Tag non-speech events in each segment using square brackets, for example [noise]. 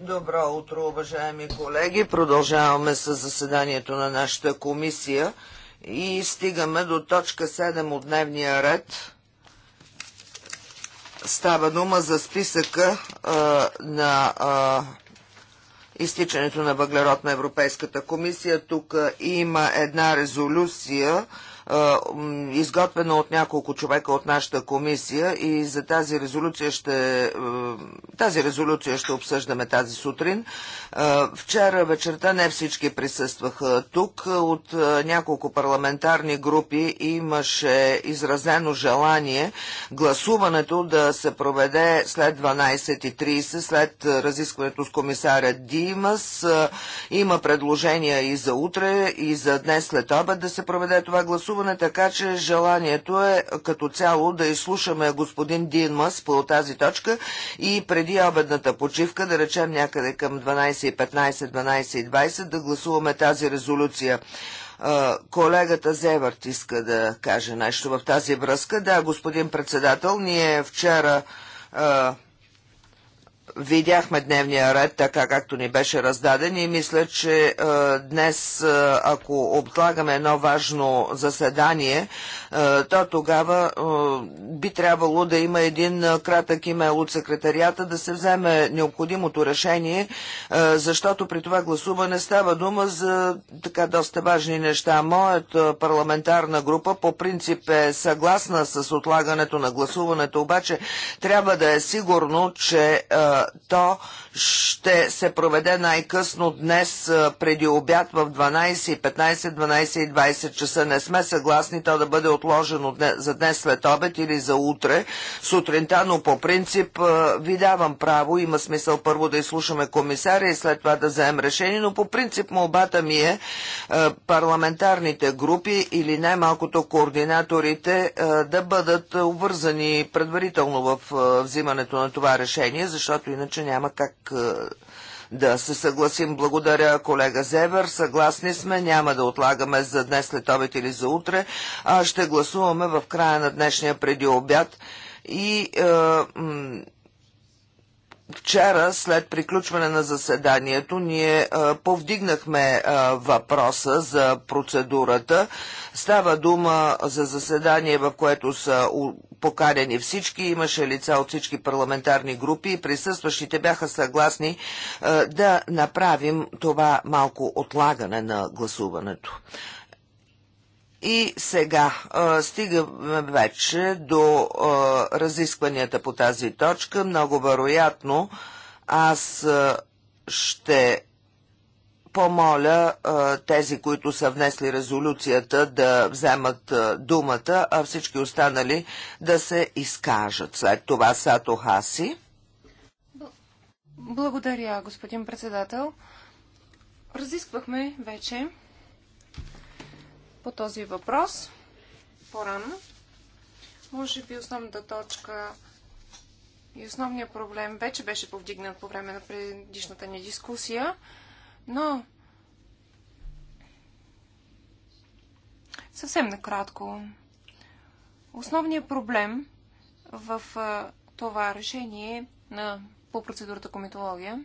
Добро утро, уважаеми колеги. Продължаваме с заседанието на нашата комисия и стигаме до точка 7 от дневния ред. Става дума за списъка а, на а, изтичането на въглерод на Европейската комисия. Тук има една резолюция, изготвена от няколко човека от нашата комисия и за тази резолюция ще, тази резолюция ще обсъждаме тази сутрин. Вчера вечерта не всички присъстваха тук. От няколко парламентарни групи имаше изразено желание гласуването да се проведе след 12.30, след разискването с комисаря Димас. Има предложения и за утре, и за днес след обед да се проведе това гласуване гласуване, така че желанието е като цяло да изслушаме господин Дин Мъс по тази точка и преди обедната почивка, да речем някъде към 12.15, 12.20, да гласуваме тази резолюция. Колегата Зевърт иска да каже нещо в тази връзка. Да, господин председател, ние вчера видяхме дневния ред, така както ни беше раздаден и мисля, че е, днес, е, ако облагаме едно важно заседание, е, то тогава би трябвало да има един кратък имейл от секретарията да се вземе необходимото решение, защото при това гласуване става дума за така доста важни неща. Моята парламентарна група по принцип е съгласна с отлагането на гласуването, обаче трябва да е сигурно, че то ще се проведе най-късно днес преди обяд в 12.15, 12.20 часа. Не сме съгласни то да бъде отложено за днес след обед или за утре сутринта, но по принцип ви давам право. Има смисъл първо да изслушаме комисаря и след това да вземем решение, но по принцип молбата ми е парламентарните групи или най-малкото координаторите да бъдат обвързани предварително в взимането на това решение, защото иначе няма как е, да се съгласим. Благодаря, колега Зевер. Съгласни сме, няма да отлагаме за днес след обед или за утре, ще гласуваме в края на днешния преди обяд. И е, Вчера, след приключване на заседанието, ние а, повдигнахме а, въпроса за процедурата. Става дума за заседание, в което са покарени всички, имаше лица от всички парламентарни групи и присъстващите бяха съгласни а, да направим това малко отлагане на гласуването. И сега стигаме вече до разискванията по тази точка. Много вероятно аз ще помоля тези, които са внесли резолюцията, да вземат думата, а всички останали да се изкажат. След това Сато Хаси. Благодаря, господин председател. Разисквахме вече по този въпрос по-рано. Може би основната точка и основният проблем вече беше повдигнат по време на предишната ни дискусия, но съвсем накратко. Основният проблем в това решение на, по процедурата кометология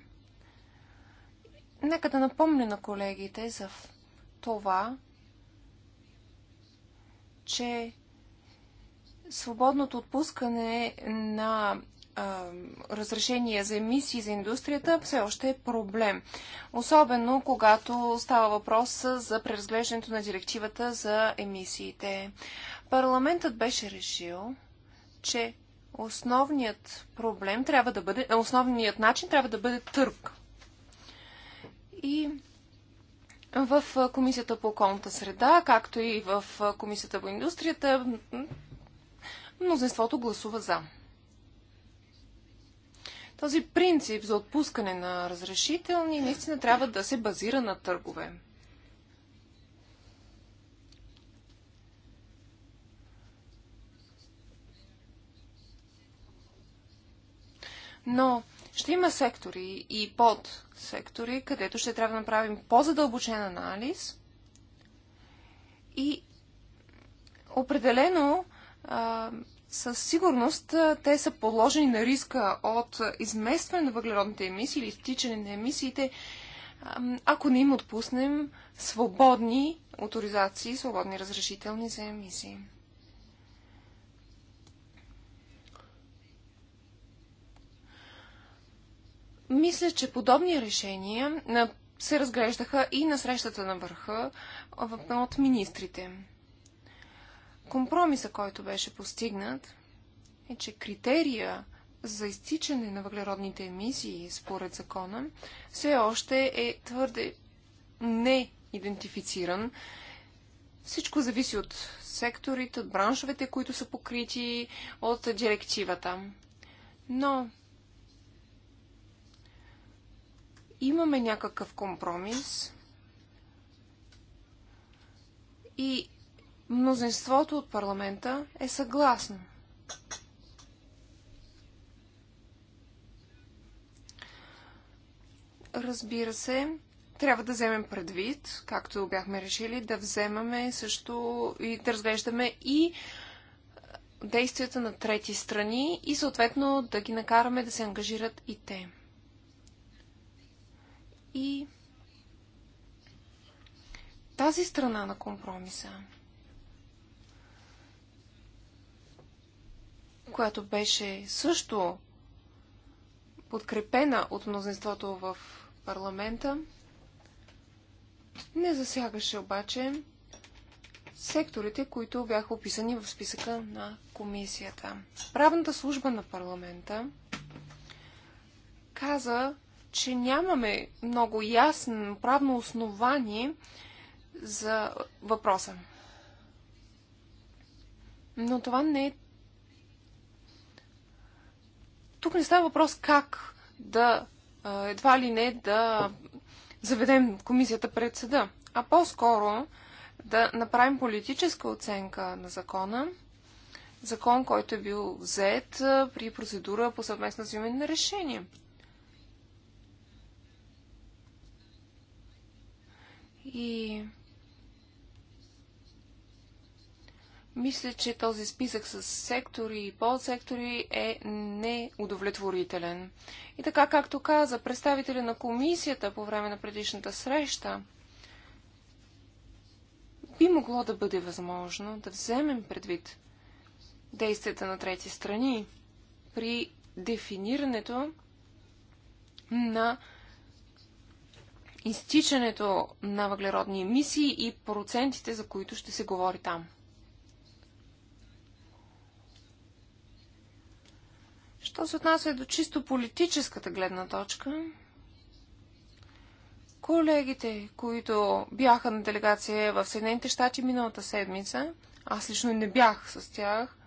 Нека да напомня на колегите за това, че свободното отпускане на а, разрешения за емисии за индустрията все още е проблем. Особено когато става въпрос за преразглеждането на директивата за емисиите. Парламентът беше решил, че основният проблем трябва да бъде, основният начин трябва да бъде търг. И в Комисията по околната среда, както и в Комисията по индустрията, мнозинството гласува за. Този принцип за отпускане на разрешителни наистина трябва да се базира на търгове. Но ще има сектори и подсектори, където ще трябва да направим по-задълбочен анализ и определено а, със сигурност те са подложени на риска от изместване на въглеродните емисии или изтичане на емисиите, ако не им отпуснем свободни авторизации, свободни разрешителни за емисии. Мисля, че подобни решения се разглеждаха и на срещата на върха от министрите. Компромиса, който беше постигнат, е, че критерия за изтичане на въглеродните емисии според закона все още е твърде не идентифициран. Всичко зависи от секторите, от браншовете, които са покрити от директивата. Но имаме някакъв компромис и мнозинството от парламента е съгласно. Разбира се, трябва да вземем предвид, както бяхме решили, да вземаме също и да разглеждаме и действията на трети страни и съответно да ги накараме да се ангажират и те и тази страна на компромиса, която беше също подкрепена от мнозинството в парламента, не засягаше обаче секторите, които бяха описани в списъка на комисията. Правната служба на парламента каза, че нямаме много ясно правно основание за въпроса. Но това не е. Тук не става въпрос как да едва ли не да заведем комисията пред съда, а по-скоро да направим политическа оценка на закона, закон, който е бил взет при процедура по съвместно взимане на решение. И мисля, че този списък с сектори и подсектори е неудовлетворителен. И така, както каза представителя на комисията по време на предишната среща, би могло да бъде възможно да вземем предвид действията на трети страни при дефинирането на изтичането на въглеродни емисии и процентите, за които ще се говори там. Що се отнася до чисто политическата гледна точка, колегите, които бяха на делегация в Съединените щати миналата седмица, аз лично не бях с тях,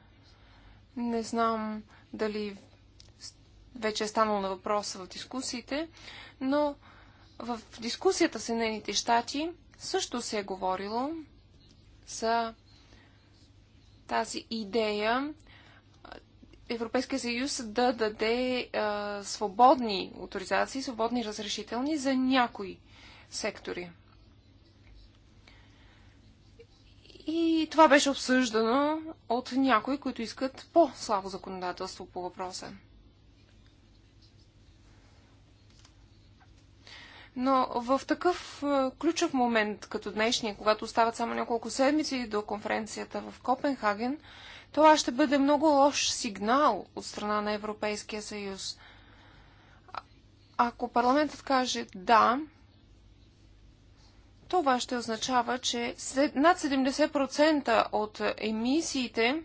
не знам дали вече е станало на въпрос в дискусиите, но в дискусията с Съединените щати също се е говорило за тази идея Европейския съюз да даде а, свободни авторизации, свободни разрешителни за някои сектори. И това беше обсъждано от някои, които искат по-слабо законодателство по въпроса. Но в такъв е, ключов момент, като днешния, когато остават само няколко седмици до конференцията в Копенхаген, това ще бъде много лош сигнал от страна на Европейския съюз. ако парламентът каже да, това ще означава, че над 70% от емисиите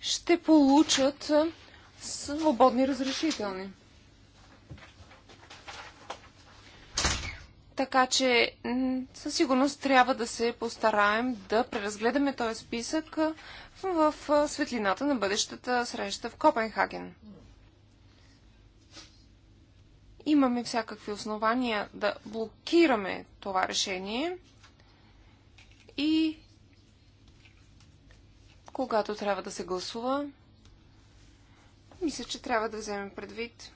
ще получат е, свободни разрешителни. Така че със сигурност трябва да се постараем да преразгледаме този списък в светлината на бъдещата среща в Копенхаген. Имаме всякакви основания да блокираме това решение и когато трябва да се гласува, мисля, че трябва да вземем предвид,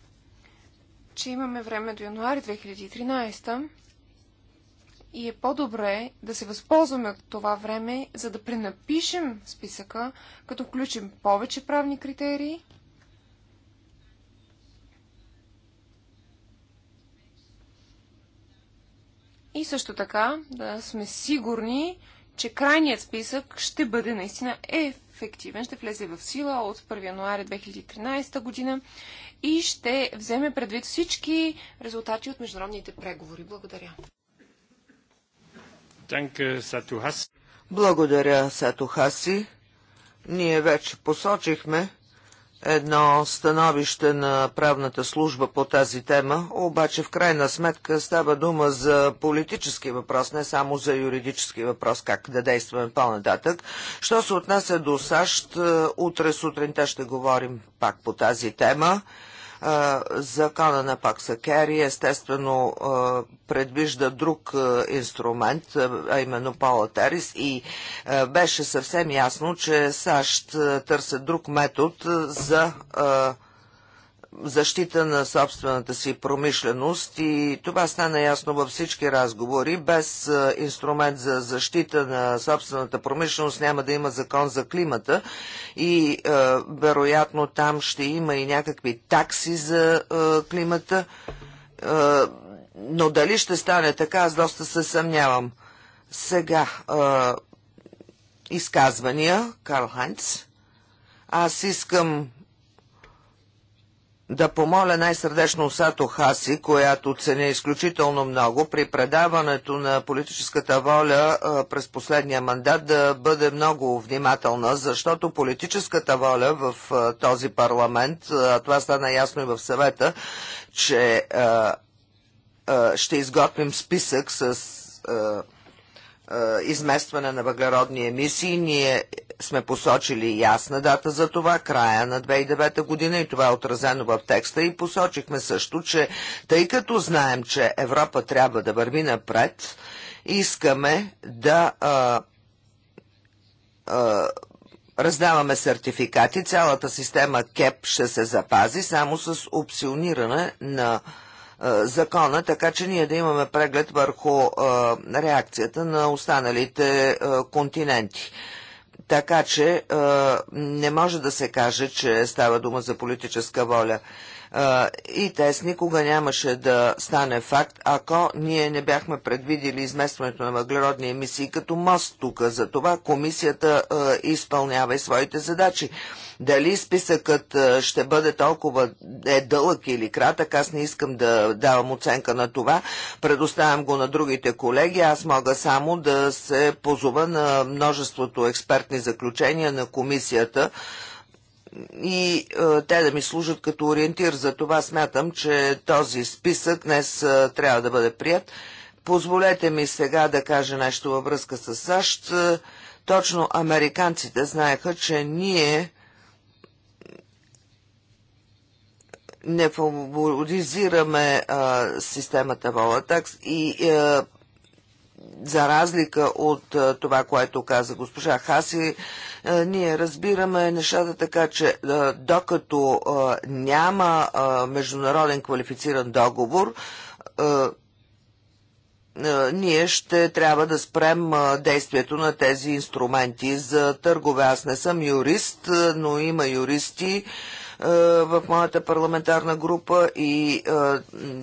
че имаме време до януари 2013 и е по-добре да се възползваме от това време, за да пренапишем списъка, като включим повече правни критерии И също така да сме сигурни, че крайният списък ще бъде наистина еф ефективен, ще влезе в сила от 1 януаря 2013 година и ще вземе предвид всички резултати от международните преговори. Благодаря. Благодаря, Сато Хаси. Ние вече посочихме, едно становище на правната служба по тази тема, обаче в крайна сметка става дума за политически въпрос, не само за юридически въпрос, как да действаме по-нататък. Що се отнася до САЩ, е, утре сутринта ще говорим пак по тази тема. Закона на Пакса Кери естествено предвижда друг инструмент, а именно Паула Терис и беше съвсем ясно, че САЩ търсят друг метод за защита на собствената си промишленост и това стана ясно във всички разговори. Без инструмент за защита на собствената промишленост няма да има закон за климата и е, вероятно там ще има и някакви такси за е, климата. Е, но дали ще стане така, аз доста се съмнявам. Сега изказвания, Карл Хайнц. Аз искам да помоля най-сърдечно Сато Хаси, която ценя изключително много при предаването на политическата воля през последния мандат да бъде много внимателна, защото политическата воля в този парламент, а, това стана ясно и в съвета, че ще изготвим списък с е, изместване на въглеродни емисии. Ние сме посочили ясна дата за това, края на 2009 година и това е отразено в текста и посочихме също, че тъй като знаем, че Европа трябва да върви напред, искаме да а, е, а, е, раздаваме сертификати, цялата система КЕП ще се запази само с опциониране на а, закона, така че ние да имаме преглед върху реакцията на останалите континенти. Така че не може да се каже, че става дума за политическа воля и ТЕС никога нямаше да стане факт, ако ние не бяхме предвидили изместването на въглеродни емисии като мост тук. Затова комисията изпълнява и своите задачи. Дали списъкът ще бъде толкова е дълъг или кратък, аз не искам да давам оценка на това. Предоставям го на другите колеги. Аз мога само да се позова на множеството експертни заключения на комисията, и е, те да ми служат като ориентир. За това смятам, че този списък днес е, трябва да бъде прият. Позволете ми сега да кажа нещо във връзка с САЩ. Е, точно американците знаеха, че ние не фаворизираме а, е, системата Волатакс и е, за разлика от е, това, което каза госпожа Хаси, е, ние разбираме нещата така, че е, докато няма международен квалифициран договор, ние ще трябва да спрем действието на тези инструменти за търгове. Аз не съм юрист, но има юристи, в моята парламентарна група и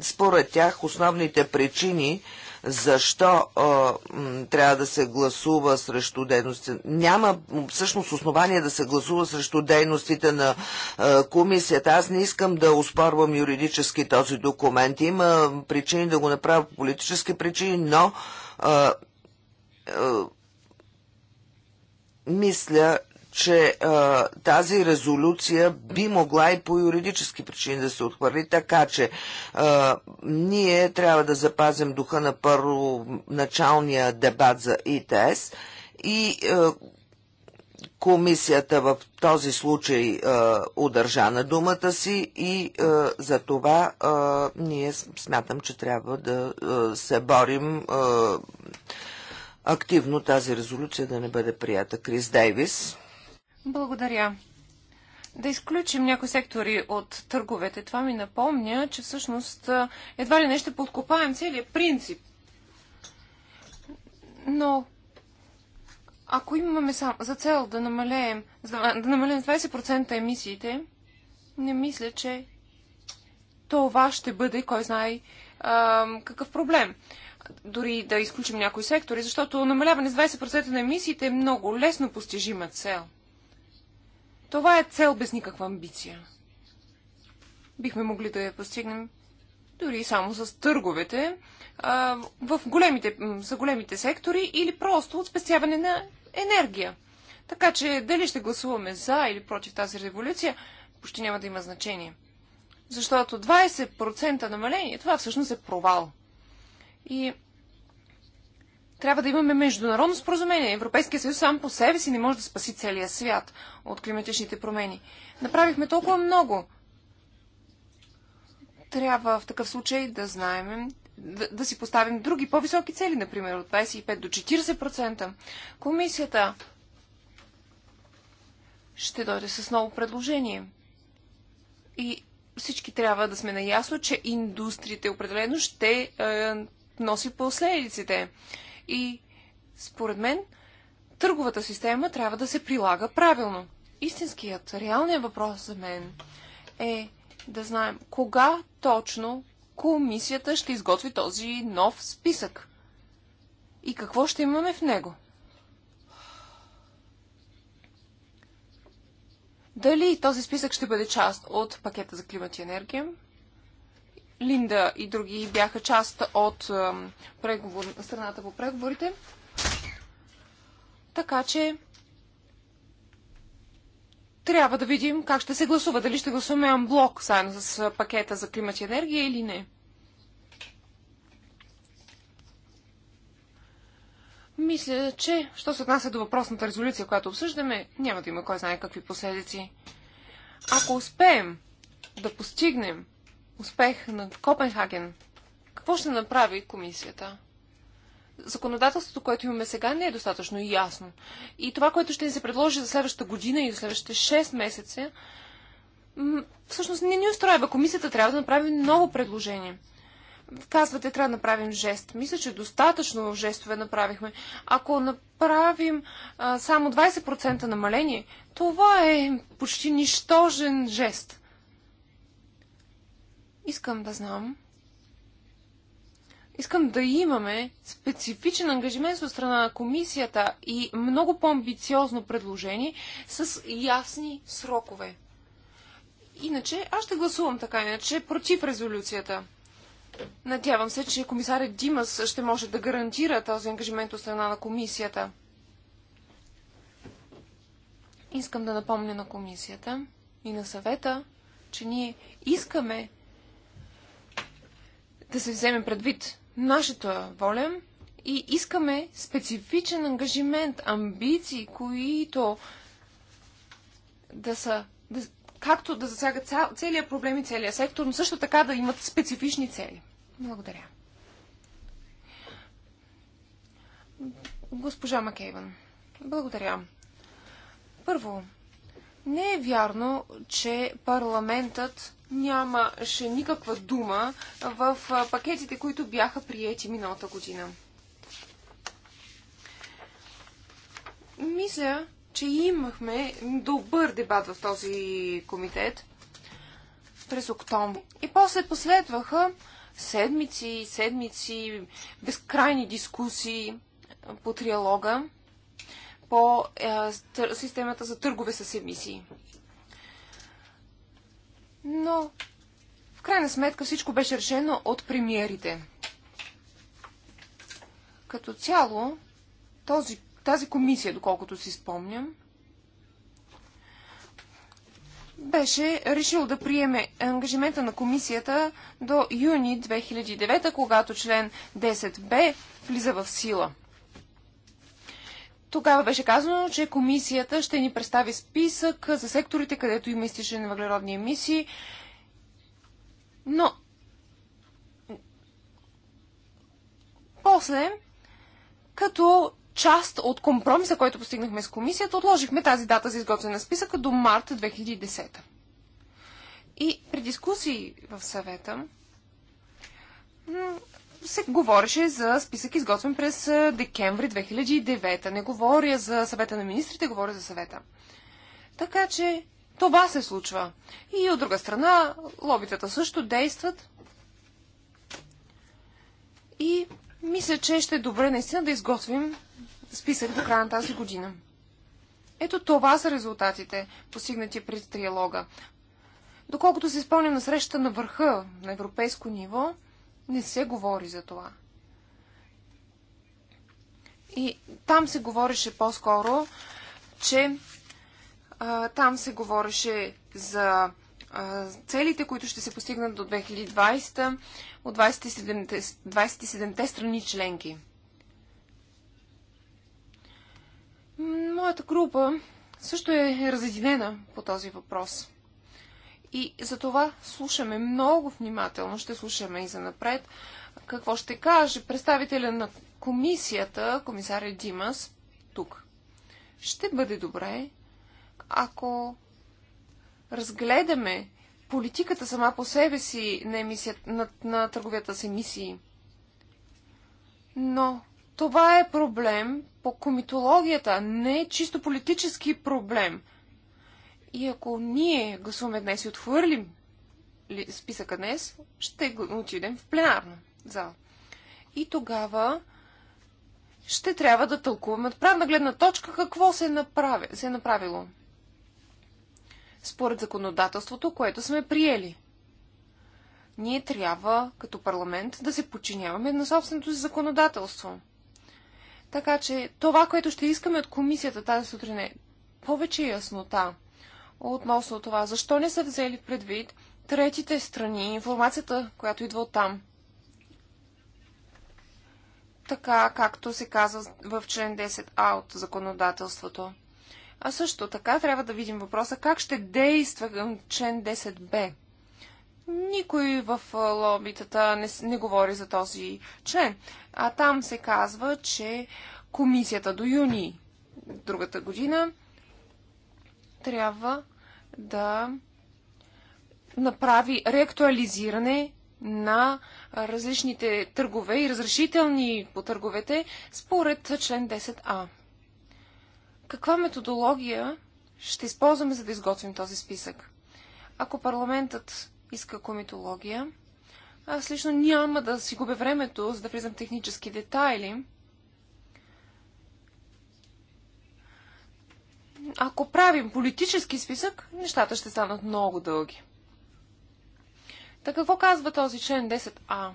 според тях основните причини защо а, м, трябва да се гласува срещу дейности. Няма всъщност основание да се гласува срещу дейностите на а, комисията. Аз не искам да успорвам юридически този документ. Има причини да го направя по политически причини, но а, а, мисля, че а, тази резолюция би могла и по юридически причини да се отхвърли, така че а, ние трябва да запазим духа на първоначалния дебат за ИТС и а, комисията в този случай а, удържа на думата си и а, за това а, ние смятам, че трябва да а, се борим а, активно тази резолюция да не бъде прията. Крис Дейвис. Благодаря. Да изключим някои сектори от търговете. Това ми напомня, че всъщност едва ли не ще подкопаем целият принцип. Но ако имаме за цел да намалеем, да намалеем 20% емисиите, не мисля, че това ще бъде, кой знае, какъв проблем. Дори да изключим някои сектори, защото намаляване с 20% на емисиите е много лесно постижима цел. Това е цел без никаква амбиция. Бихме могли да я постигнем дори само с търговете а, в големите, за големите сектори или просто от спестяване на енергия. Така че дали ще гласуваме за или против тази революция, почти няма да има значение. Защото 20% намаление, това всъщност е провал. И трябва да имаме международно споразумение. Европейския съюз сам по себе си не може да спаси целия свят от климатичните промени. Направихме толкова много. Трябва в такъв случай да знаем, да, да си поставим други по-високи цели, например от 25 до 40%. Комисията ще дойде с ново предложение. И всички трябва да сме наясно, че индустриите определено ще е, носи последиците. И според мен търговата система трябва да се прилага правилно. Истинският, реалният въпрос за мен е да знаем кога точно комисията ще изготви този нов списък и какво ще имаме в него. Дали този списък ще бъде част от пакета за климат и енергия? Линда и други бяха част от преговор, страната по преговорите. Така че трябва да видим как ще се гласува. Дали ще гласуваме блок, заедно с пакета за климат и енергия или не. Мисля, че, що се отнася до въпросната резолюция, която обсъждаме, няма да има кой знае какви последици. Ако успеем да постигнем успех на Копенхаген, какво ще направи комисията? Законодателството, което имаме сега, не е достатъчно ясно. И това, което ще ни се предложи за следващата година и за следващите 6 месеца, всъщност не ни устроява. Комисията трябва да направи ново предложение. Казвате, трябва да направим жест. Мисля, че достатъчно жестове направихме. Ако направим а, само 20% намаление, това е почти нищожен жест. Искам да знам. Искам да имаме специфичен ангажимент от страна на комисията и много по-амбициозно предложение с ясни срокове. Иначе аз ще гласувам така иначе против резолюцията. Надявам се, че комисарят Димас ще може да гарантира този ангажимент от страна на комисията. Искам да напомня на комисията и на съвета, че ние искаме да се вземе предвид нашата воля и искаме специфичен ангажимент, амбиции, които да са, да, както да засягат цял, целият проблем и целият сектор, но също така да имат специфични цели. Благодаря. Госпожа Макейван, благодаря. Първо, не е вярно, че парламентът нямаше никаква дума в пакетите, които бяха приети миналата година. Мисля, че имахме добър дебат в този комитет през октомври. И после последваха седмици и седмици безкрайни дискусии по триалога по е, системата за търгове с емисии но в крайна сметка всичко беше решено от премиерите. Като цяло, този, тази комисия, доколкото си спомням, беше решил да приеме ангажимента на комисията до юни 2009, когато член 10б влиза в сила. Тогава беше казано, че комисията ще ни представи списък за секторите, където има изтичане на въглеродни емисии. Но после, като част от компромиса, който постигнахме с комисията, отложихме тази дата за изготвяне на списъка до март 2010. И при дискусии в съвета се говореше за списък изготвен през декември 2009. Не говоря за съвета на министрите, говоря за съвета. Така че това се случва. И от друга страна, лобитата също действат. И мисля, че ще е добре наистина да изготвим списък до края на тази година. Ето това са резултатите, постигнати при триалога. Доколкото се изпълним на срещата на върха на европейско ниво, не се говори за това. И там се говореше по-скоро, че а, там се говореше за а, целите, които ще се постигнат до 2020 от 27-те 27 страни членки. Моята група също е разединена по този въпрос. И за това слушаме много внимателно, ще слушаме и за напред, какво ще каже представителя на комисията, комисаря Димас, тук. Ще бъде добре, ако разгледаме политиката сама по себе си на, емисията, на, на търговията с емисии. Но това е проблем по комитологията, не е чисто политически проблем – и ако ние гласуваме днес и отхвърлим списъка днес, ще отидем в пленарна зала. И тогава ще трябва да тълкуваме от правна гледна точка какво се, направи, се е направило. Според законодателството, което сме приели. Ние трябва, като парламент, да се подчиняваме на собственото си законодателство. Така че това, което ще искаме от комисията тази сутрин е повече яснота относно това, защо не са взели предвид третите страни, информацията, която идва от там. Така, както се казва в член 10а от законодателството. А също така трябва да видим въпроса как ще действа към член 10б. Никой в лобитата не, не говори за този член. А там се казва, че комисията до юни другата година трябва да направи реактуализиране на различните търгове и разрешителни по търговете според член 10а. Каква методология ще използваме, за да изготвим този списък? Ако парламентът иска комитология, аз лично няма да си губя времето, за да влизам технически детайли, ако правим политически списък, нещата ще станат много дълги. Та какво казва този член 10а?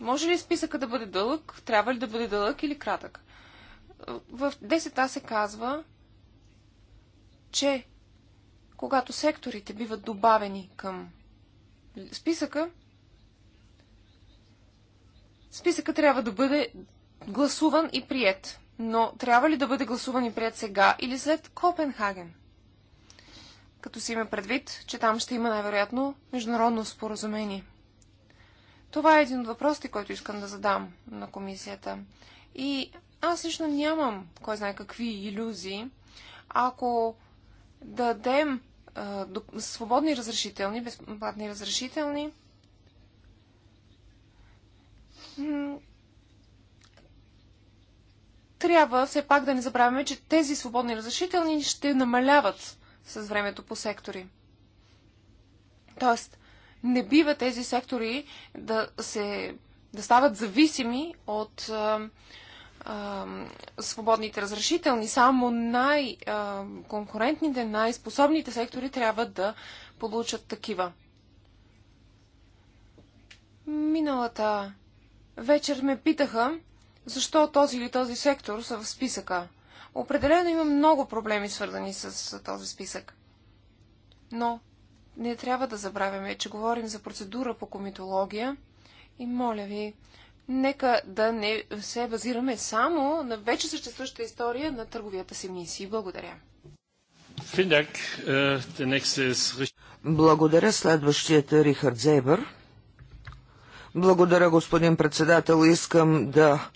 Може ли списъка да бъде дълъг? Трябва ли да бъде дълъг или кратък? В 10а се казва, че когато секторите биват добавени към списъка, списъка трябва да бъде гласуван и прият но трябва ли да бъде гласуван и прият сега или след Копенхаген? Като си има предвид, че там ще има най-вероятно международно споразумение. Това е един от въпросите, който искам да задам на комисията. И аз лично нямам кой знае какви иллюзии. Ако дадем а, свободни разрешителни, безплатни разрешителни, трябва все пак да не забравяме, че тези свободни разрешителни ще намаляват с времето по сектори. Тоест, не бива тези сектори да, се, да стават зависими от а, а, свободните разрешителни. Само най-конкурентните, най-способните сектори трябва да получат такива. Миналата вечер ме питаха защо този или този сектор са в списъка. Определено има много проблеми, свързани с този списък. Но не трябва да забравяме, че говорим за процедура по комитология и моля ви, нека да не се базираме само на вече съществуващата история на търговията си мисии. Благодаря. Äh, Благодаря. Следващият е Рихард Зейбър. Благодаря, господин председател. Искам да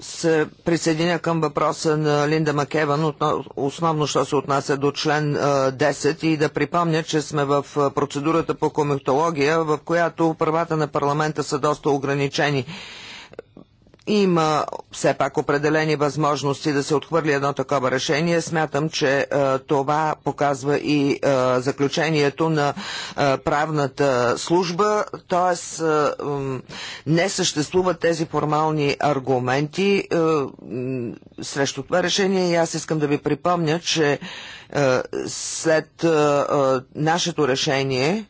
се присъединя към въпроса на Линда Макеван, основно що се отнася до член 10 и да припомня, че сме в процедурата по комитология, в която правата на парламента са доста ограничени има все пак определени възможности да се отхвърли едно такова решение. Смятам, че е, това показва и е, заключението на е, правната служба, т.е. не съществуват тези формални аргументи е, срещу това решение и аз искам да ви припомня, че е, след е, нашето решение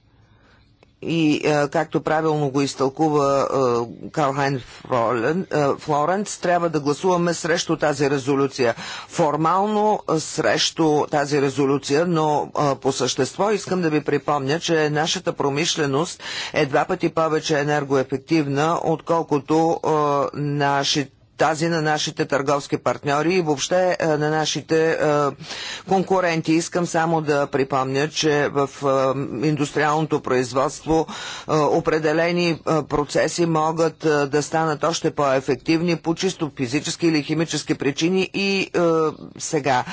и е, както правилно го изтълкува е, Карлхайн е, Флоренц, трябва да гласуваме срещу тази резолюция. Формално срещу тази резолюция, но по същество искам да ви припомня, че нашата промишленост е два пъти повече енергоефективна, отколкото нашите тази на нашите търговски партньори и въобще е, на нашите е, конкуренти. Искам само да припомня, че в е, индустриалното производство определени процеси могат да станат още по-ефективни по чисто физически или химически причини и сега.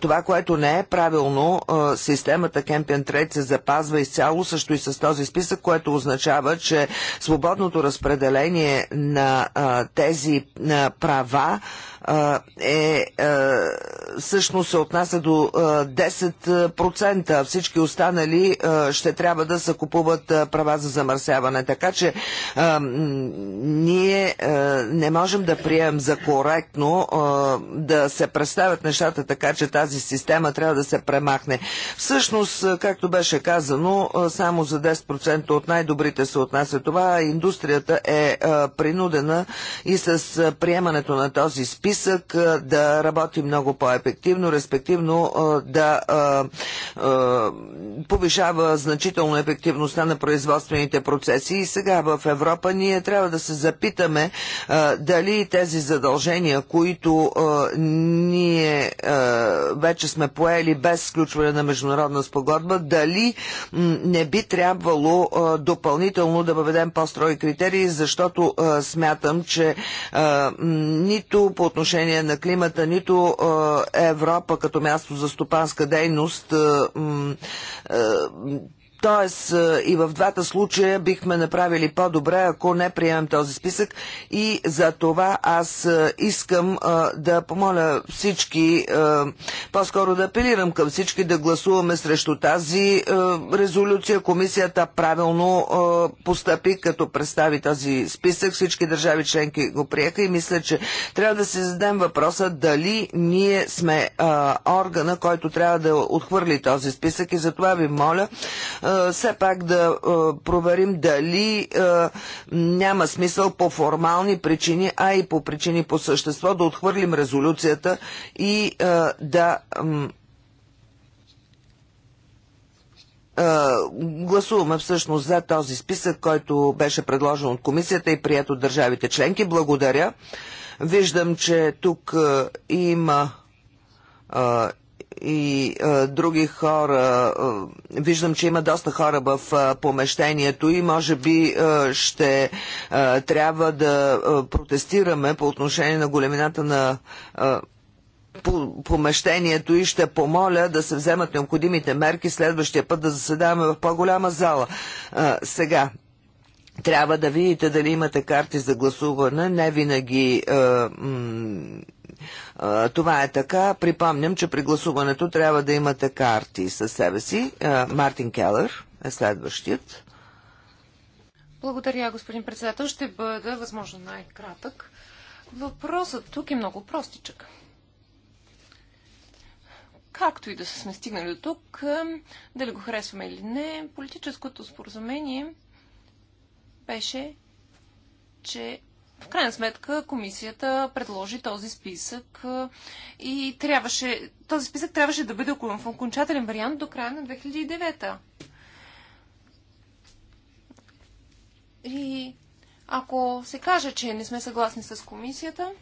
Това, което не е правилно, системата Кемпиан Трейд се запазва изцяло също и с този списък, което означава, че свободното разпределение на тези на права е, всъщност се отнася до 10%. Всички останали ще трябва да се купуват права за замърсяване. Така че ние не можем да приемем за коректно да се представят нещата така, че тази система трябва да се премахне. Всъщност, както беше казано, само за 10% от най-добрите се отнася това. Индустрията е принудена и с приемането на този списък списък, да работи много по-ефективно, респективно да повишава значително ефективността на производствените процеси. И сега в Европа ние трябва да се запитаме дали тези задължения, които ние вече сме поели без сключване на международна спогодба, дали не би трябвало допълнително да въведем по-строи критерии, защото смятам, че нито по отношение отношение на климата, нито е, Европа като място за стопанска дейност е, е, Тоест е, и в двата случая бихме направили по-добре, ако не приемем този списък и за това аз е, искам е, да помоля всички, по-скоро да апелирам към всички да гласуваме срещу тази резолюция. Комисията правилно постъпи, като представи този списък. Всички държави членки го приеха и мисля, че трябва да си зададем въпроса дали ние сме органа, който трябва да отхвърли този списък и затова ви моля все пак да проверим дали няма смисъл по формални причини, а и по причини по същество да отхвърлим резолюцията и да гласуваме всъщност за този списък, който беше предложен от комисията и прият от държавите членки. Благодаря. Виждам, че тук има и а, други хора. А, виждам, че има доста хора в а, помещението и може би а, ще а, трябва да а, протестираме по отношение на големината на а, по помещението и ще помоля да се вземат необходимите мерки следващия път да заседаваме в по-голяма зала. А, сега, трябва да видите дали имате карти за гласуване. Не винаги а, това е така. Припомням, че при гласуването трябва да имате карти със себе си. Мартин Келър е следващият. Благодаря, господин председател. Ще бъда, възможно, най-кратък. Въпросът тук е много простичък. Както и да сме стигнали до тук, дали го харесваме или не, политическото споразумение беше, че в крайна сметка комисията предложи този списък и трябваше, този списък трябваше да бъде в окончателен вариант до края на 2009. И ако се каже, че не сме съгласни с комисията,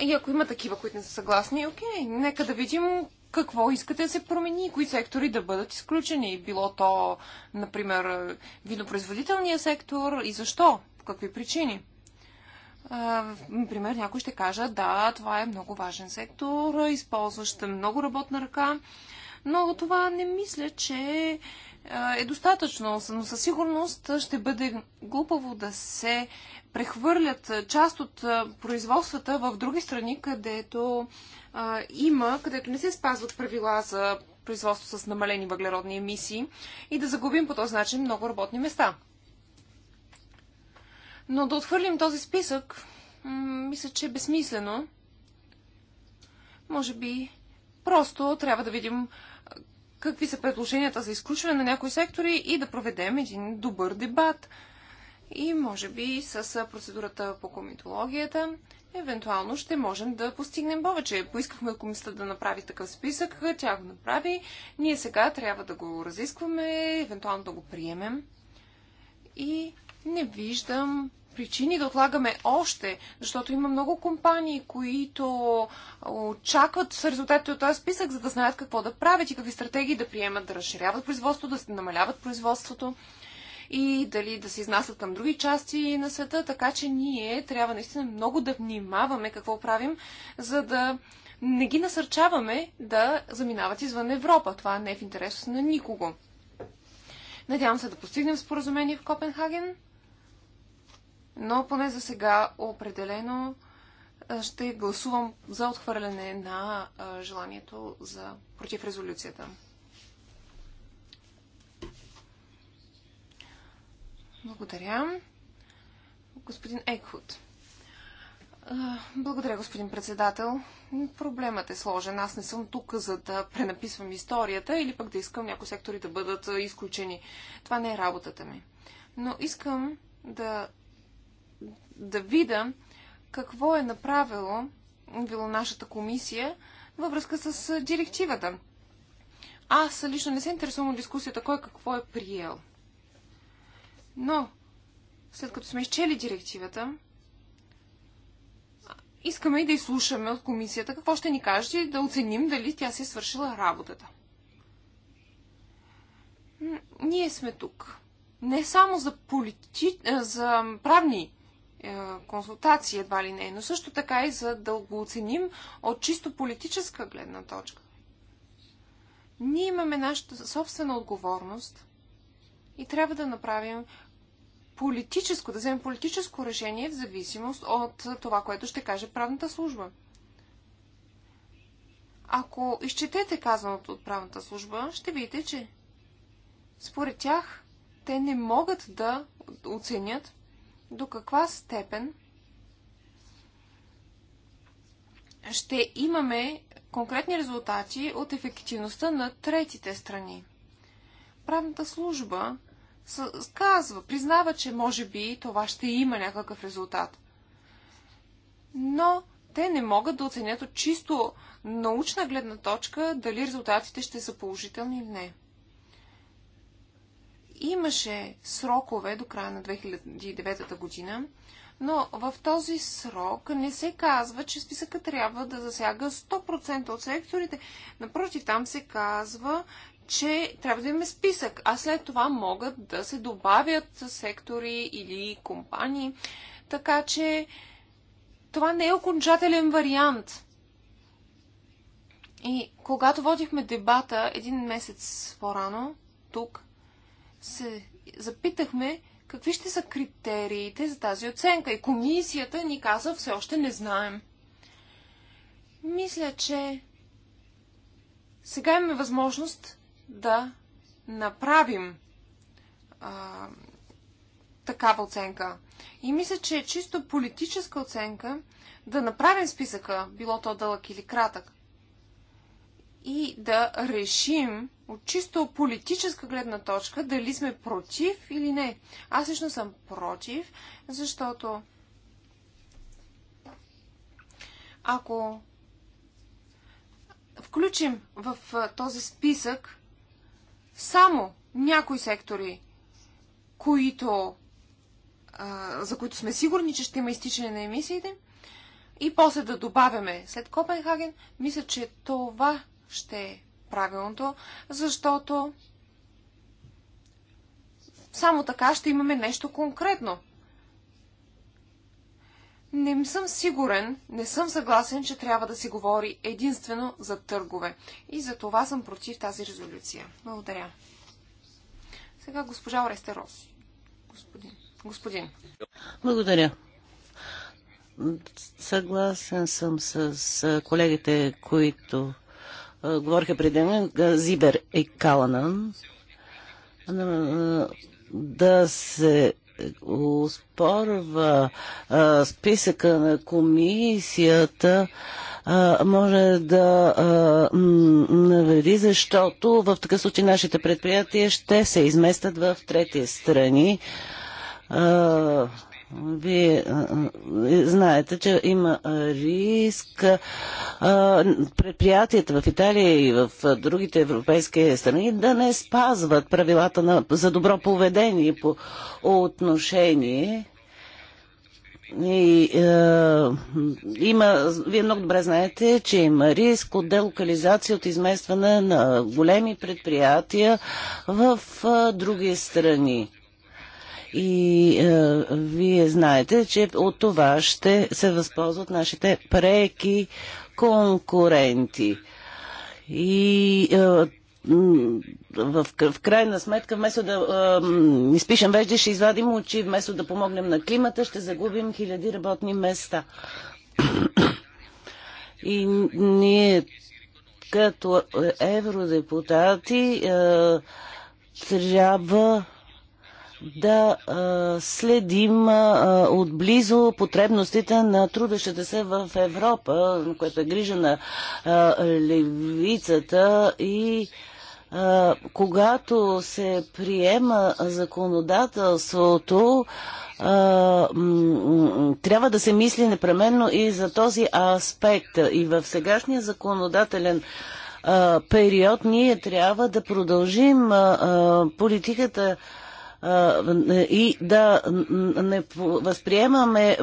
и ако има такива, които не са съгласни, окей, нека да видим какво искате да се промени, кои сектори да бъдат изключени. Било то, например, винопроизводителния сектор и защо, по какви причини. Например, някой ще каже, да, това е много важен сектор, използващ много работна ръка, но това не мисля, че е достатъчно, но със сигурност ще бъде глупаво да се прехвърлят част от производствата в други страни, където има, където не се спазват правила за производство с намалени въглеродни емисии и да загубим по този начин много работни места. Но да отхвърлим този списък, мисля, че е безсмислено. Може би просто трябва да видим какви са предложенията за изключване на някои сектори и да проведем един добър дебат. И може би с процедурата по комитологията, евентуално ще можем да постигнем повече. Поискахме комисията да направи такъв списък, тя го направи. Ние сега трябва да го разискваме, евентуално да го приемем. И не виждам причини да отлагаме още, защото има много компании, които очакват с резултатите от този списък, за да знаят какво да правят и какви стратегии да приемат, да разширяват производството, да намаляват производството и дали да се изнасят към други части на света, така че ние трябва наистина много да внимаваме какво правим, за да не ги насърчаваме да заминават извън Европа. Това не е в интерес на никого. Надявам се да постигнем споразумение в Копенхаген. Но поне за сега определено ще гласувам за отхвърляне на желанието за против резолюцията. Благодаря. Господин Екхуд. Благодаря, господин председател. Проблемът е сложен. Аз не съм тук, за да пренаписвам историята или пък да искам някои сектори да бъдат изключени. Това не е работата ми. Но искам да да видя какво е направило било нашата комисия във връзка с директивата. Аз лично не се интересувам от дискусията кой какво е приел. Но, след като сме изчели директивата, искаме и да изслушаме от комисията какво ще ни каже и да оценим дали тя си е свършила работата. Ние сме тук. Не само за, полити... за правни е, консултации, едва ли не, но също така и за да го оценим от чисто политическа гледна точка. Ние имаме нашата собствена отговорност и трябва да направим политическо, да вземем политическо решение в зависимост от това, което ще каже правната служба. Ако изчетете казаното от правната служба, ще видите, че според тях те не могат да оценят до каква степен ще имаме конкретни резултати от ефективността на третите страни. Правната служба казва, признава, че може би това ще има някакъв резултат. Но те не могат да оценят от чисто научна гледна точка дали резултатите ще са положителни или не. Имаше срокове до края на 2009 година, но в този срок не се казва, че списъка трябва да засяга 100% от секторите. Напротив, там се казва, че трябва да имаме списък, а след това могат да се добавят сектори или компании. Така че това не е окончателен вариант. И когато водихме дебата един месец по-рано, тук, се запитахме какви ще са критериите за тази оценка. И комисията ни каза, все още не знаем. Мисля, че сега имаме възможност да направим а, такава оценка. И мисля, че е чисто политическа оценка да направим списъка, било то дълъг или кратък и да решим от чисто политическа гледна точка дали сме против или не. Аз лично съм против, защото ако включим в този списък само някои сектори, които, за които сме сигурни, че ще има изтичане на емисиите, и после да добавяме след Копенхаген, мисля, че това ще е правилното, защото само така ще имаме нещо конкретно. Не съм сигурен, не съм съгласен, че трябва да се говори единствено за търгове. И за това съм против тази резолюция. Благодаря. Сега госпожа Орестерос. Господин. Господин. Благодаря. Съгласен съм с колегите, които говориха преди мен, Зибер и Каланан, да се успорва списъка на комисията може да навери, защото в такъв случай нашите предприятия ще се изместят в трети страни. А, вие знаете, че има риск предприятията в Италия и в другите европейски страни да не спазват правилата на, за добро поведение по отношение. И, е, има, вие много добре знаете, че има риск от делокализация, от изместване на големи предприятия в е, други страни. И е, вие знаете, че от това ще се възползват нашите преки конкуренти. И е, в, в крайна сметка, вместо да е, изпишем вежди, ще извадим очи, вместо да помогнем на климата, ще загубим хиляди работни места. И ние като евродепутати е, трябва да а, следим а, отблизо потребностите на трудещите се в Европа, което е грижа на а, левицата и а, когато се приема законодателството, а, трябва да се мисли непременно и за този аспект. И в сегашния законодателен а, период ние трябва да продължим а, политиката а, и да не възприемаме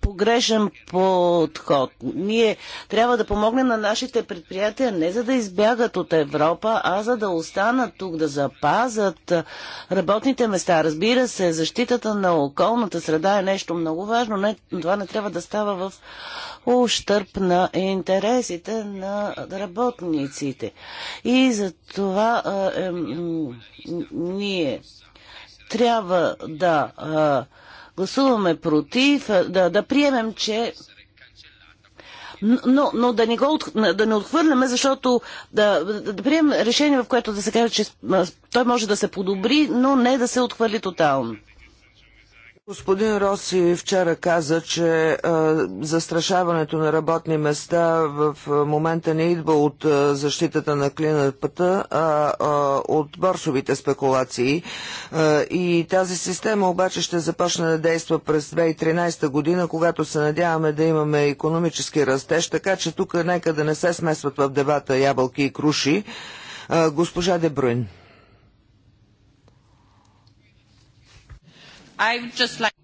погрешен подход. Ние трябва да помогнем на нашите предприятия не за да избягат от Европа, а за да останат тук, да запазат работните места. Разбира се, защитата на околната среда е нещо много важно, но не, това не трябва да става в ущърп на интересите на работниците. И за това е, ние трябва да гласуваме против, да, да приемем, че но, но да, не го, да не отхвърляме, защото да, да приемем решение, в което да се каже, че той може да се подобри, но не да се отхвърли тотално. Господин Роси вчера каза, че а, застрашаването на работни места в а, момента не идва от а, защитата на клината, а, а от борсовите спекулации. А, и тази система обаче ще започне да действа през 2013 година, когато се надяваме да имаме економически растеж, така че тук нека да не се смесват в дебата ябълки и круши. А, госпожа Дебруин.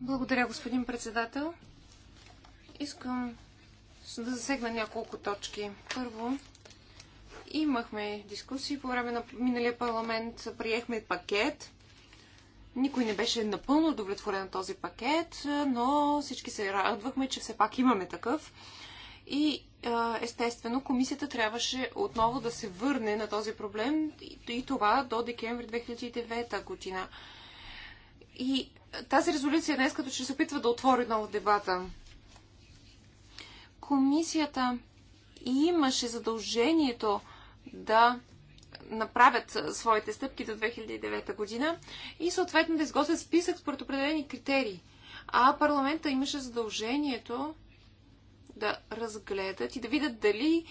Благодаря, господин председател. Искам да засегна няколко точки. Първо, имахме дискусии по време на миналия парламент, приехме пакет. Никой не беше напълно удовлетворен от този пакет, но всички се радвахме, че все пак имаме такъв. И естествено, комисията трябваше отново да се върне на този проблем и това до декември 2009 година. И тази резолюция днес като че се опитва да отвори отново дебата. Комисията имаше задължението да направят своите стъпки до 2009 година и съответно да изготвят списък според определени критерии. А парламента имаше задължението да разгледат и да видят дали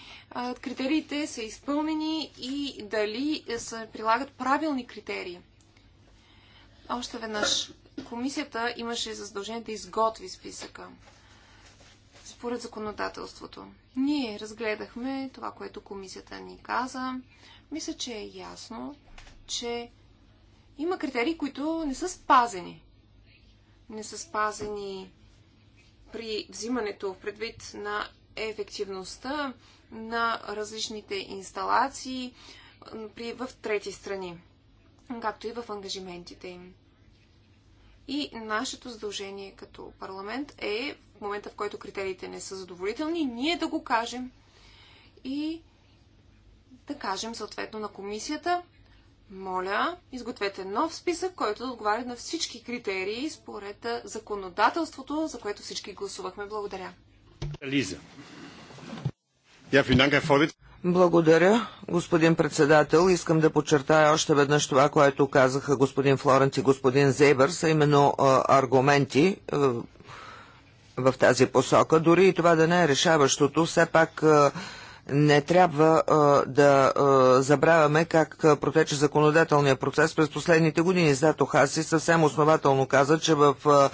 критериите са изпълнени и дали се прилагат правилни критерии. Още веднъж, комисията имаше задължение да изготви списъка според законодателството. Ние разгледахме това, което комисията ни каза. Мисля, че е ясно, че има критерии, които не са спазени. Не са спазени при взимането в предвид на ефективността на различните инсталации в трети страни, както и в ангажиментите им. И нашето задължение като парламент е в момента, в който критериите не са задоволителни, ние да го кажем и да кажем съответно на комисията, моля, изгответе нов списък, който да отговаря на всички критерии според законодателството, за което всички гласувахме. Благодаря. Лиза. Благодаря, господин председател. Искам да подчертая още веднъж това, което казаха господин Флорент и господин Зейбър, а именно а, аргументи а, в тази посока. Дори и това да не е решаващото, все пак а, не трябва а, да а, забравяме как протече законодателния процес през последните години. Зато Хаси съвсем основателно каза, че в а,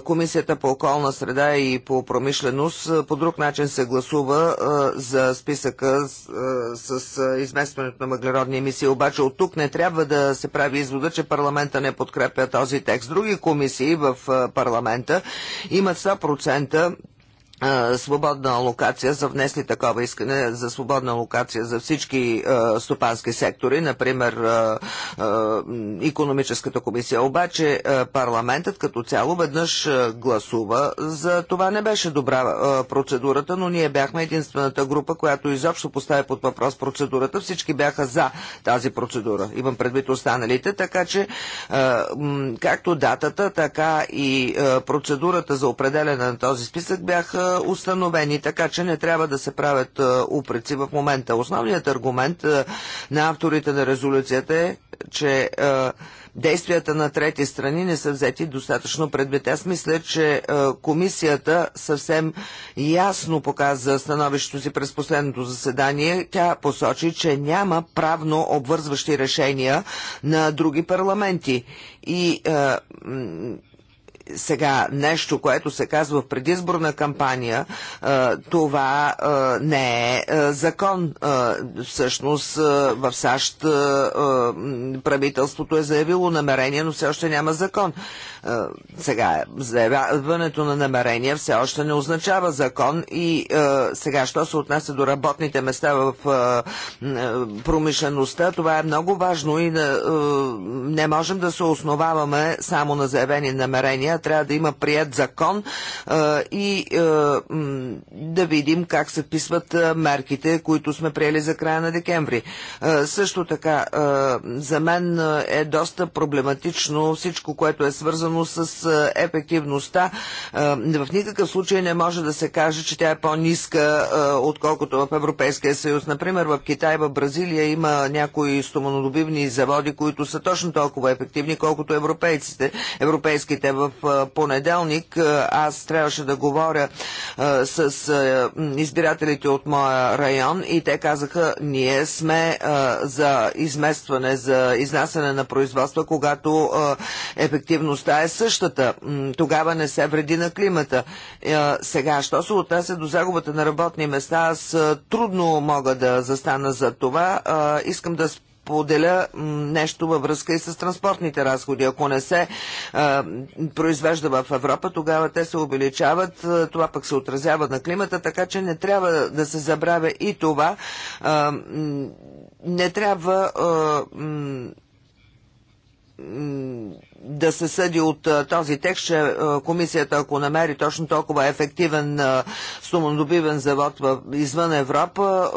Комисията по околна среда и по промишленост по друг начин се гласува за списъка с, с изместването на въглеродни емисии. Обаче от тук не трябва да се прави извода, че парламента не подкрепя този текст. Други комисии в парламента имат 100% свободна локация за внесли такова искане за свободна локация за всички стопански сектори, например економическата комисия. Обаче парламентът като цяло веднъж гласува за това. Не беше добра процедурата, но ние бяхме единствената група, която изобщо поставя под въпрос процедурата. Всички бяха за тази процедура. Имам предвид останалите, така че както датата, така и процедурата за определене на този списък бяха установени, така че не трябва да се правят упреци в момента. Основният аргумент на авторите на резолюцията е, че действията на трети страни не са взети достатъчно предвид. Аз мисля, че комисията съвсем ясно показа становището си през последното заседание. Тя посочи, че няма правно обвързващи решения на други парламенти. И сега нещо, което се казва в предизборна кампания, е, това е, не е, е закон. Всъщност в САЩ правителството е заявило намерение, но все още няма закон. Сега, заявяването на намерение все още не означава закон и сега, що се отнася до работните места в промишлеността, това е много важно и не можем да се основаваме само на заявени намерения, трябва да има прият закон и да видим как се писват мерките, които сме приели за края на декември. Също така, за мен е доста проблематично всичко, което е свързано с ефективността. В никакъв случай не може да се каже, че тя е по-ниска, отколкото в Европейския съюз. Например, в Китай, в Бразилия има някои стоманодобивни заводи, които са точно толкова ефективни, колкото европейците, европейските. В понеделник аз трябваше да говоря с избирателите от моя район и те казаха, ние сме за изместване, за изнасяне на производства, когато ефективността е същата. Тогава не се вреди на климата. Сега, що се отнася до загубата на работни места, аз трудно мога да застана за това. Искам да спомня Поделя нещо във връзка и с транспортните разходи. Ако не се а, произвежда в Европа, тогава те се увеличават, това пък се отразява на климата, така че не трябва да се забравя и това. А, не трябва а, да се съди от този текст, че комисията, ако намери точно толкова ефективен сумодобивен завод извън Европа,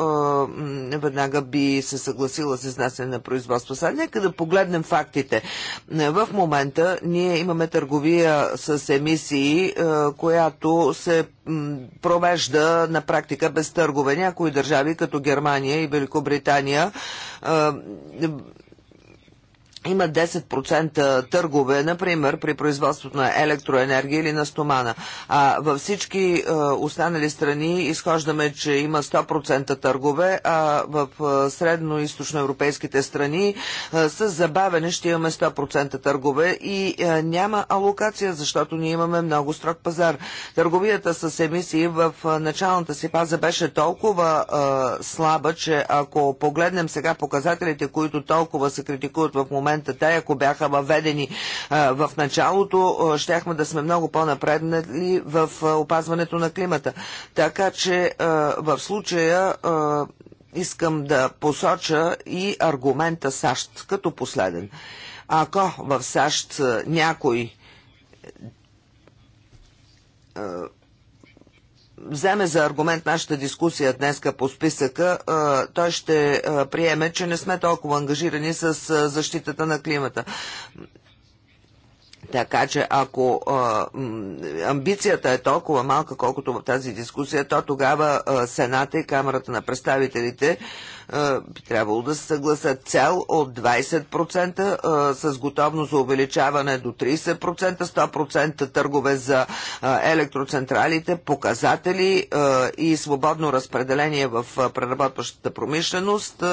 веднага би се съгласила с изнасяне на производство. Сега нека да погледнем фактите. В момента ние имаме търговия с емисии, която се провежда на практика без търгове. Някои държави, като Германия и Великобритания, има 10% търгове, например, при производството на електроенергия или на стомана. А във всички е, останали страни изхождаме, че има 100% търгове, а в е, средно-источноевропейските страни е, с забавене ще имаме 100% търгове и няма алокация, защото ние имаме много строг пазар. Търговията с емисии в началната си паза беше толкова слаба, че ако погледнем сега показателите, които толкова се критикуват в момента, момента. Те, ако бяха въведени в началото, щяхме да сме много по-напреднали в опазването на климата. Така че в случая искам да посоча и аргумента САЩ като последен. Ако в САЩ някой вземе за аргумент нашата дискусия днеска по списъка, той ще приеме, че не сме толкова ангажирани с защитата на климата. Така че ако амбицията е толкова малка, колкото в тази дискусия, то тогава Сената и Камерата на представителите би трябвало да се съгласят цел от 20% с готовност за увеличаване до 30%, 100% търгове за електроцентралите, показатели и свободно разпределение в преработващата промишленост,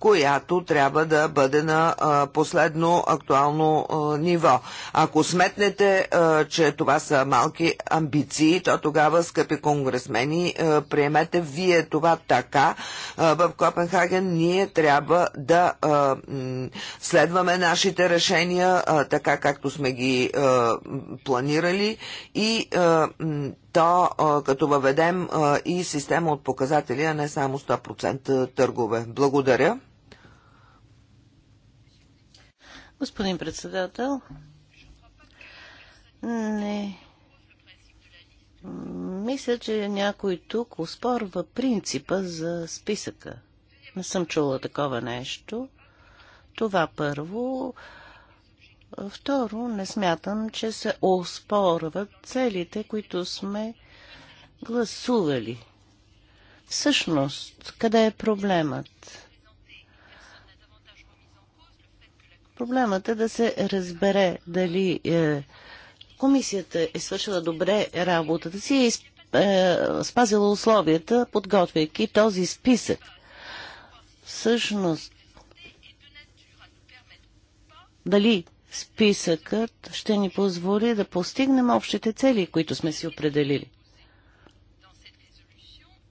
която трябва да бъде на последно актуално ниво. Ако сметнете, че това са малки амбиции, то тогава, скъпи конгресмени, приемете вие това така в Копенхаген Копенхаген, ние трябва да а, следваме нашите решения, а, така както сме ги а, планирали и а, то а, като въведем а, и система от показатели, а не само 100% търгове. Благодаря. Господин председател, не. Мисля, че някой тук успорва принципа за списъка. Не съм чула такова нещо. Това първо. Второ, не смятам, че се оспорват целите, които сме гласували. Всъщност, къде е проблемът? Проблемът е да се разбере дали е, комисията е свършила добре работата си и е, е спазила условията, подготвяйки този списък. Всъщност, дали списъкът ще ни позволи да постигнем общите цели, които сме си определили.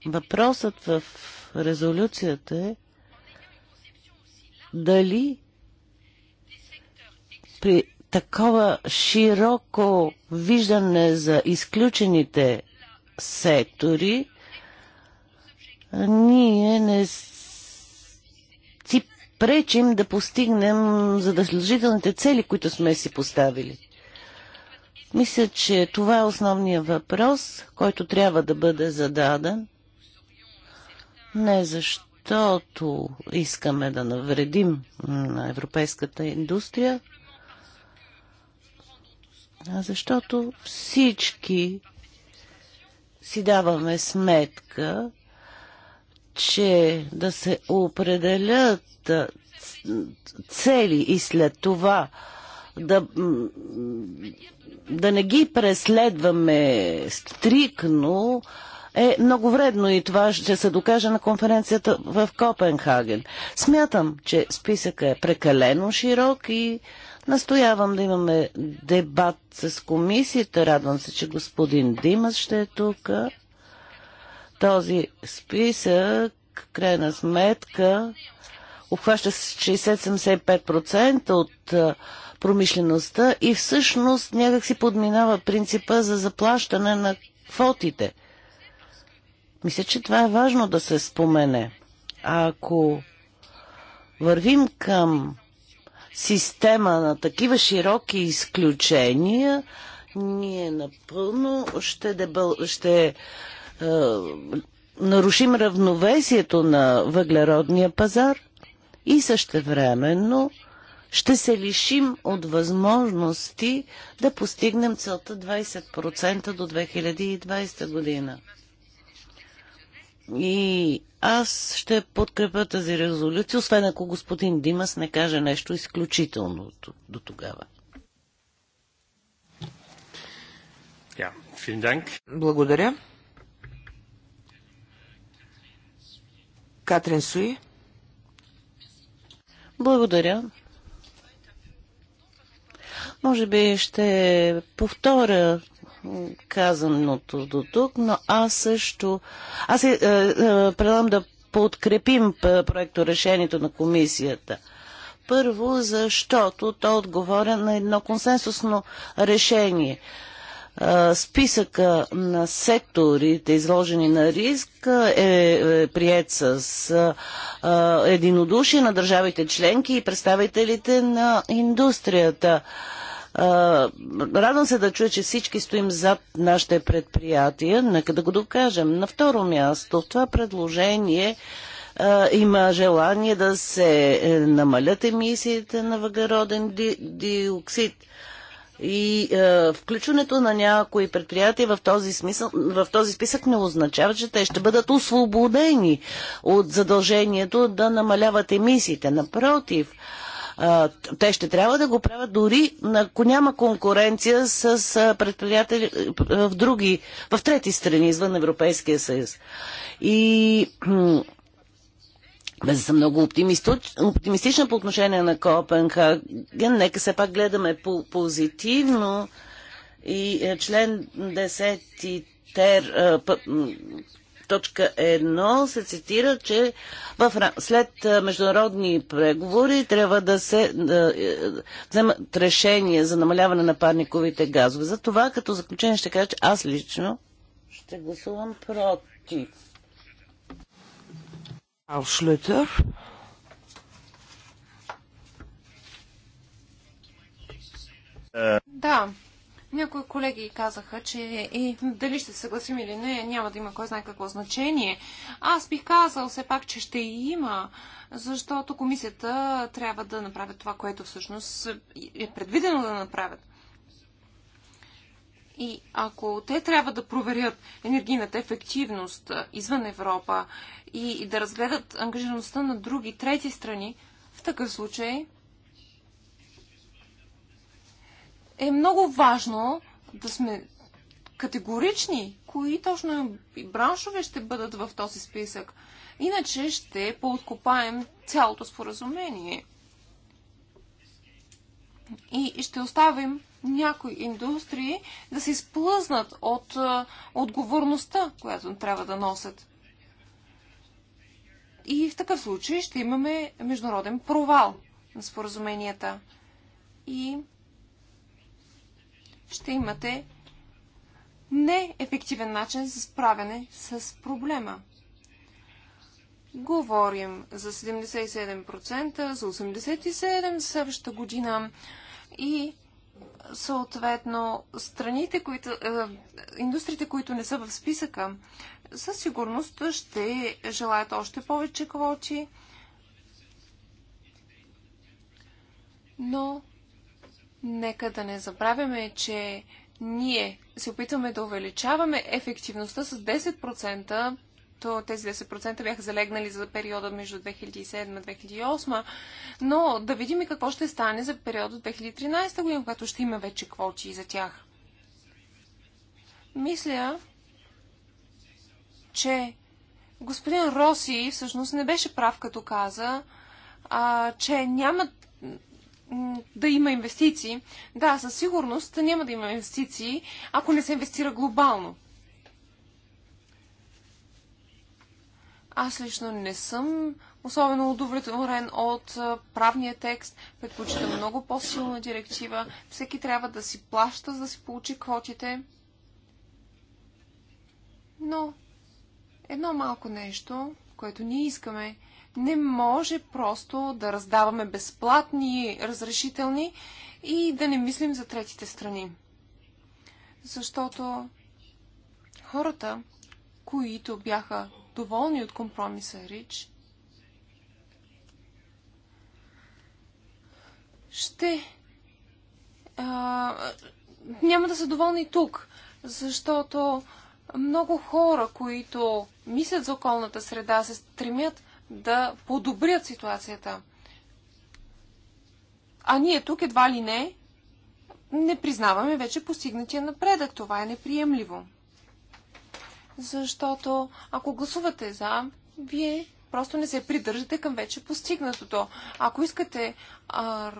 Въпросът в резолюцията е дали при такова широко виждане за изключените сектори, ние не пречим да постигнем задължителните цели, които сме си поставили. Мисля, че това е основният въпрос, който трябва да бъде зададен. Не защото искаме да навредим на европейската индустрия, а защото всички си даваме сметка, че да се определят цели и след това да, да не ги преследваме стрикно, е много вредно и това ще се докаже на конференцията в Копенхаген. Смятам, че списъка е прекалено широк и настоявам да имаме дебат с комисията. Радвам се, че господин Димас ще е тук. Този списък, крайна сметка, обхваща 60-75% от промишлеността и всъщност някак си подминава принципа за заплащане на квотите. Мисля, че това е важно да се спомене. А ако вървим към система на такива широки изключения, ние напълно ще, дебъл... ще е, нарушим равновесието на въглеродния пазар и същевременно ще се лишим от възможности да постигнем целта 20% до 2020 година. И аз ще подкрепя тази резолюция, освен ако господин Димас не каже нещо изключително до тогава. Благодаря. Катрин Суи. Благодаря. Може би ще повторя казаното до тук, но аз също... Аз е, е, предлагам да подкрепим проекто решението на комисията. Първо, защото то отговоря на едно консенсусно решение – Списъка на секторите, изложени на риск, е, е прият с единодушие на държавите членки и представителите на индустрията. Радвам се да чуя, че всички стоим зад нашите предприятия. Нека да го докажем. На второ място, в това предложение има желание да се е, намалят емисиите на въглероден диоксид. И е, включването на някои предприятия в този, смисъл, в този списък не означава, че те ще бъдат освободени от задължението да намаляват емисиите. Напротив, е, те ще трябва да го правят дори ако няма конкуренция с е, предприятели е, в други, в трети страни извън Европейския съюз. И без да съм много оптимистична по отношение на Копенхаген, нека се пак гледаме по позитивно и е, член 10 тер, е, точка 1 се цитира, че в, след е, международни преговори трябва да се да, вземат решение за намаляване на парниковите газове. За това като заключение ще кажа, че аз лично ще гласувам против. Ал Да, някои колеги казаха, че и дали ще се съгласим или не, няма да има кой знае какво значение. Аз бих казал все пак, че ще има, защото комисията трябва да направят това, което всъщност е предвидено да направят. И ако те трябва да проверят енергийната ефективност извън Европа и да разгледат ангажираността на други трети страни, в такъв случай е много важно да сме категорични, кои точно браншове ще бъдат в този списък. Иначе ще подкопаем цялото споразумение и ще оставим някои индустрии да се изплъзнат от отговорността, която трябва да носят. И в такъв случай ще имаме международен провал на споразуменията. И ще имате неефективен начин за справяне с проблема. Говорим за 77%, за 87% за следващата година и съответно страните, които, е, индустриите, които не са в списъка, със сигурност ще желаят още повече квоти. Но нека да не забравяме, че ние се опитваме да увеличаваме ефективността с 10% то тези 10% бяха залегнали за периода между 2007-2008, но да видим и какво ще стане за периода 2013 година, когато ще има вече квоти за тях. Мисля, че господин Роси всъщност не беше прав, като каза, а, че няма да има инвестиции. Да, със сигурност няма да има инвестиции, ако не се инвестира глобално. Аз лично не съм особено удовлетворен от правния текст. Предпочитам много по-силна директива. Всеки трябва да си плаща, за да си получи квотите. Но едно малко нещо, което ние искаме, не може просто да раздаваме безплатни разрешителни и да не мислим за третите страни. Защото хората, които бяха доволни от компромиса Рич, ще а, няма да са доволни тук, защото много хора, които мислят за околната среда, се стремят да подобрят ситуацията. А ние тук едва ли не не признаваме вече постигнатия напредък. Това е неприемливо защото ако гласувате за, вие просто не се придържате към вече постигнатото. Ако искате а,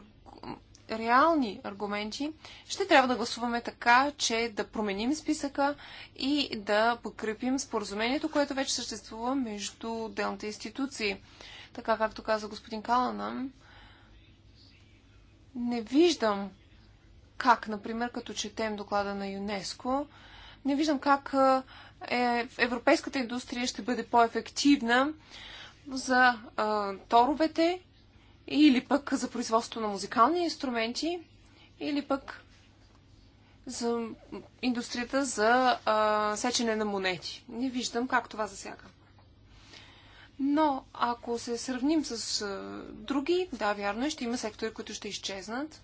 реални аргументи, ще трябва да гласуваме така, че да променим списъка и да подкрепим споразумението, което вече съществува между отделните институции. Така както каза господин Каланам, не виждам как, например, като четем доклада на ЮНЕСКо, не виждам как е, европейската индустрия ще бъде по-ефективна за а, торовете или пък за производство на музикални инструменти или пък за индустрията за а, сечене на монети. Не виждам как това засяга. Но ако се сравним с а, други, да, вярно, е, ще има сектори, които ще изчезнат.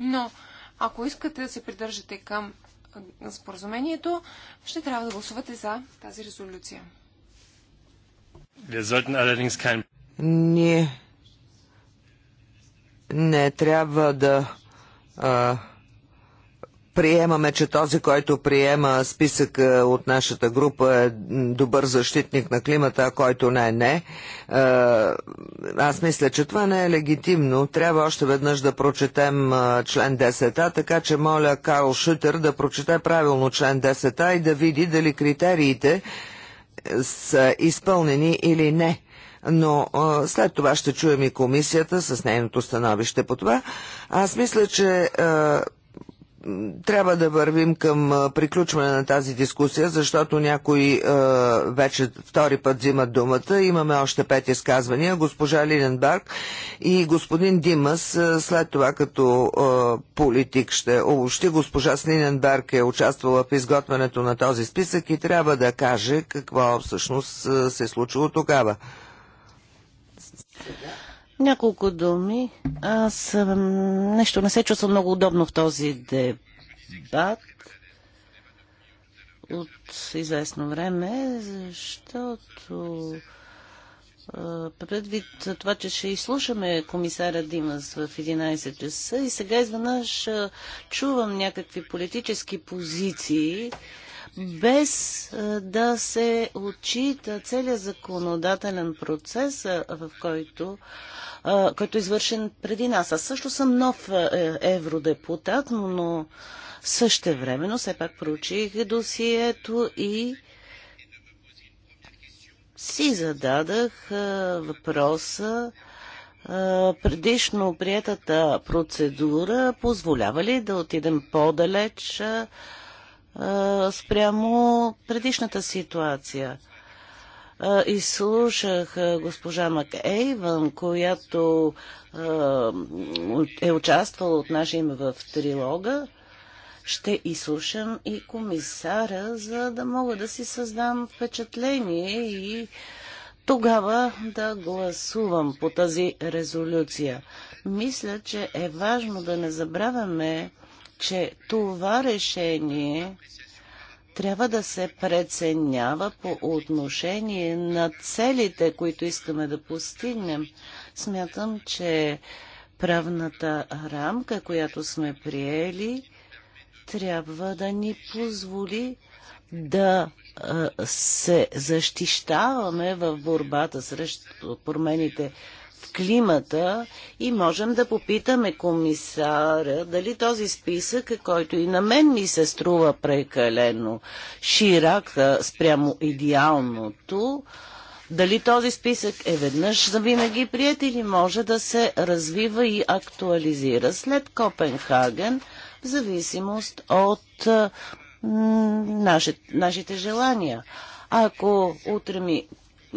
Но ако искате да се придържате към на споразумението, ще трябва да гласувате за тази резолюция. Ние не трябва да а, приемаме, че този, който приема списък от нашата група е добър защитник на климата, а който не е не. Аз мисля, че това не е легитимно. Трябва още веднъж да прочетем е, член 10а, така че моля Карл Шутер да прочете правилно член 10а и да види дали критериите е, са изпълнени или не но а, е, след това ще чуем и комисията с нейното становище по това. Аз мисля, че а, трябва да вървим към приключване на тази дискусия, защото някои вече втори път взимат думата. Имаме още пет изказвания. Госпожа Линенбарг и господин Димас, след това като политик ще обобщи. Госпожа Слиненберг е участвала в изготвянето на този списък и трябва да каже какво всъщност се е случило тогава. Сега. Няколко думи. Аз нещо не се чувствам много удобно в този дебат от известно време, защото предвид това, че ще изслушаме комисара Димас в 11 часа и сега изведнъж чувам някакви политически позиции, без да се отчита целият законодателен процес, в който, който е извършен преди нас. Аз също съм нов е, евродепутат, но също времено все пак проучих досието и си зададах въпроса предишно приятата процедура позволява ли да отидем по-далеч спрямо предишната ситуация. Изслушах слушах госпожа Макейвън, която е участвала от наше име в трилога. Ще изслушам и комисара, за да мога да си създам впечатление и тогава да гласувам по тази резолюция. Мисля, че е важно да не забравяме че това решение трябва да се преценява по отношение на целите, които искаме да постигнем. Смятам, че правната рамка, която сме приели, трябва да ни позволи да се защищаваме в борбата срещу промените климата и можем да попитаме комисара дали този списък, който и на мен ми се струва прекалено ширак спрямо идеалното, дали този списък е веднъж за винаги прият или може да се развива и актуализира след Копенхаген, в зависимост от нашите, нашите желания. Ако утре ми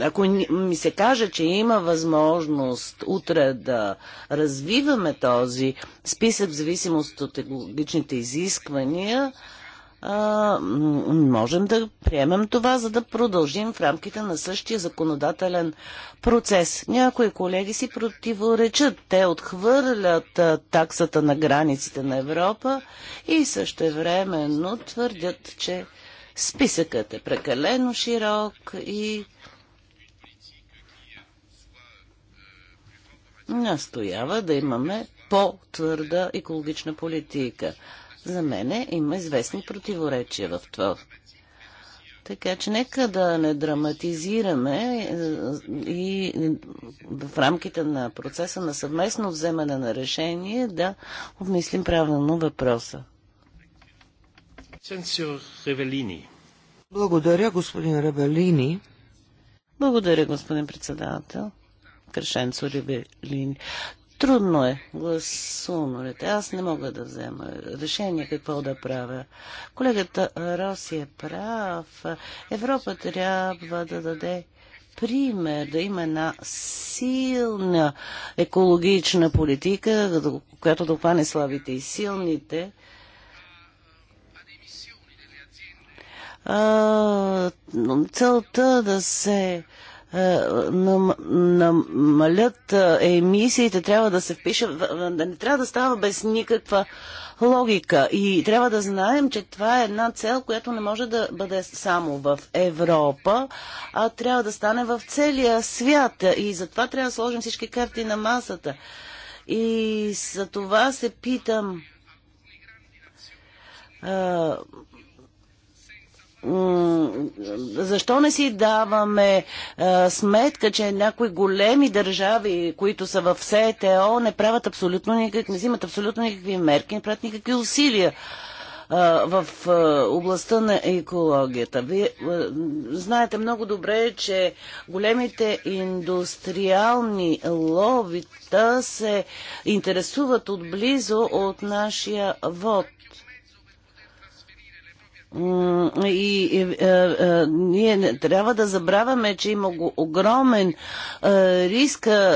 ако ми се каже, че има възможност утре да развиваме този списък в зависимост от екологичните изисквания, можем да приемем това, за да продължим в рамките на същия законодателен процес. Някои колеги си противоречат. Те отхвърлят таксата на границите на Европа и също времено твърдят, че списъкът е прекалено широк и настоява да имаме по-твърда екологична политика. За мене има известни противоречия в това. Така че нека да не драматизираме е, и в рамките на процеса на съвместно вземане на решение да обмислим правилно въпроса. Благодаря, господин Ревелини. Благодаря, господин председател. Крешенцо Рибелин. Трудно е гласуването. Аз не мога да взема решение какво да правя. Колегата Роси е прав. Европа трябва да даде пример, да има една силна екологична политика, която да опане слабите и силните. целта да се е, намалят е, емисиите, трябва да се впише, не трябва да става без никаква логика. И трябва да знаем, че това е една цел, която не може да бъде само в Европа, а трябва да стане в целия свят. И затова трябва да сложим всички карти на масата. И за това се питам. Е, защо не си даваме а, сметка, че някои големи държави, които са в СЕТО, не правят абсолютно никак, не взимат абсолютно никакви мерки, не правят никакви усилия а, в а, областта на екологията. Вие знаете много добре, че големите индустриални ловита се интересуват отблизо от нашия вод и, и е, е, ние не трябва да забравяме, че има огромен е, риск е,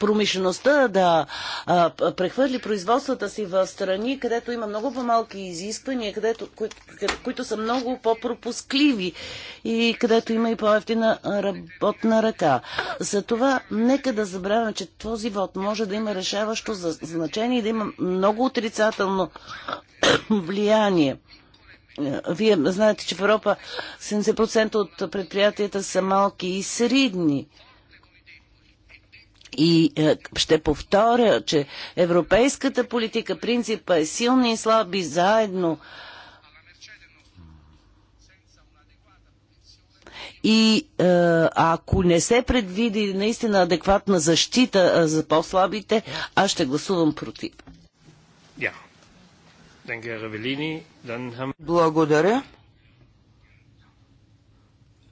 промишлеността да а, е, прехвърли производствата си в страни, където има много по-малки изисквания, където, кои, които са много по-пропускливи и където има и по-ефтина работна ръка. Затова нека да забравяме, че този вод може да има решаващо значение и да има много отрицателно [clears throat] влияние. Е, вие знаете, че в Европа 70% от предприятията са малки и средни. И е, ще повторя, че европейската политика, принципа е силни и слаби заедно. И е, ако не се предвиди наистина адекватна защита за по-слабите, аз ще гласувам против. Благодаря.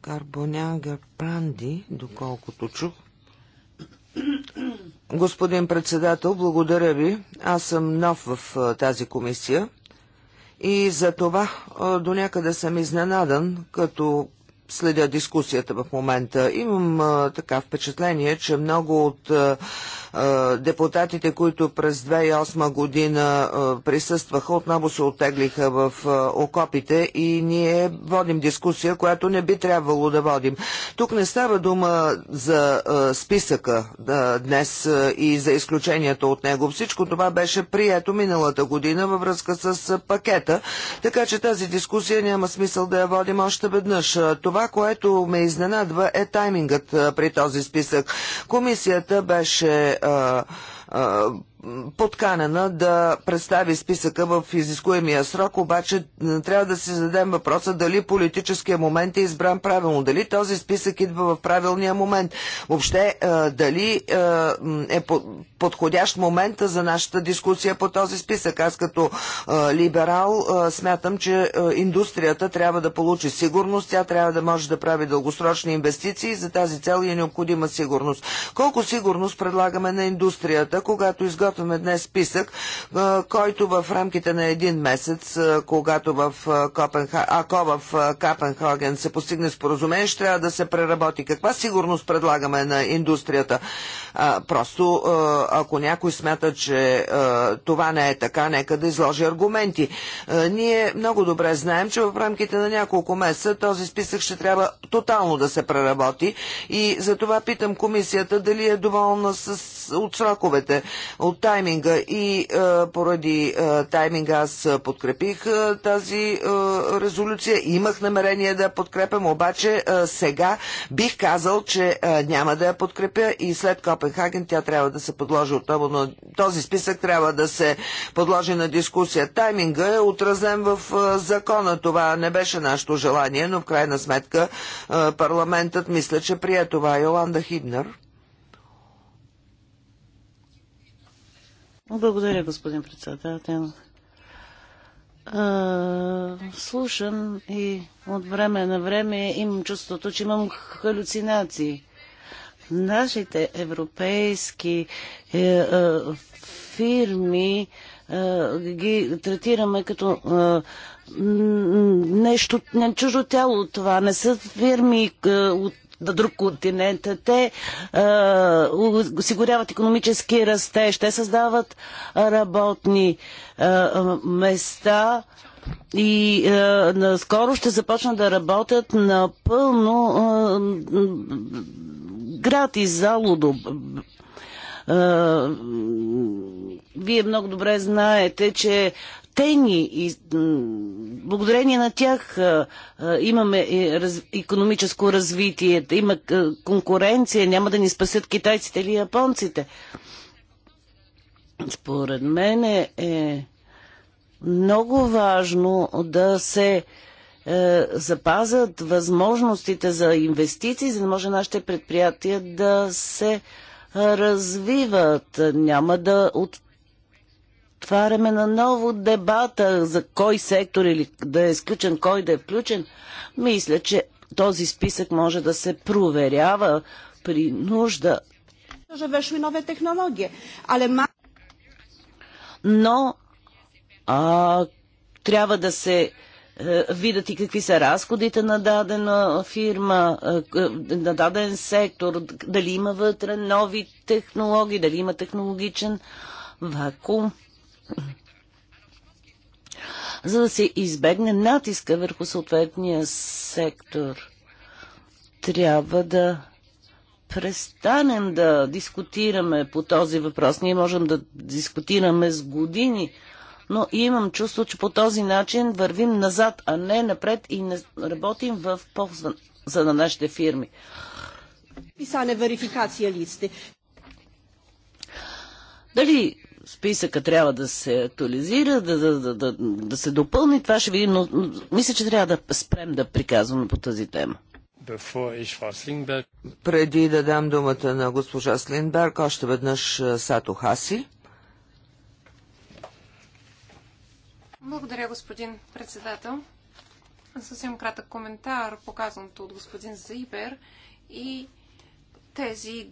Карбоняга Пранди, доколкото чух. Господин председател, благодаря ви. Аз съм нов в тази комисия и за това до някъде съм изненадан, като следя дискусията в момента. Имам така впечатление, че много от Депутатите, които през 2008 година присъстваха, отново се отеглиха в окопите и ние водим дискусия, която не би трябвало да водим. Тук не става дума за списъка днес и за изключенията от него. Всичко това беше прието миналата година във връзка с пакета, така че тази дискусия няма смисъл да я водим още веднъж. Това, което ме изненадва е таймингът при този списък. Комисията беше а, а, подканена да представи списъка в изискуемия срок, обаче трябва да си зададем въпроса дали политическия момент е избран правилно, дали този списък идва в правилния момент, въобще е, дали е, е подходящ момента за нашата дискусия по този списък. Аз като е, либерал смятам, че индустрията трябва да получи сигурност, тя трябва да може да прави дългосрочни инвестиции, за тази цел е необходима сигурност. Колко сигурност предлагаме на индустрията, когато изготвяме изготвяме днес списък, който в рамките на един месец, когато в Копенха... ако в Капенхаген се постигне споразумение, ще трябва да се преработи. Каква сигурност предлагаме на индустрията? Просто, ако някой смята, че това не е така, нека да изложи аргументи. Ние много добре знаем, че в рамките на няколко месеца този списък ще трябва тотално да се преработи и за това питам комисията дали е доволна с, от сроковете. От тайминга и е, поради е, тайминга аз подкрепих е, тази резолюция. Имах намерение да я подкрепям, обаче сега бих казал, че няма да я подкрепя и след Копенхаген тя трябва да се подложи отново, но този списък трябва да се подложи на дискусия. Тайминга е отразен в закона. Това не беше нашето желание, но в крайна сметка парламентът мисля, че прие това. Йоланда Хибнер. Благодаря, господин председател. А, слушам и от време на време имам чувството, че имам халюцинации. Нашите европейски е, е, фирми е, ги третираме като е, нещо, не чуждо тяло това. Не са фирми е, от на друг континент. Те е, осигуряват економически растеж, те създават работни а, места и а, наскоро ще започнат да работят напълно а, град и залудо. вие много добре знаете, че платени и благодарение на тях имаме економическо развитие, има конкуренция, няма да ни спасят китайците или японците. Според мен е, е много важно да се е, запазят възможностите за инвестиции, за да може нашите предприятия да се развиват. Няма да от, отваряме на ново дебата за кой сектор или да е изключен, кой да е включен. Мисля, че този списък може да се проверява при нужда. Но а, трябва да се е, видят и какви са разходите на дадена фирма, е, е, на даден сектор, дали има вътре нови технологии, дали има технологичен вакуум за да се избегне натиска върху съответния сектор. Трябва да престанем да дискутираме по този въпрос. Ние можем да дискутираме с години, но имам чувство, че по този начин вървим назад, а не напред и не работим в ползва за на нашите фирми. Писане верификация листи. Дали списъка трябва да се актуализира, да, да, да, да, да се допълни, това ще видим, но мисля, че трябва да спрем да приказваме по тази тема. Преди да дам думата на госпожа Слинберг, още веднъж Сато Хаси. Благодаря, господин председател. Съвсем кратък коментар, показаното от господин Зайбер и тези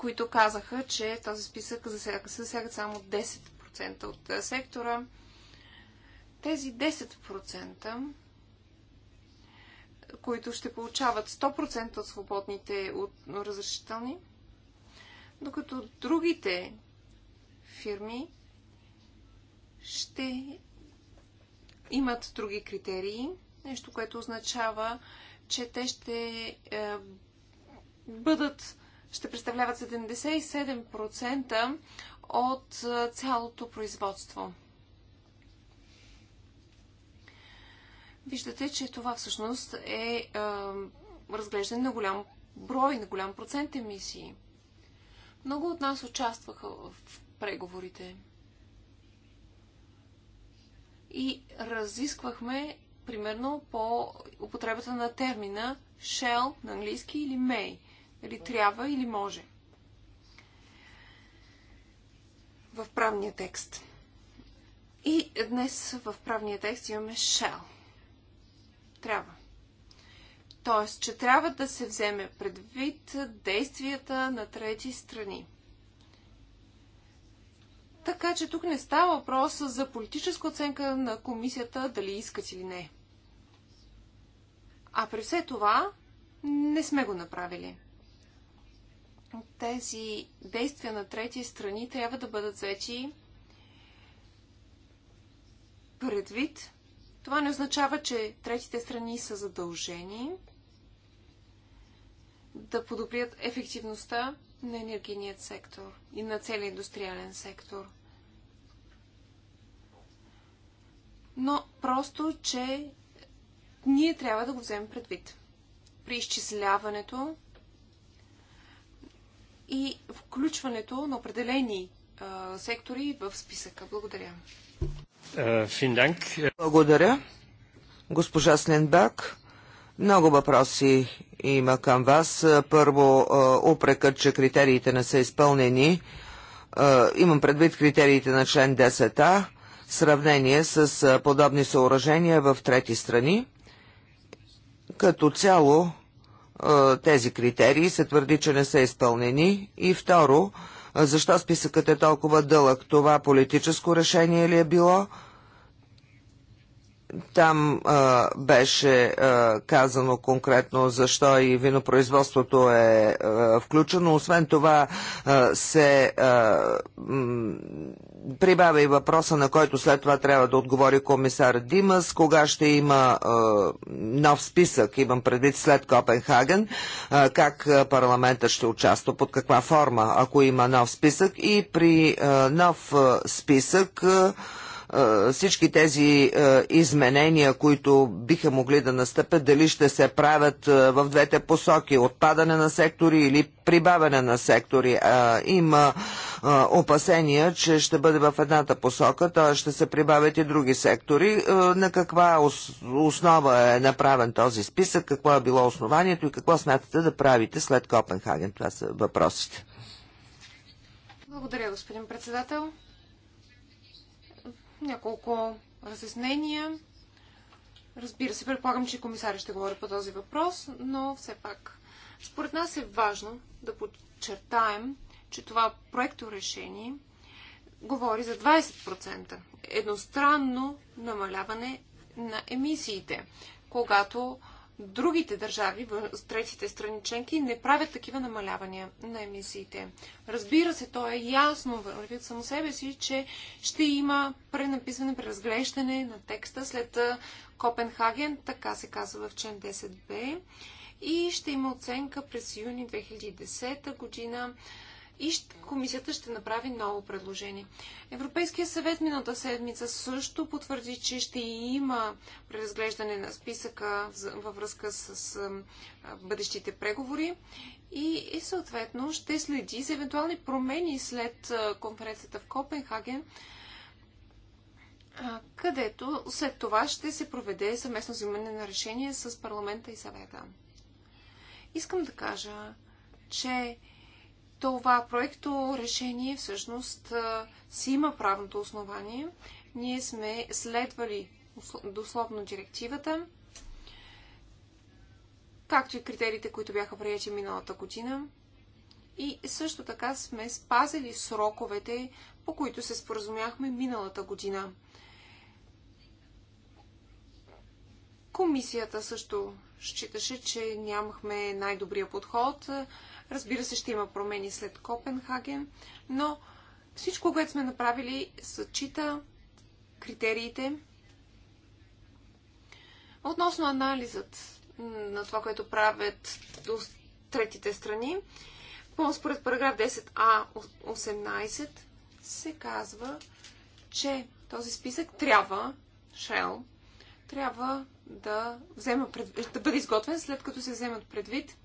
които казаха, че този списък засягат само 10% от е, сектора. Тези 10%, които ще получават 100% от свободните от разрешителни, докато другите фирми ще имат други критерии, нещо, което означава, че те ще е, бъдат ще представляват 77% от цялото производство. Виждате, че това всъщност е разглеждане на голям брой, на голям процент емисии. Много от нас участваха в преговорите. И разисквахме, примерно, по употребата на термина shell на английски или may – или трябва или може. В правния текст. И днес в правния текст имаме shall. Трябва. Тоест, че трябва да се вземе предвид действията на трети страни. Така че тук не става въпрос за политическа оценка на комисията дали искат или не. А при все това не сме го направили тези действия на трети страни трябва да бъдат взети предвид. Това не означава, че третите страни са задължени да подобрят ефективността на енергийният сектор и на целия индустриален сектор. Но просто, че ние трябва да го вземем предвид при изчисляването и включването на определени сектори в списъка. Благодаря. Е, Благодаря. Госпожа Сленбак, много въпроси има към вас. Първо, е, упрекът, че критериите не са изпълнени. Е, имам предвид критериите на член 10а, сравнение с подобни съоръжения в трети страни. Като цяло, тези критерии, се твърди, че не са изпълнени. И второ, защо списъкът е толкова дълъг? Това политическо решение ли е било? Там а, беше а, казано конкретно защо и винопроизводството е а, включено. Освен това а, се а, прибавя и въпроса, на който след това трябва да отговори комисар Димас, кога ще има а, нов списък, имам предвид след Копенхаген, а, как парламента ще участва, под каква форма, ако има нов списък. И при а, нов а, списък. А, всички тези изменения, които биха могли да настъпят, дали ще се правят в двете посоки отпадане на сектори или прибавяне на сектори. Има опасения, че ще бъде в едната посока, т.е. ще се прибавят и други сектори. На каква основа е направен този списък, какво е било основанието и какво смятате да правите след Копенхаген? Това са въпросите. Благодаря, господин председател няколко разяснения. Разбира се, предполагам, че комисаря ще говори по този въпрос, но все пак според нас е важно да подчертаем, че това проекто решение говори за 20% едностранно намаляване на емисиите, когато другите държави, третите страни членки, не правят такива намалявания на емисиите. Разбира се, то е ясно, върви от само себе си, че ще има пренаписване, преразглеждане на текста след Копенхаген, така се казва в член 10b, и ще има оценка през юни 2010 година и комисията ще направи ново предложение. Европейския съвет миналата седмица също потвърди, че ще има преразглеждане на списъка във връзка с бъдещите преговори и, и съответно ще следи за евентуални промени след конференцията в Копенхаген, където след това ще се проведе съвместно взимане на решение с парламента и съвета. Искам да кажа, че това проекто решение всъщност си има правното основание. Ние сме следвали дословно директивата, както и критериите, които бяха приятели миналата година. И също така сме спазили сроковете, по които се споразумяхме миналата година. Комисията също считаше, че нямахме най-добрия подход Разбира се, ще има промени след Копенхаген, но всичко, което сме направили, съчита критериите. Относно анализът на това, което правят до третите страни, според параграф 10а 18 се казва, че този списък трябва, Shell, трябва да, взема предвид, да бъде изготвен след като се вземат предвид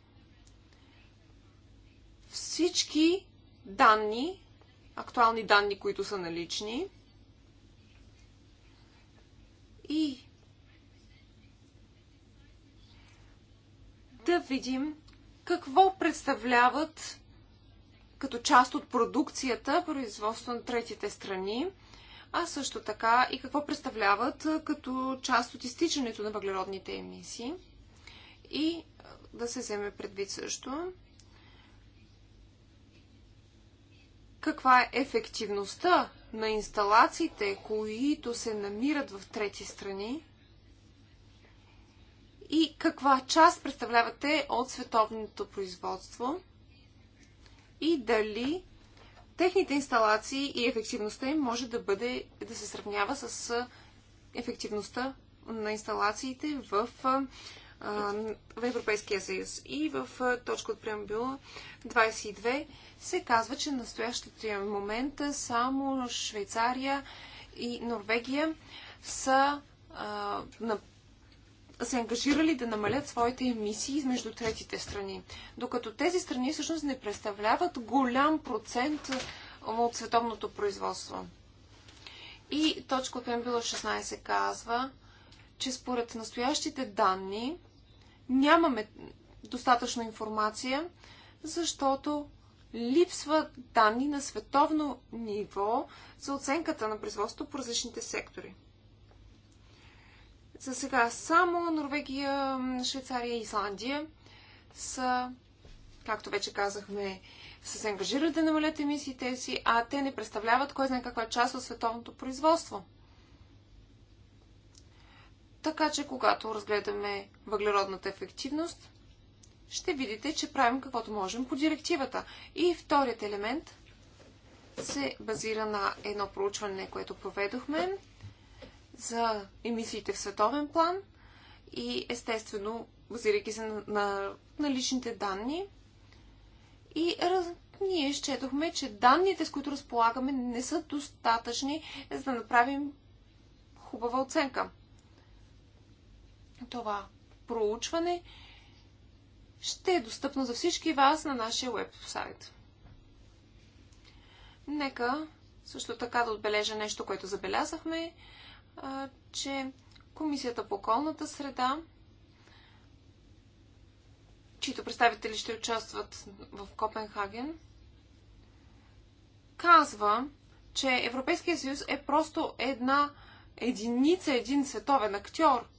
всички данни, актуални данни, които са налични. И да видим какво представляват като част от продукцията производство на третите страни, а също така и какво представляват като част от изтичането на въглеродните емисии. И да се вземе предвид също каква е ефективността на инсталациите, които се намират в трети страни и каква част представлявате от световното производство и дали техните инсталации и ефективността им може да бъде да се сравнява с ефективността на инсталациите в в Европейския съюз. И в точка от преамбюла 22 се казва, че настоящия момент само Швейцария и Норвегия са а, на, се ангажирали да намалят своите емисии между третите страни. Докато тези страни всъщност не представляват голям процент от световното производство. И точка от преамбюла 16 казва, че според настоящите данни нямаме достатъчно информация, защото липсват данни на световно ниво за оценката на производството по различните сектори. За сега само Норвегия, Швейцария и Исландия са, както вече казахме, се ангажирали да намалят емисиите си, а те не представляват кой знае каква част от световното производство – така че, когато разгледаме въглеродната ефективност, ще видите, че правим каквото можем по директивата. И вторият елемент се базира на едно проучване, което проведохме за емисиите в световен план и естествено, базирайки се на, на, на личните данни. И раз, ние счетохме, че данните, с които разполагаме, не са достатъчни, за да направим хубава оценка това проучване ще е достъпно за всички вас на нашия веб-сайт. Нека също така да отбележа нещо, което забелязахме, че Комисията по околната среда, чието представители ще участват в Копенхаген, казва, че Европейския съюз е просто една единица, един световен актьор –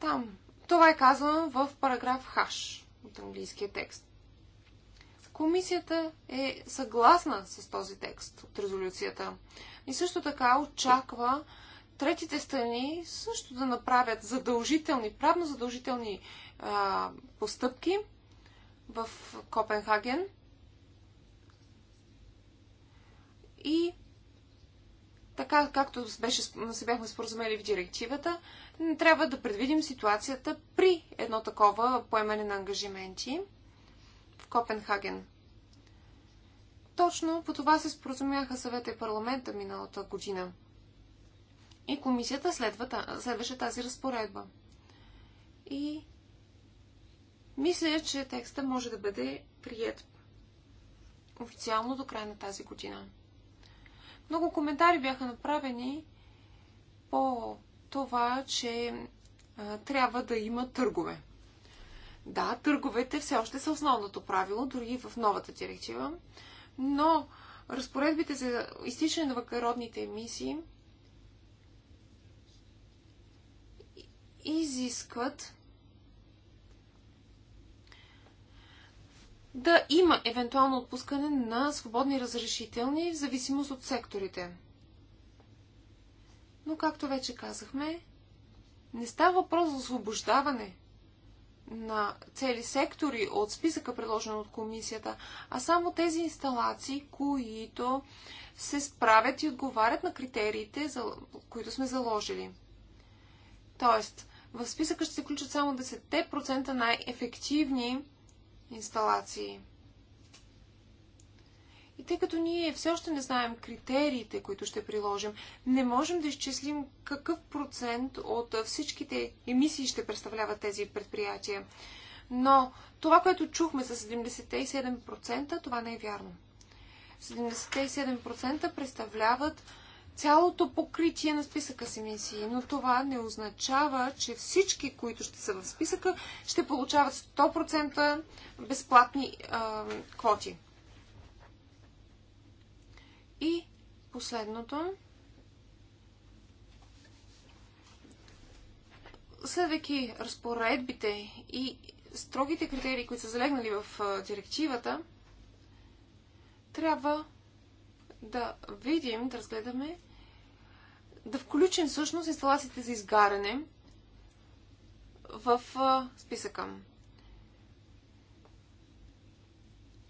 там. Това е казано в параграф Хаш от английския текст. Комисията е съгласна с този текст от резолюцията и също така очаква третите страни също да направят задължителни, правно задължителни а, постъпки в Копенхаген и така както беше, се бяхме споразумели в директивата, трябва да предвидим ситуацията при едно такова поемане на ангажименти в Копенхаген. Точно по това се споразумяха съвета и парламента миналата година. И комисията следва, следваше тази разпоредба. И мисля, че текста може да бъде прият официално до края на тази година. Много коментари бяха направени по това, че а, трябва да има търгове. Да, търговете все още са основното правило, дори в новата директива, но разпоредбите за изтичане на въглеродните емисии изискват да има евентуално отпускане на свободни разрешителни в зависимост от секторите. Но, както вече казахме, не става въпрос за освобождаване на цели сектори от списъка, предложен от комисията, а само тези инсталации, които се справят и отговарят на критериите, които сме заложили. Тоест, в списъка ще се включат само 10% най-ефективни инсталации – тъй като ние все още не знаем критериите, които ще приложим, не можем да изчислим какъв процент от всичките емисии ще представляват тези предприятия. Но това, което чухме за 77%, това не е вярно. 77% представляват цялото покритие на списъка с емисии, но това не означава, че всички, които ще са в списъка, ще получават 100% безплатни а, квоти. И последното. Следвайки разпоредбите и строгите критерии, които са залегнали в директивата, трябва да видим, да разгледаме, да включим всъщност инсталациите за изгаряне в списъка.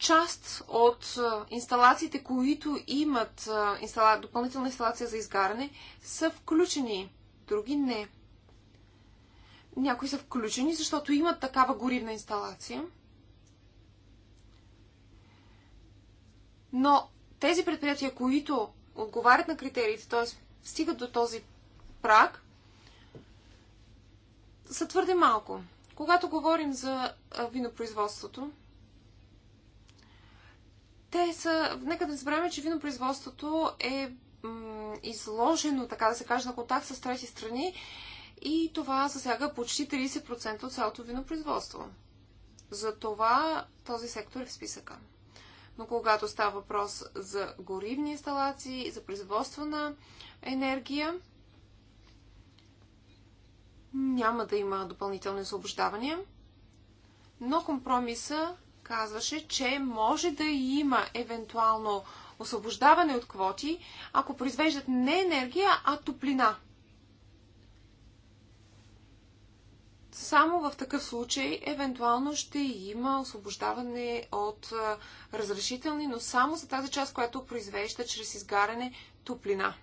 част от инсталациите, които имат инстала... допълнителна инсталация за изгаране, са включени, други не. Някои са включени, защото имат такава горивна инсталация. Но тези предприятия, които отговарят на критериите, т.е. стигат до този праг, са твърде малко. Когато говорим за винопроизводството, те са, нека да не забравяме, че винопроизводството е изложено, така да се каже, на контакт с трети страни и това засяга почти 30% от цялото винопроизводство. Затова този сектор е в списъка. Но когато става въпрос за горивни инсталации, за производство на енергия, няма да има допълнителни освобождавания, но компромиса казваше, че може да има евентуално освобождаване от квоти, ако произвеждат не енергия, а топлина. Само в такъв случай, евентуално, ще има освобождаване от разрешителни, но само за тази част, която произвежда чрез изгаряне топлина.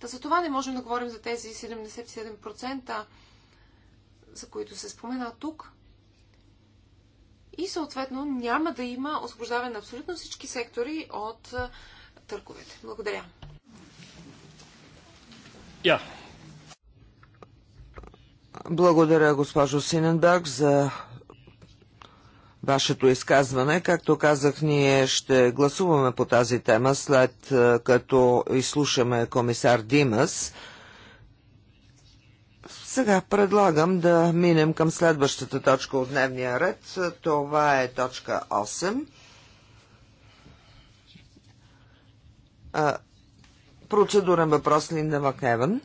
Та за това не можем да говорим за тези 77%, за които се спомена тук, и съответно няма да има освобождаване на абсолютно всички сектори от търговете. Благодаря. Yeah. Благодаря, госпожо Синендак, за вашето изказване. Както казах, ние ще гласуваме по тази тема след като изслушаме комисар Димас. Сега предлагам да минем към следващата точка от дневния ред. Това е точка 8. процедурен въпрос Линда Макневен.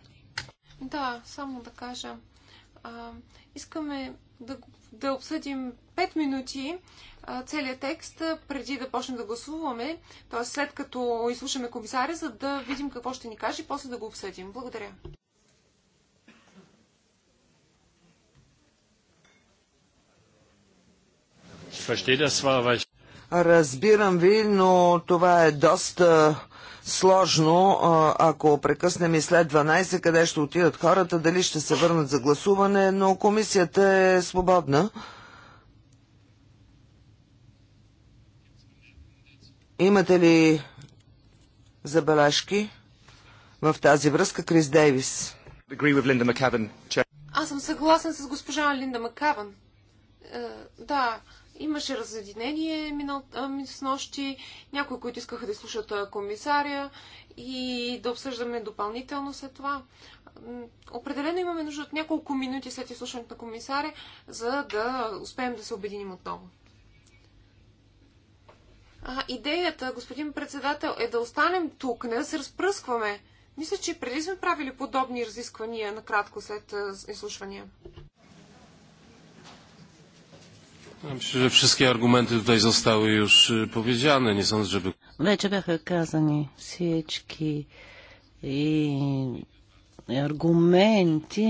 Да, само да кажа. А, искаме да, да обсъдим 5 минути а, целият текст преди да почнем да гласуваме, т.е. след като изслушаме комисаря, за да видим какво ще ни каже и после да го обсъдим. Благодаря. Разбирам ви, но това е доста сложно, ако прекъснем и след 12, къде ще отидат хората, дали ще се върнат за гласуване, но комисията е свободна. Имате ли забележки в тази връзка, Крис Дейвис? Аз съм съгласен с госпожа Линда Макаван. Е, да, Имаше разединение с нощи, някои, които искаха да слушат комисаря и да обсъждаме допълнително след това. Определено имаме нужда от няколко минути след изслушването на комисаря, за да успеем да се обединим отново. А, идеята, господин председател, е да останем тук, не да се разпръскваме. Мисля, че преди сме правили подобни разисквания накратко след изслушвания. Myślę, że wszystkie argumenty tutaj zostały już powiedziane. Nie sądzę, żeby... Вече бяха казани всички и аргументи.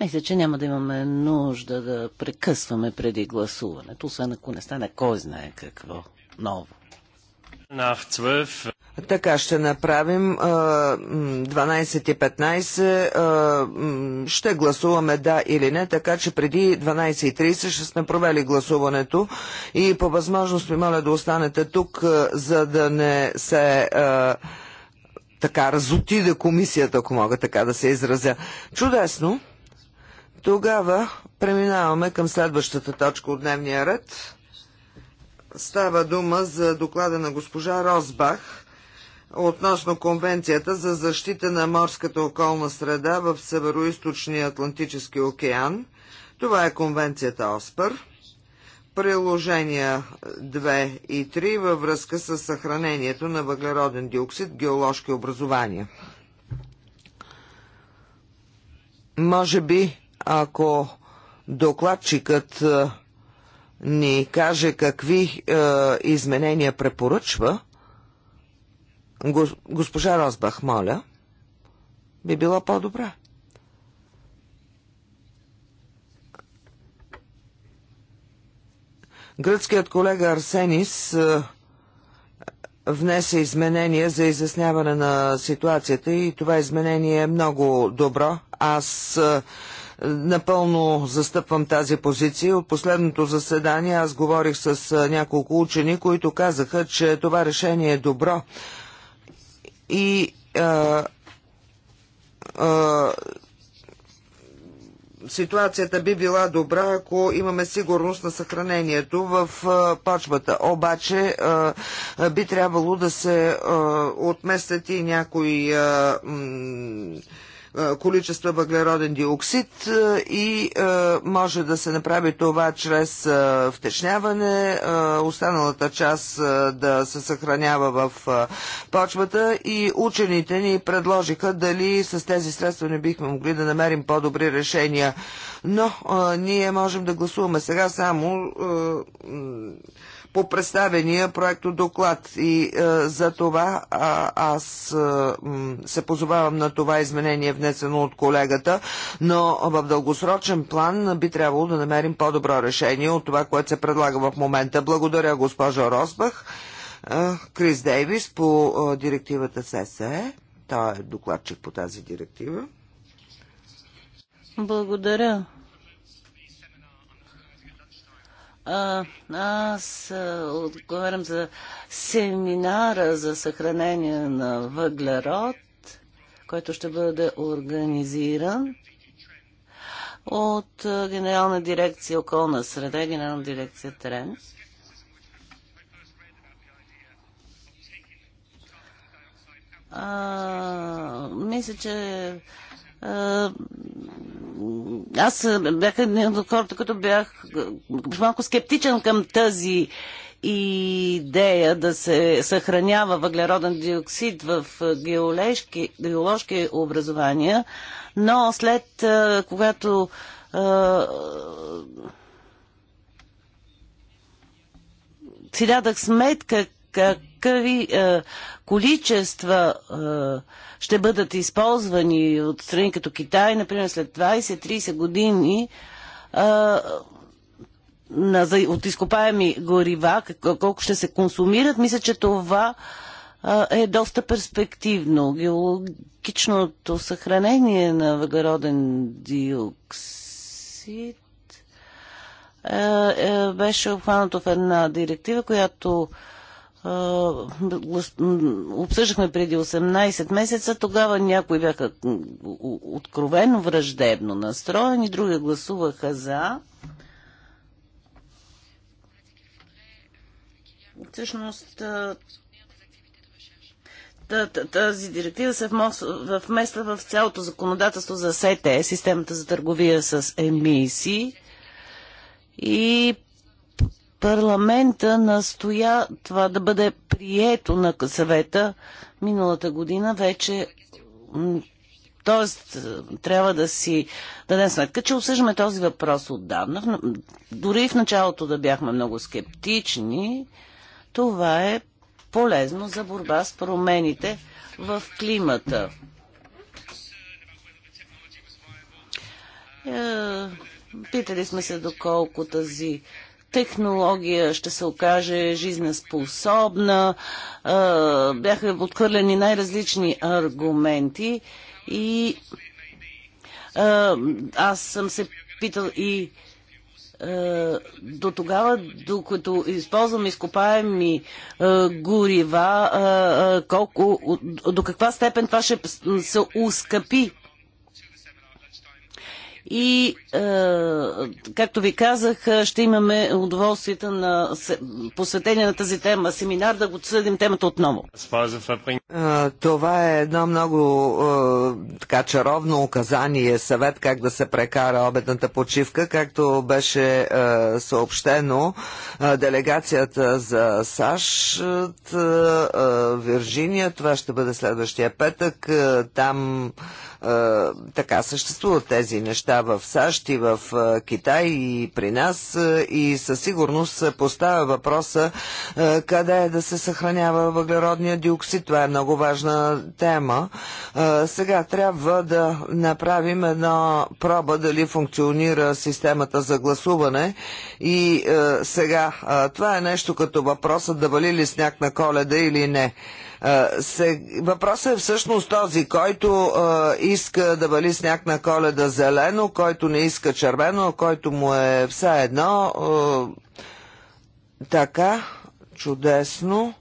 Мисля, че няма да имаме нужда да прекъсваме преди гласуването, освен ако не стане кой знае какво ново. Така ще направим 12.15. Ще гласуваме да или не, така че преди 12.30 ще сме провели гласуването и по възможност ми моля да останете тук, за да не се така разотиде комисията, ако мога така да се изразя. Чудесно! Тогава преминаваме към следващата точка от дневния ред. Става дума за доклада на госпожа Росбах относно Конвенцията за защита на морската околна среда в Североизточния Атлантически океан. Това е Конвенцията ОСПАР. Приложения 2 и 3 във връзка с съхранението на въглероден диоксид, геоложки образования. Може би, ако докладчикът ни каже какви е, изменения препоръчва, госпожа Розбах, моля, би било по добра Гръцкият колега Арсенис е, внесе изменения за изясняване на ситуацията и това изменение е много добро. Аз е, Напълно застъпвам тази позиция. От последното заседание аз говорих с няколко учени, които казаха, че това решение е добро. И а, а, ситуацията би била добра, ако имаме сигурност на съхранението в почвата. Обаче би трябвало да се отместят и някои е, количества въглероден диоксид е, и е, може да се направи това чрез втечняване, останалата част да се съхранява в почвата и учените ни предложиха дали с тези средства не бихме могли да намерим по-добри решения. Но ние можем да гласуваме сега само по представения проекто доклад. И е, за това а, аз е, се позовавам на това изменение, внесено от колегата, но в дългосрочен план би трябвало да намерим по-добро решение от това, което се предлага в момента. Благодаря, госпожа Росбах. Е, Крис Дейвис по е, директивата ССЕ. Той е докладчик по тази директива. Благодаря, А, аз отговарям за семинара за съхранение на въглерод, който ще бъде организиран от Генерална дирекция околна среда и Генерална дирекция Трен. А, мисля, че аз бях един от хората, като бях малко скептичен към тази идея да се съхранява въглероден диоксид в геоложки, образования, но след когато си дадах сметка как какви е, количества е, ще бъдат използвани от страни като Китай, например след 20-30 години е, на, от изкопаеми горива, колко ще се консумират, мисля, че това е, е доста перспективно. Геологичното съхранение на въглероден диоксид е, е, беше обхванато в една директива, която обсъждахме преди 18 месеца, тогава някои бяха откровено враждебно настроени, други гласуваха за. Всъщност тази директива се вмества в цялото законодателство за СЕТЕ, системата за търговия с емисии и Парламента настоя това да бъде прието на съвета миналата година вече. Тоест, е, трябва да си дадем сметка, че обсъждаме този въпрос отдавна. Дори в началото да бяхме много скептични, това е полезно за борба с промените в климата. Е, питали сме се доколко тази технология ще се окаже жизнеспособна. Бяха отхвърлени най-различни аргументи и аз съм се питал и до тогава, докато използвам изкопаеми горива, колко, до каква степен това ще се ускъпи и, е, както ви казах, е, ще имаме удоволствието на посветение на тази тема семинар, да го съдим темата отново. Това е едно много е, така чаровно указание, съвет как да се прекара обедната почивка, както беше е, съобщено е, делегацията за САЩ, е, Вирджиния, това ще бъде следващия петък, там така съществуват тези неща в САЩ и в Китай и при нас и със сигурност поставя въпроса къде е да се съхранява въглеродния диоксид. Това е много важна тема. Сега трябва да направим една проба дали функционира системата за гласуване и сега това е нещо като въпроса: да вали ли сняг на коледа или не. Въпросът е всъщност този, който иска да вали сняг на коледа зелено, който не иска червено, който му е все едно. Така, чудесно.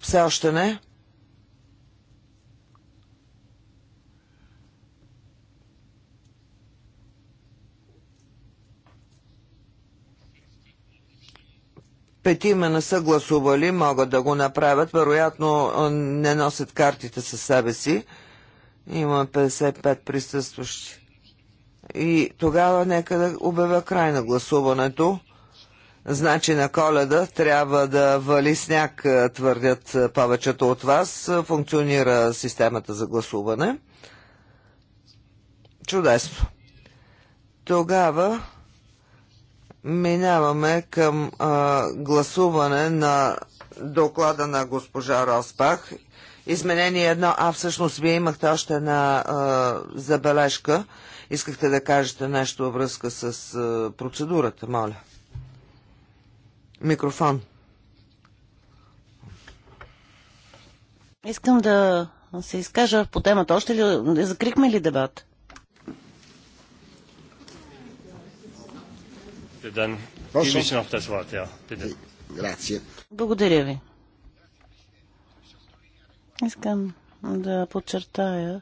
Все още не. петима не са гласували, могат да го направят. Вероятно не носят картите със себе си. Има 55 присъстващи. И тогава нека да обявя край на гласуването. Значи на коледа трябва да вали сняг, твърдят повечето от вас. Функционира системата за гласуване. Чудесно. Тогава Минаваме към а, гласуване на доклада на госпожа Роспах. Изменение едно, а всъщност вие имахте още една а, забележка. Искахте да кажете нещо във връзка с а, процедурата, моля. Микрофон. Искам да се изкажа по темата. Още ли закрихме ли дебат? Благодаря ви. Искам да подчертая,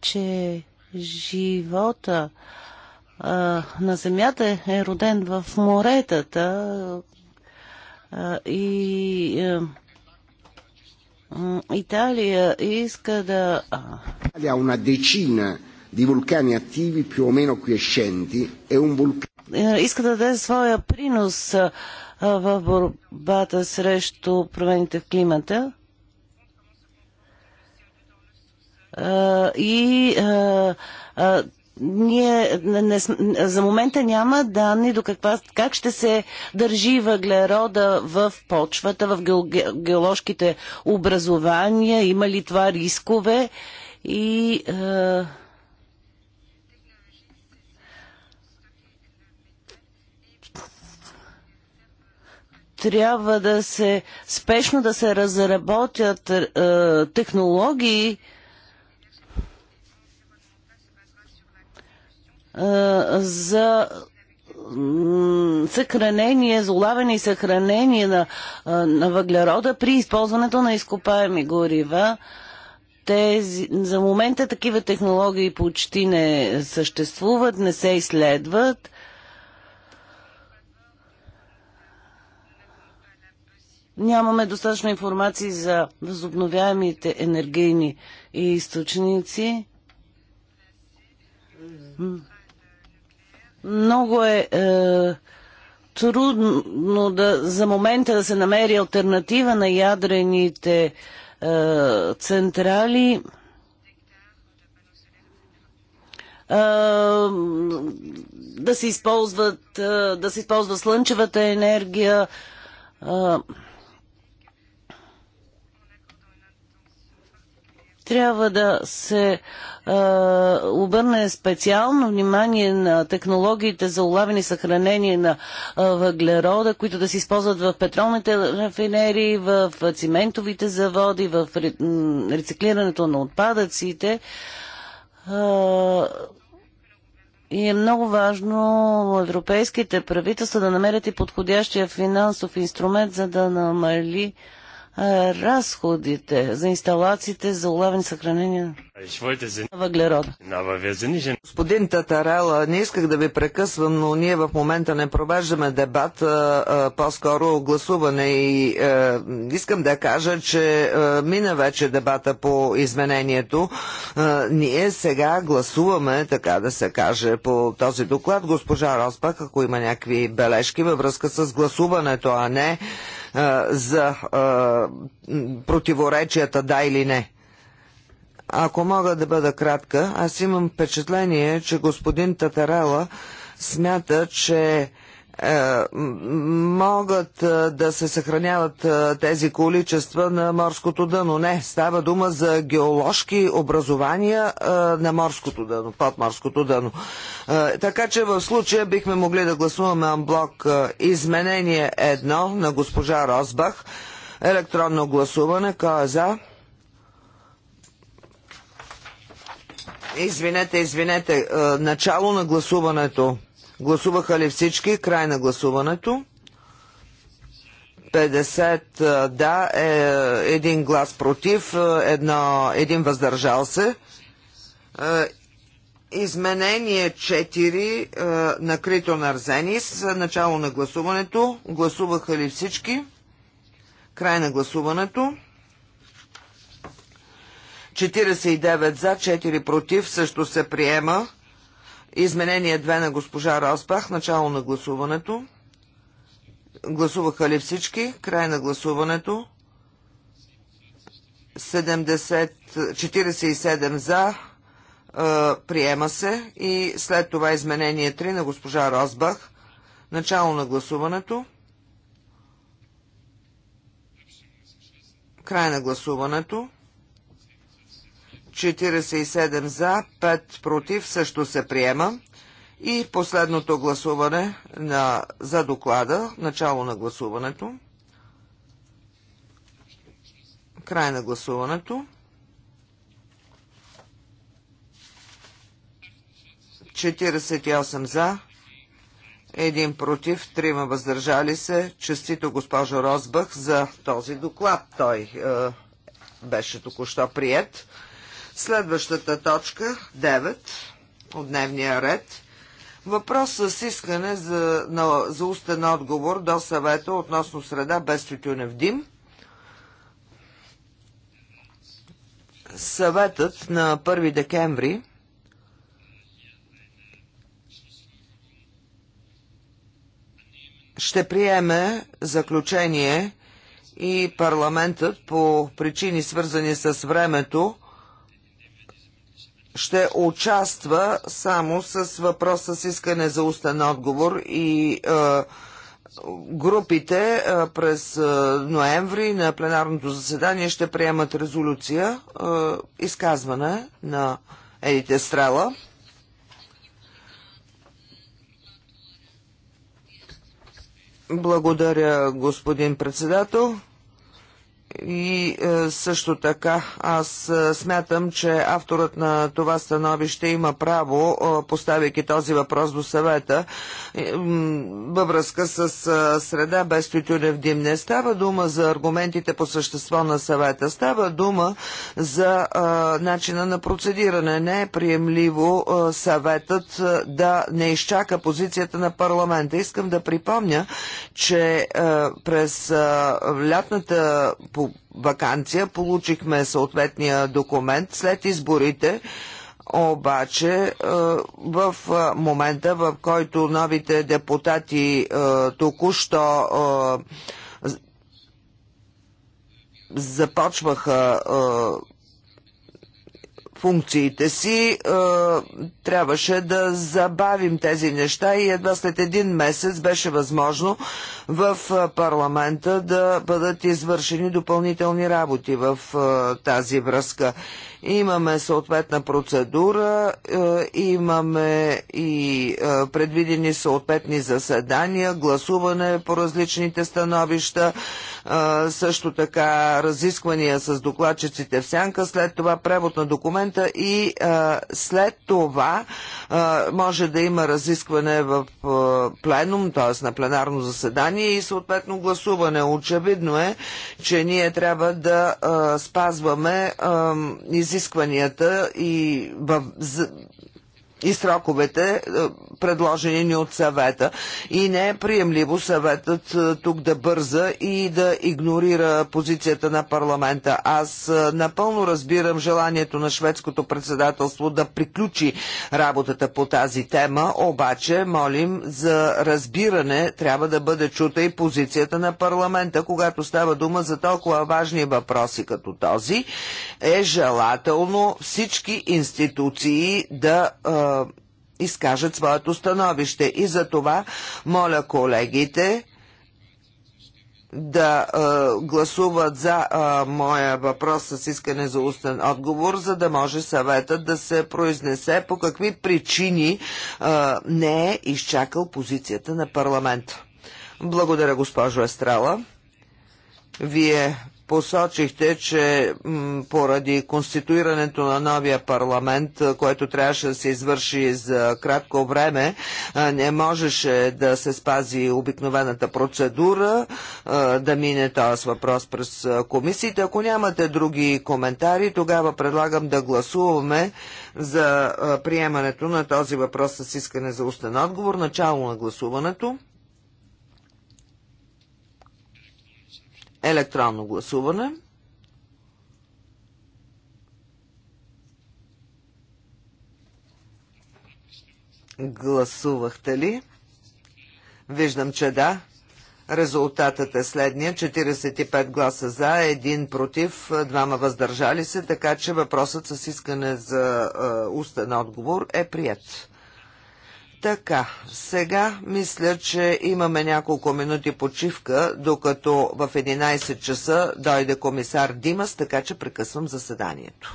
че живота а, на Земята е роден в моретата а, и а, Италия иска да... Италия una decina di vulcani attivi più o meno quiescenti e un vulcano... Е, иска да даде своя принос е, е, в борбата срещу промените в климата. И ние не, за момента няма данни до каква, как ще се държи въглерода в почвата, в геоложките образования, има ли това рискове и е, трябва да се спешно да се разработят е, технологии, е, за съхранение, за улавяне и съхранение на, е, на въглерода при използването на изкопаеми горива. Тези, за момента такива технологии почти не съществуват, не се изследват. Нямаме достатъчно информации за възобновяемите енергийни източници. Много е, е трудно да, за момента да се намери альтернатива на ядрените е, централи. Е, да се използват, е, да се използва слънчевата енергия. Е, трябва да се е, обърне специално внимание на технологиите за улавяне и съхранение на е, въглерода, които да се използват в петролните рафинери, в циментовите заводи, в рециклирането на отпадъците. Е, и е много важно европейските правителства да намерят и подходящия финансов инструмент, за да намали разходите за инсталациите за улавен съхранение на въглерода. Господин Татарела, не исках да ви прекъсвам, но ние в момента не провеждаме дебат, по-скоро гласуване и а, е, искам да кажа, че а, е, мина вече дебата по изменението. А, е, ние сега гласуваме, така да се каже, по този доклад. Госпожа Роспак, ако има някакви бележки във връзка с гласуването, а не за противоречията, да или не. Ако мога да бъда кратка, аз имам впечатление, че господин Татарела смята, че е, могат е, да се съхраняват е, тези количества на морското дъно. Не, става дума за геоложки образования на морското дъно, под морското дъно. Така че в случая бихме могли да гласуваме анблок изменение едно на госпожа Розбах. Електронно гласуване. Кой е за? Извинете, извинете. Начало на гласуването. Гласуваха ли всички? Край на гласуването. 50 да, е, един глас против, едно, един въздържал се. Изменение 4 на Крито Нарзенис. Начало на гласуването. Гласуваха ли всички? Край на гласуването. 49 за, 4 против, също се приема. Изменение 2 на госпожа Росбах. Начало на гласуването. Гласуваха ли всички? Край на гласуването. 47 за. приема се. И след това изменение 3 на госпожа Росбах. Начало на гласуването. Край на гласуването. 47 за, 5 против също се приема. И последното гласуване на, за доклада, начало на гласуването. Край на гласуването. 48 за, 1 против, 3 въздържали се. Честито госпожо Розбах за този доклад. Той е, беше току-що прият. Следващата точка, 9 от дневния ред. Въпрос с искане за, на, за устен отговор до съвета относно среда без тютюнев дим. Съветът на 1 декември ще приеме заключение и парламентът по причини свързани с времето ще участва само с въпроса с искане за устен отговор и е, групите е, през е, ноември на пленарното заседание ще приемат резолюция е, изказване на Едите Стрела. Благодаря, господин председател. И е, също така аз е, смятам, че авторът на това становище има право, е, поставяйки този въпрос до съвета, е, във връзка с е, среда без тютюнев дим. Не става дума за аргументите по същество на съвета, става дума за е, начина на процедиране. Не е приемливо съветът да не изчака позицията на парламента. Искам да припомня, че през лятната по вакансия, получихме съответния документ след изборите, обаче е, в е, момента, в който новите депутати е, току-що започваха функциите си, е, трябваше да забавим тези неща и едва след един месец беше възможно в е, парламента да бъдат извършени допълнителни работи в е, тази връзка. Имаме съответна процедура, е, имаме и е, предвидени съответни заседания, гласуване по различните становища, също така разисквания с докладчиците в сянка, след това превод на документа и след това може да има разискване в пленум, т.е. на пленарно заседание и съответно гласуване. Очевидно е, че ние трябва да спазваме изискванията и в и сроковете, е, предложени ни от съвета. И не е приемливо съветът е, тук да бърза и да игнорира позицията на парламента. Аз е, напълно разбирам желанието на шведското председателство да приключи работата по тази тема, обаче молим за разбиране трябва да бъде чута и позицията на парламента, когато става дума за толкова важни въпроси като този. Е желателно всички институции да изкажат своето становище. И за това моля колегите да а, гласуват за а, моя въпрос с искане за устен отговор, за да може съветът да се произнесе по какви причини а, не е изчакал позицията на парламента. Благодаря, госпожо Естрала. Вие посочихте, че поради конституирането на новия парламент, който трябваше да се извърши за кратко време, не можеше да се спази обикновената процедура, да мине този въпрос през комисиите. Ако нямате други коментари, тогава предлагам да гласуваме за приемането на този въпрос с искане за устен отговор. Начало на гласуването. електронно гласуване. Гласувахте ли? Виждам, че да. Резултатът е следния. 45 гласа за, 1 против, 2 въздържали се, така че въпросът с искане за е, устен отговор е прият. Така, сега мисля, че имаме няколко минути почивка, докато в 11 часа дойде комисар Димас, така че прекъсвам заседанието.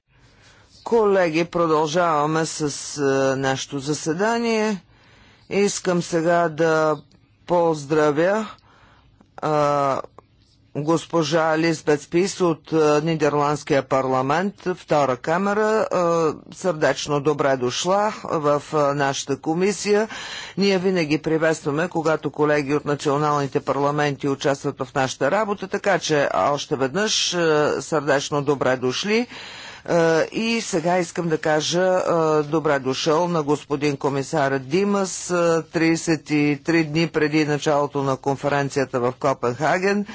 Колеги, продължаваме с е, нашето заседание. Искам сега да поздравя а, е, госпожа Лизбет Спис от е, Нидерландския парламент, втора камера. сърдечно добре дошла в нашата комисия. Ние винаги приветстваме, когато колеги от националните парламенти участват в нашата работа, така че още веднъж сърдечно добре дошли. Е, и сега искам да кажа е, добра дошъл на господин комисар Димас 33 е, дни преди началото на конференцията в Копенхаген.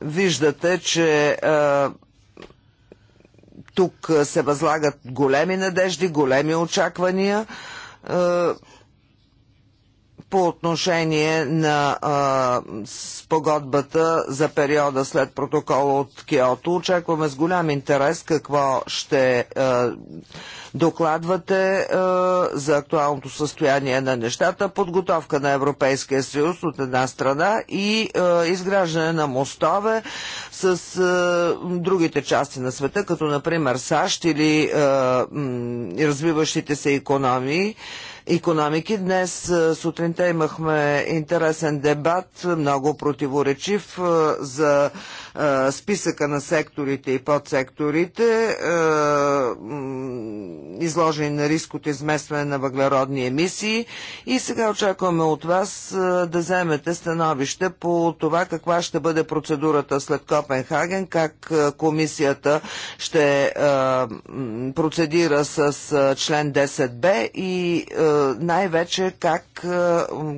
Виждате, че тук се възлагат големи надежди, големи очаквания по отношение на спогодбата за периода след протокола от Киото. Очакваме с голям интерес какво ще докладвате за актуалното състояние на нещата, подготовка на Европейския съюз от една страна и изграждане на мостове с другите части на света, като например САЩ или развиващите се економии економики. Днес сутринта имахме интересен дебат, много противоречив за списъка на секторите и подсекторите, изложени на риск от изместване на въглеродни емисии. И сега очакваме от вас да вземете становище по това каква ще бъде процедурата след Копенхаген, как комисията ще процедира с член 10б и най-вече как,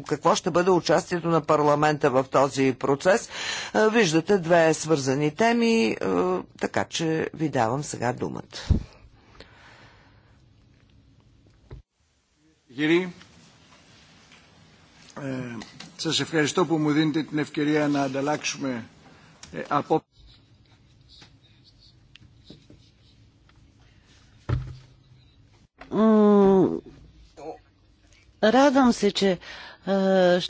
какво ще бъде участието на парламента в този процес. Виждате две е свързани теми, така че ви давам сега думата. Κύριοι, ε, σας ευχαριστώ που μου δίνετε την ευκαιρία να ανταλλάξουμε ε, από... Радвам се, че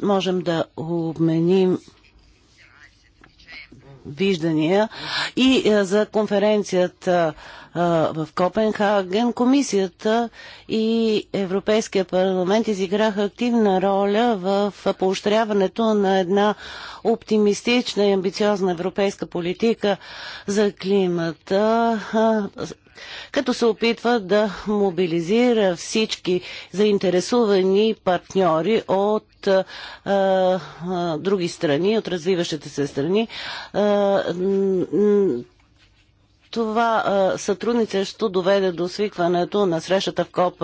можем да обменим виждания и е, за конференцията е, в Копенхаген, комисията и Европейския парламент изиграха активна роля в поощряването на една оптимистична и амбициозна европейска политика за климата като се опитва да мобилизира всички заинтересувани партньори от а, а, други страни, от развиващите се страни. А, това сътрудничество доведе до свикването на срещата в КОП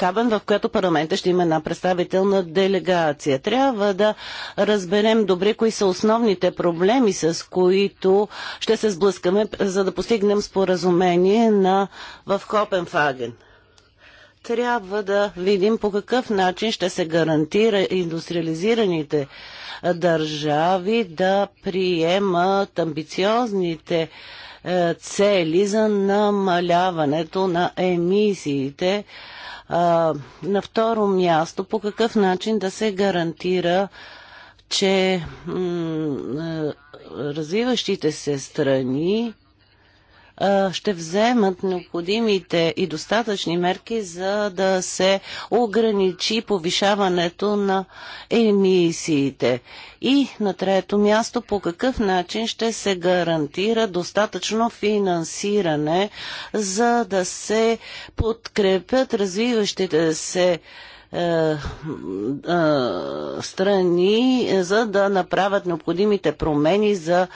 Хабен, в която парламента ще има една представителна делегация. Трябва да разберем добре кои са основните проблеми, с които ще се сблъскаме, за да постигнем споразумение на, в Копенфаген трябва да видим по какъв начин ще се гарантира индустриализираните държави да приемат амбициозните е, цели за намаляването на емисиите. Е, на второ място, по какъв начин да се гарантира, че е, развиващите се страни ще вземат необходимите и достатъчни мерки, за да се ограничи повишаването на емисиите. И на трето място, по какъв начин ще се гарантира достатъчно финансиране, за да се подкрепят развиващите се е, е, страни, за да направят необходимите промени за е,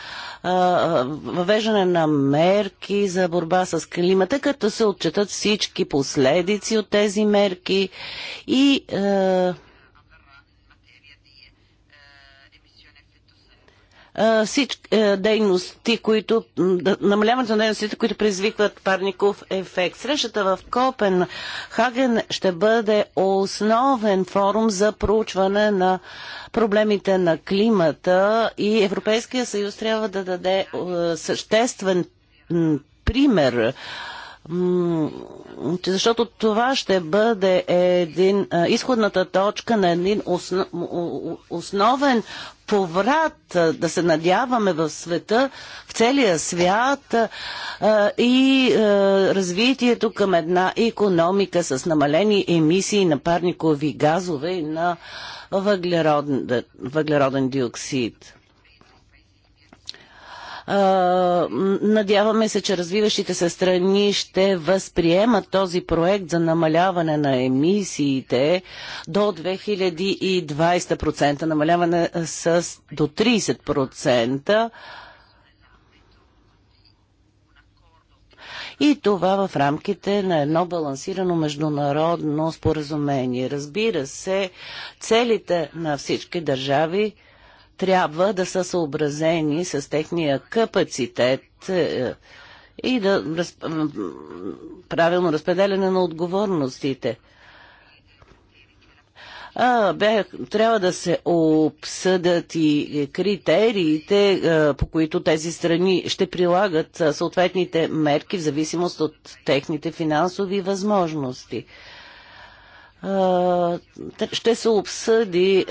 въвеждане на мерки за борба с климата, като се отчетат всички последици от тези мерки и всички е, дейности, които намаляването на дейностите, които предизвикват парников ефект. Срещата в Копенхаген ще бъде основен форум за проучване на проблемите на климата и Европейския съюз трябва да даде е, съществен пример защото това ще бъде един, а, изходната точка на един осно, основен поврат, а, да се надяваме в света, в целия свят а, и развитието към една економика с намалени емисии на парникови газове и на въглероден, въглероден диоксид. Надяваме се, че развиващите се страни ще възприемат този проект за намаляване на емисиите до 2020%, намаляване с до 30%. и това в рамките на едно балансирано международно споразумение. Разбира се, целите на всички държави трябва да са съобразени с техния капацитет е, и да раз, правилно разпределяне на отговорностите. А, бе, трябва да се обсъдят и критериите, е, по които тези страни ще прилагат е, съответните мерки в зависимост от техните финансови възможности ще се обсъди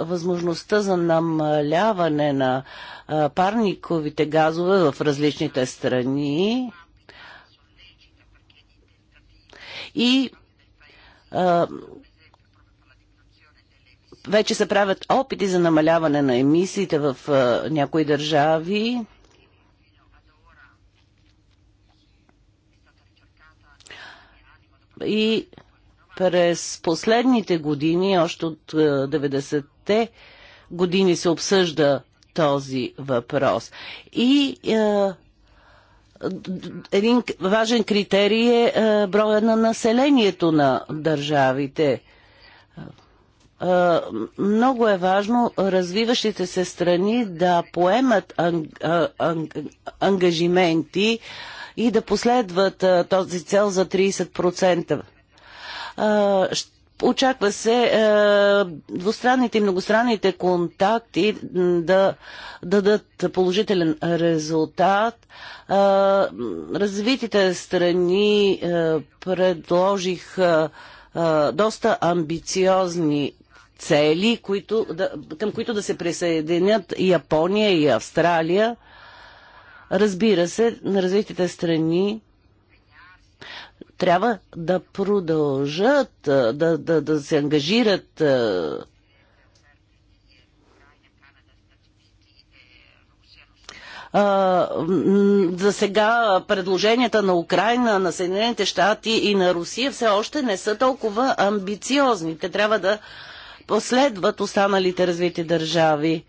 възможността за намаляване на парниковите газове в различните страни и вече се правят опити за намаляване на емисиите в някои държави. И през последните години, още от 90-те е, години се обсъжда този въпрос. И е, един важен критерий е, е броя на населението на държавите. Е, много е важно развиващите се страни да поемат анг, анг, ангажименти и да последват е, този цел за 30%. Очаква се е, двустранните и многостранните контакти да дадат положителен резултат. Развитите страни е, предложих е, доста амбициозни цели, които, да, към които да се присъединят и Япония и Австралия. Разбира се, на развитите страни трябва да продължат, да, да, да се ангажират за сега предложенията на Украина, на Съединените щати и на Русия все още не са толкова амбициозни. Те трябва да последват останалите развити държави.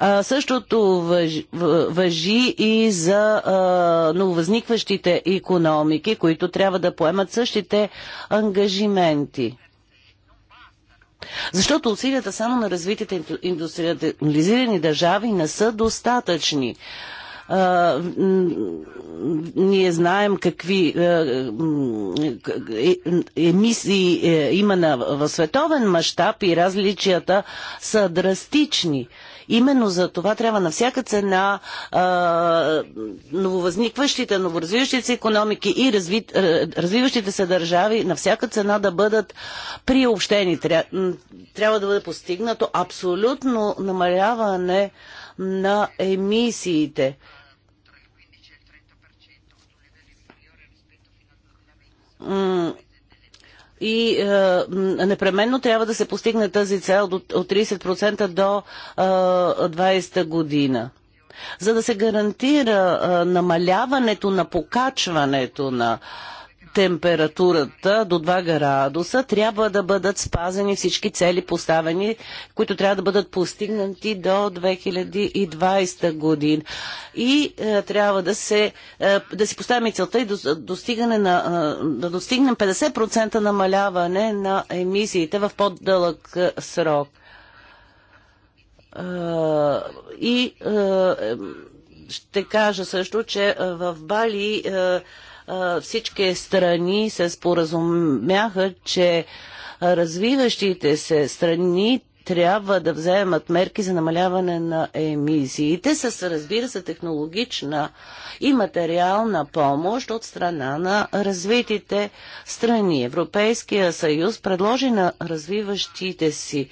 А, същото въж, въжи и за а, нововъзникващите економики, които трябва да поемат същите ангажименти. Защото усилията само на развитите индустриализирани държави не са достатъчни. А, ние знаем какви а, е, е, емисии е, има на, в световен мащаб и различията са драстични. Именно за това трябва на всяка цена а, нововъзникващите, новоразвиващите се економики и разви, развиващите се държави на всяка цена да бъдат приобщени. Тря, трябва да бъде постигнато абсолютно намаляване на емисиите. М- и е, непременно трябва да се постигне тази цел от 30% до е, 20 година. За да се гарантира е, намаляването на покачването на температурата до 2 градуса, трябва да бъдат спазени всички цели поставени, които трябва да бъдат постигнати до 2020 година. И е, трябва да, се, е, да си поставим целта и до, достигане на, е, да достигнем 50% намаляване на емисиите в по-дълъг е, срок. Е, и е, ще кажа също, че в Бали всички страни се споразумяха, че развиващите се страни трябва да вземат мерки за намаляване на емисиите с, разбира се, технологична и материална помощ от страна на развитите страни. Европейския съюз предложи на развиващите си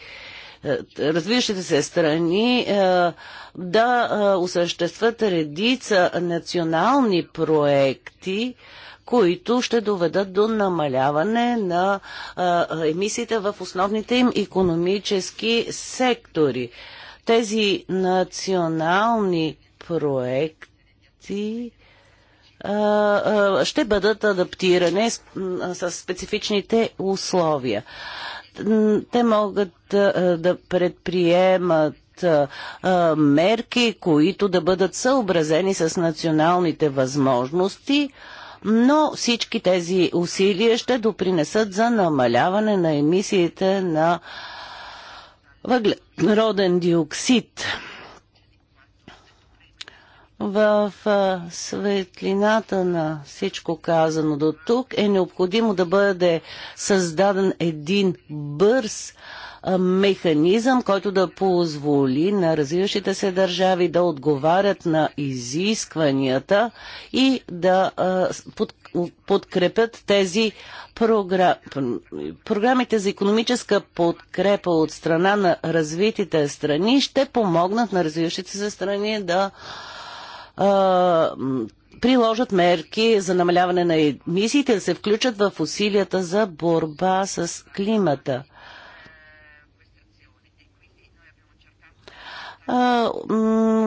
е, развиващите се страни е, да е, осъществят редица национални проекти, които ще доведат до намаляване на емисиите в основните им економически сектори. Тези национални проекти ще бъдат адаптирани с специфичните условия те могат да предприемат мерки, които да бъдат съобразени с националните възможности, но всички тези усилия ще допринесат за намаляване на емисиите на въглероден диоксид. В светлината на всичко казано до тук е необходимо да бъде създаден един бърз механизъм, който да позволи на развиващите се държави да отговарят на изискванията и да подкрепят тези Програмите за економическа подкрепа от страна на развитите страни ще помогнат на развиващите се страни да приложат мерки за намаляване на емисиите, да се включат в усилията за борба с климата. А,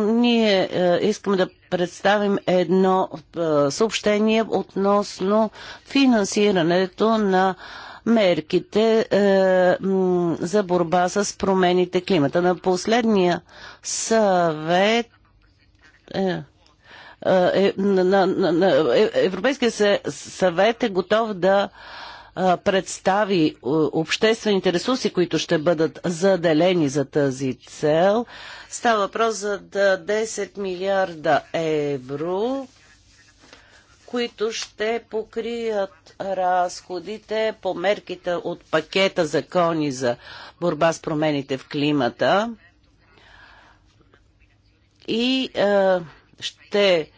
ние а, искаме да представим едно а, съобщение относно финансирането на мерките а, е, за борба с промените климата. На последния съвет А, е, е, е, е, Европейския съвет е готов да представи обществените ресурси, които ще бъдат заделени за тази цел. Става въпрос за 10 милиарда евро, които ще покрият разходите по мерките от пакета закони за борба с промените в климата. И е, ще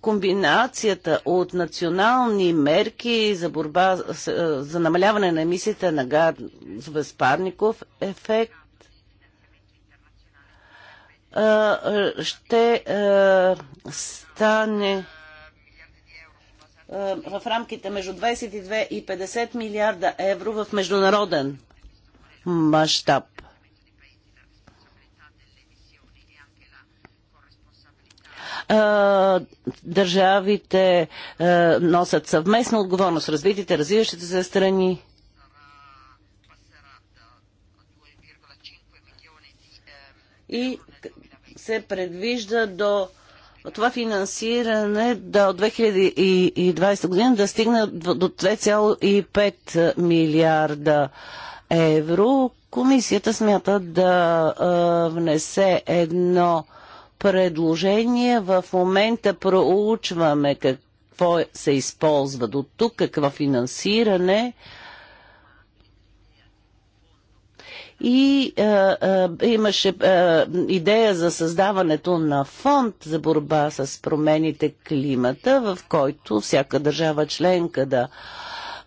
комбинацията от национални мерки за борба е, за намаляване на емисиите на газове с парников ефект е, ще е, стане в рамките между 22 и 50 милиарда евро в международен мащаб. Държавите носят съвместна отговорност. Развитите, развиващите се страни. И се предвижда до това финансиране да от 2020 година да стигне до 2,5 милиарда евро. Комисията смята да а, внесе едно предложения. В момента проучваме какво се използва до тук, какво финансиране. И а, а, имаше а, идея за създаването на фонд за борба с промените климата, в който всяка държава членка да а,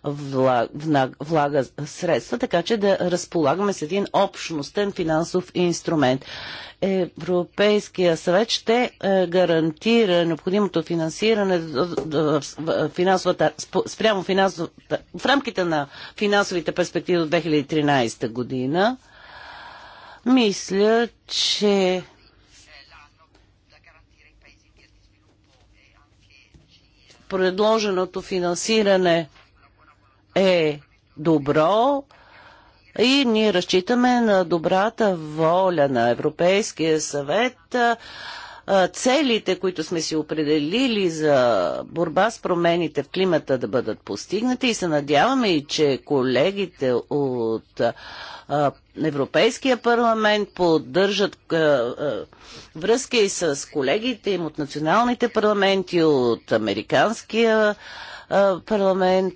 влага, влага средства, така че да разполагаме с един общностен финансов инструмент. Европейския съвет ще е, гарантира необходимото финансиране е, е, финансовата, спрямо финансовата, в рамките на финансовите перспективи до 2013 година. Мисля, че предложеното финансиране е добро и ние разчитаме на добрата воля на Европейския съвет целите, които сме си определили за борба с промените в климата да бъдат постигнати и се надяваме и, че колегите от Европейския парламент поддържат връзки и с колегите им от националните парламенти, от Американския парламент.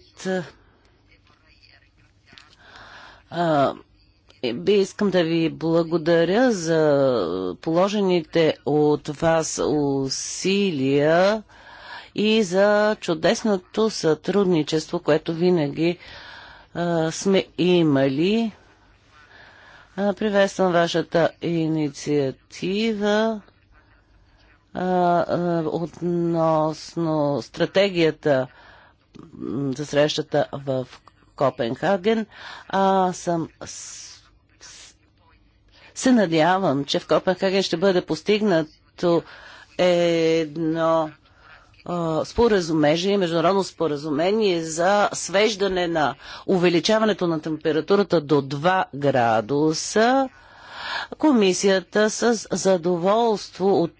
Е, би искам да ви благодаря за положените от вас усилия и за чудесното сътрудничество, което винаги а, сме имали. А, приветствам вашата инициатива а, а, относно стратегията за срещата в Копенхаген. А съм се надявам, че в Копенхаген ще бъде постигнато едно споразумение, международно споразумение за свеждане на увеличаването на температурата до 2 градуса. Комисията с задоволство от,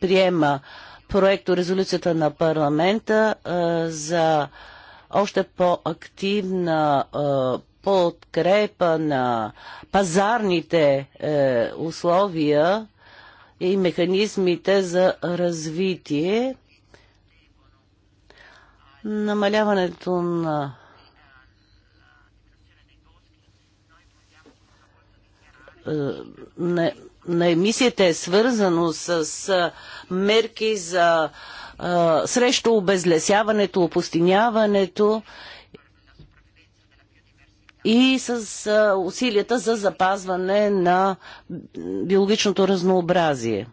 приема проекто резолюцията на парламента а, за още по-активна подкрепа на пазарните е, условия и механизмите за развитие, намаляването на е, на, на емисията е свързано с мерки за срещу обезлесяването, опустиняването и с а, усилията за запазване на биологичното разнообразие.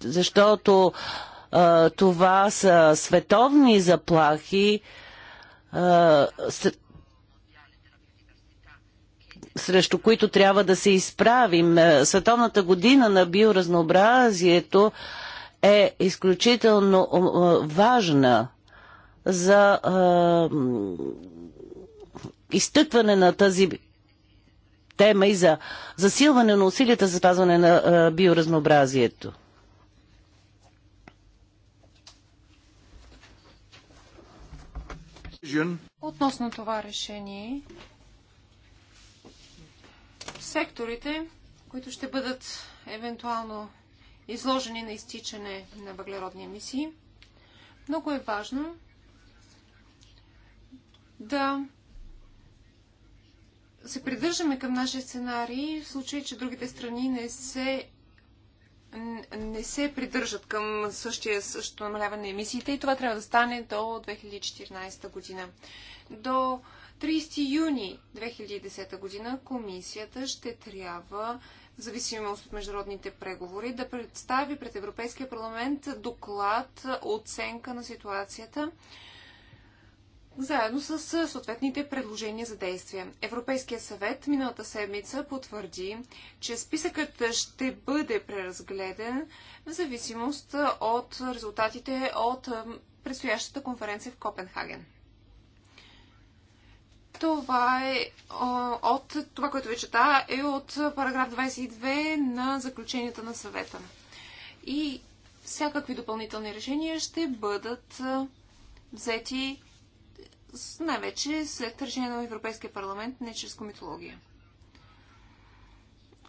Защото а, това са световни заплахи, срещу които трябва да се изправим. Е, Световната година на биоразнообразието е изключително е, важна за е, изтъкване на тази тема и за засилване на усилията за спазване на биоразнообразието. Относно това решение, секторите, които ще бъдат евентуално изложени на изтичане на въглеродни емисии. Много е важно да се придържаме към нашия сценарий в случай, че другите страни не се не се придържат към същия, същото намаляване на емисиите и това трябва да стане до 2014 година. До 30 юни 2010 година комисията ще трябва, в зависимост от международните преговори, да представи пред Европейския парламент доклад, оценка на ситуацията, заедно с съответните предложения за действия. Европейския съвет миналата седмица потвърди, че списъкът ще бъде преразгледен в зависимост от резултатите от предстоящата конференция в Копенхаген. Това е от това, което ви чета, е от параграф 22 на заключенията на съвета. И всякакви допълнителни решения ще бъдат взети най-вече след решение на Европейския парламент, не чрез комитология.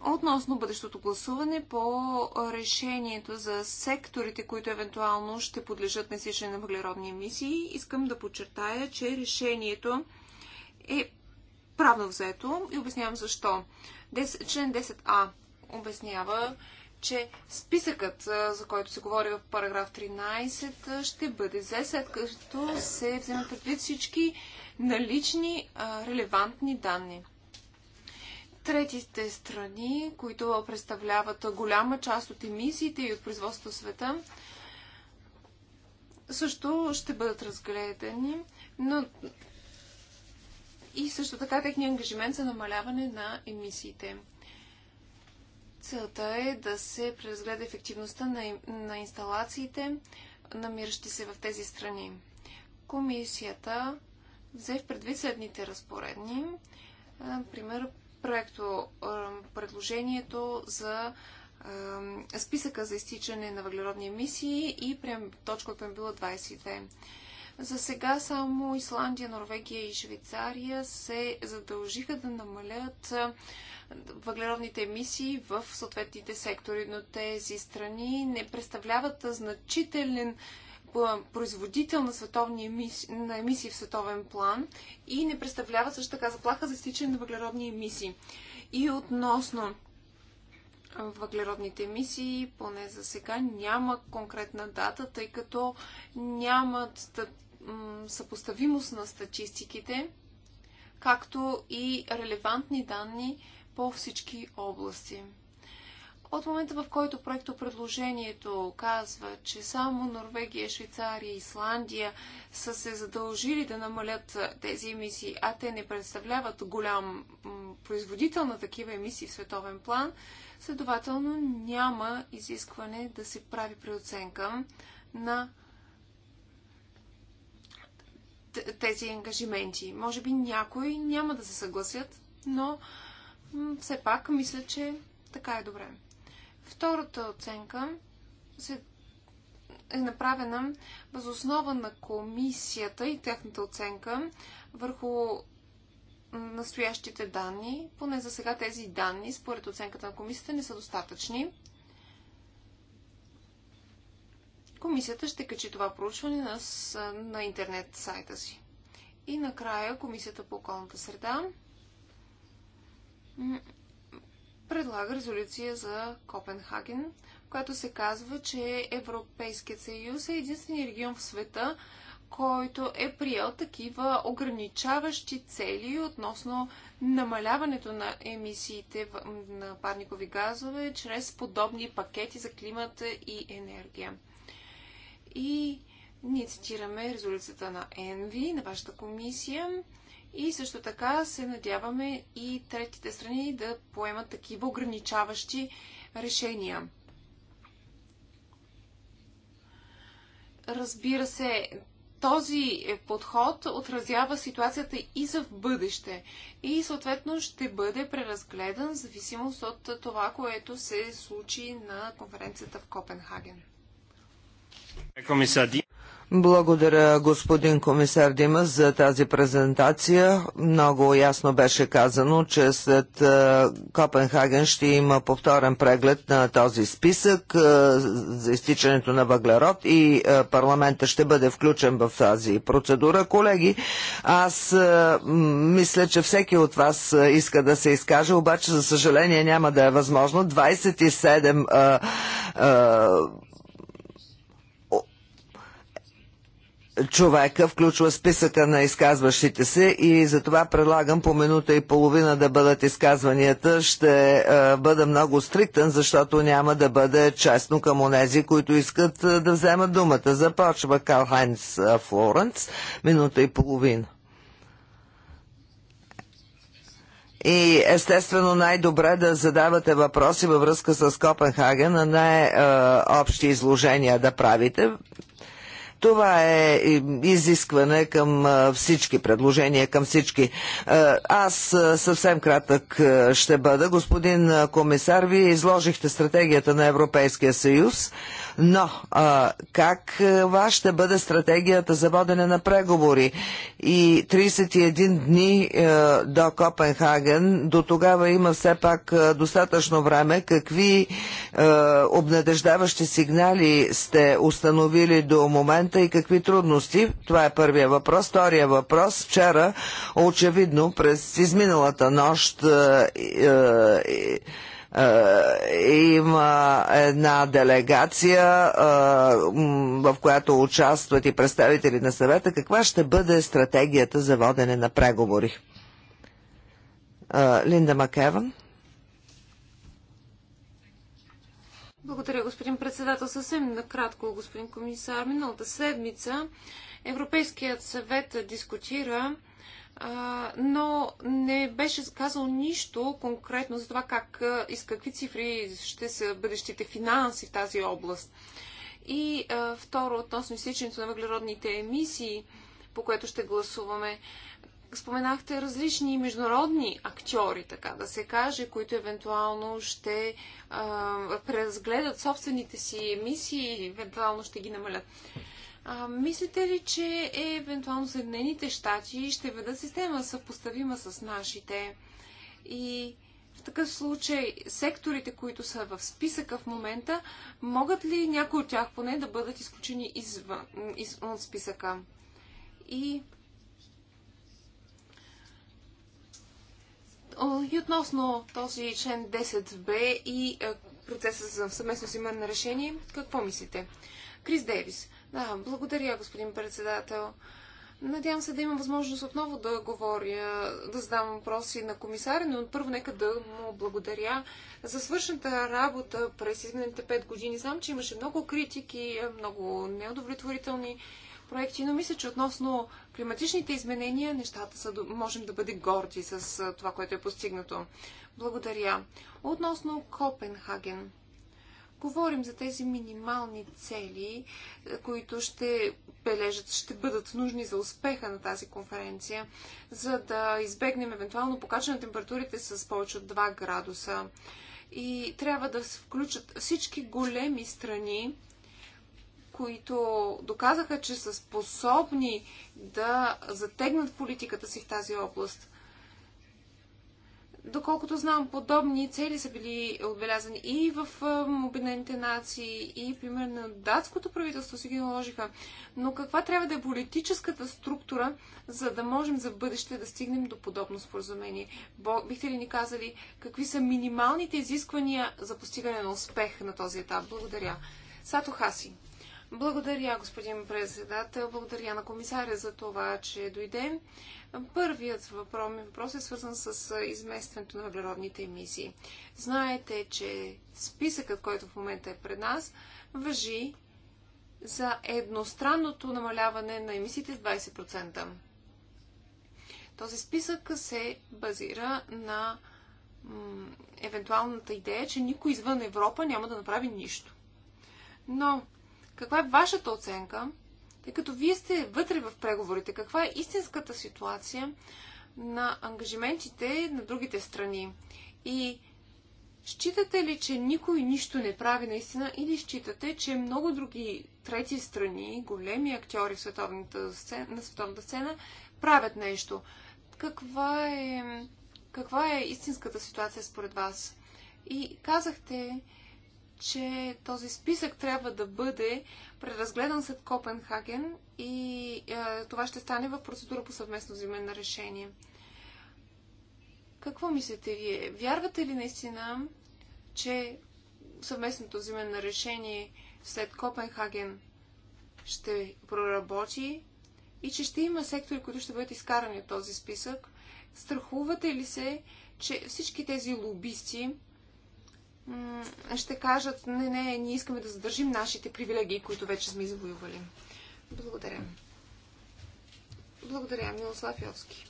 Относно бъдещото гласуване по решението за секторите, които евентуално ще подлежат на изсичане на въглеродни емисии, искам да подчертая, че решението е правно взето и обяснявам защо. Дес, член 10а обяснява, че списъкът, за който се говори в параграф 13, ще бъде взе след като се вземат предвид всички налични а, релевантни данни. Третите страни, които представляват голяма част от емисиите и от производството света, също ще бъдат разгледани, но и също така техния ангажимент за намаляване на емисиите. Целта е да се преразгледа ефективността на, на инсталациите, намиращи се в тези страни. Комисията взе в предвид следните разпоредни. Например, проекто, предложението за списъка за изтичане на въглеродни емисии и прям, точка от преамбила 22. За сега само Исландия, Норвегия и Швейцария се задължиха да намалят въглеродните емисии в съответните сектори, но тези страни не представляват значителен производител на, световни емисии, на емисии в световен план и не представляват също така заплаха за стичане на въглеродни емисии. И относно въглеродните емисии, поне за сега няма конкретна дата, тъй като нямат съпоставимост на статистиките, както и релевантни данни по всички области. От момента, в който проекто предложението казва, че само Норвегия, Швейцария и Исландия са се задължили да намалят тези емисии, а те не представляват голям производител на такива емисии в световен план, следователно няма изискване да се прави преоценка на тези ангажименти. Може би някои няма да се съгласят, но все пак мисля, че така е добре. Втората оценка се е направена възоснова на комисията и тяхната оценка върху настоящите данни. Поне за сега тези данни, според оценката на комисията, не са достатъчни. комисията ще качи това проучване на, на интернет сайта си. И накрая комисията по околната среда предлага резолюция за Копенхаген, в която се казва, че Европейският съюз е единствения регион в света, който е приел такива ограничаващи цели относно намаляването на емисиите на парникови газове чрез подобни пакети за климата и енергия. И ние цитираме резолюцията на ЕНВИ, на вашата комисия. И също така се надяваме и третите страни да поемат такива ограничаващи решения. Разбира се, този подход отразява ситуацията и за в бъдеще и съответно ще бъде преразгледан в зависимост от това, което се случи на конференцията в Копенхаген. Благодаря, господин комисар Димас, за тази презентация. Много ясно беше казано, че след е, Копенхаген ще има повторен преглед на този списък е, за изтичането на въглерод и е, парламента ще бъде включен в тази процедура. Колеги, аз мисля, че всеки от вас иска да се изкаже, обаче за съжаление няма да е възможно. 27 човека, включва списъка на изказващите се и затова предлагам по минута и половина да бъдат изказванията. Ще е, бъда много стриктен, защото няма да бъде честно към онези, които искат е, да вземат думата. Започва Карл Хайнц е, Флоренц. Минута и половина. И естествено най-добре да задавате въпроси във връзка с Копенхаген, а не е, общи изложения да правите. Това е, е изискване към е, всички предложения, към всички. Е, аз съвсем кратък ще бъда. Господин комисар, вие изложихте стратегията на Европейския съюз. Но а, как е, ва ще бъде стратегията за водене на преговори? И 31 дни а, е, до Копенхаген, до тогава има все пак е, достатъчно време. Какви а, обнадеждаващи сигнали сте установили до момента и какви трудности? Това е първия въпрос. Втория въпрос. Вчера, очевидно, през изминалата нощ а, а, е, има една делегация, в която участват и представители на съвета. Каква ще бъде стратегията за водене на преговори? Линда Макеван. Благодаря, господин председател. Съвсем накратко, господин комисар. Миналата седмица Европейският съвет дискутира но не беше казал нищо конкретно за това как и с какви цифри ще са бъдещите финанси в тази област. И а, второ, относно изсичането на въглеродните емисии, по което ще гласуваме, споменахте различни международни актьори, така да се каже, които евентуално ще а, преразгледат собствените си емисии и евентуално ще ги намалят. А, мислите ли, че е, евентуално Съединените щати ще ведат система съпоставима с нашите? И в такъв случай секторите, които са в списъка в момента, могат ли някои от тях поне да бъдат изключени извън, извън от списъка? И и относно този член 10б и е, процеса за съвместно взимане на решение, какво мислите? Крис Дейвис. Да, благодаря, господин председател. Надявам се да имам възможност отново да говоря, да задам въпроси на комисаря, но първо нека да му благодаря за свършната работа през изминалите 5 години. Знам, че имаше много критики, много неудовлетворителни проекти, но мисля, че относно климатичните изменения нещата са, можем да бъдем горди с това, което е постигнато. Благодаря. Относно Копенхаген говорим за тези минимални цели, е, които ще бележат, ще бъдат нужни за успеха на тази конференция, за да избегнем евентуално покачване на температурите с повече от 2 градуса. И трябва да се включат всички големи страни, които доказаха, че са способни да затегнат политиката си в тази област. Доколкото знам, подобни цели са били отбелязани и в е, Обединените нации, и примерно датското правителство си ги наложиха. Но каква трябва да е политическата структура, за да можем за бъдеще да стигнем до подобно споразумение? Бо, бихте ли ни казали какви са минималните изисквания за постигане на успех на този етап? Благодаря. Сато Хаси. Благодаря, господин председател. Благодаря на комисаря за това, че дойде. Първият въпрос, ми въпрос е свързан с изместването на въглеродните емисии. Знаете, че списъкът, който в момента е пред нас, въжи за едностранното намаляване на емисиите с 20%. Този списък се базира на евентуалната идея, че никой извън Европа няма да направи нищо. Но каква е вашата оценка, тъй като вие сте вътре в преговорите, каква е истинската ситуация на ангажиментите на другите страни? И считате ли, че никой нищо не прави наистина или считате, че много други трети страни, големи актьори в световната сцена, на световната сцена, правят нещо? Каква е, каква е истинската ситуация според вас? И казахте, че този списък трябва да бъде преразгледан след Копенхаген и е, това ще стане в процедура по съвместно взимане на решение. Какво мислите вие? Вярвате ли наистина, че съвместното взимане на решение след Копенхаген ще проработи и че ще има сектори, които ще бъдат изкарани от този списък? Страхувате ли се, че всички тези лобисти ще кажат, не, не, ние искаме да задържим нашите привилегии, които вече сме извоювали. Благодаря. Благодаря, Милослав Йовски.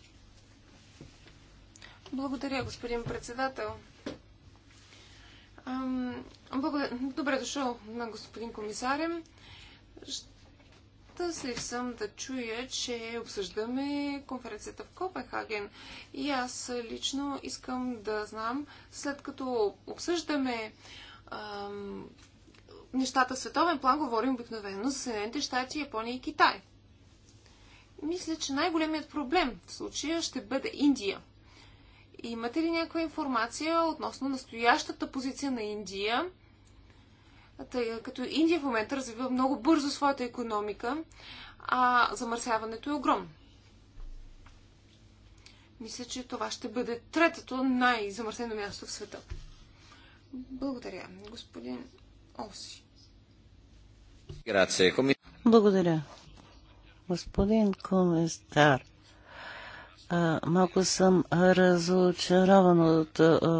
Благодаря, господин председател. Добре дошъл на господин комисарем. Ще щастлив съм да чуя, че обсъждаме конференцията в Копенхаген. И аз лично искам да знам, след като обсъждаме ам, нещата в световен план, говорим обикновено за Съединените щати, Япония и Китай. Мисля, че най-големият проблем в случая ще бъде Индия. Имате ли някаква информация относно настоящата позиция на Индия? тъй като Индия в момента развива много бързо своята економика, а замърсяването е огромно. Мисля, че това ще бъде третото най-замърсено място в света. Благодаря, господин Оси. Благодаря. Господин коместар, а, малко съм разочарован от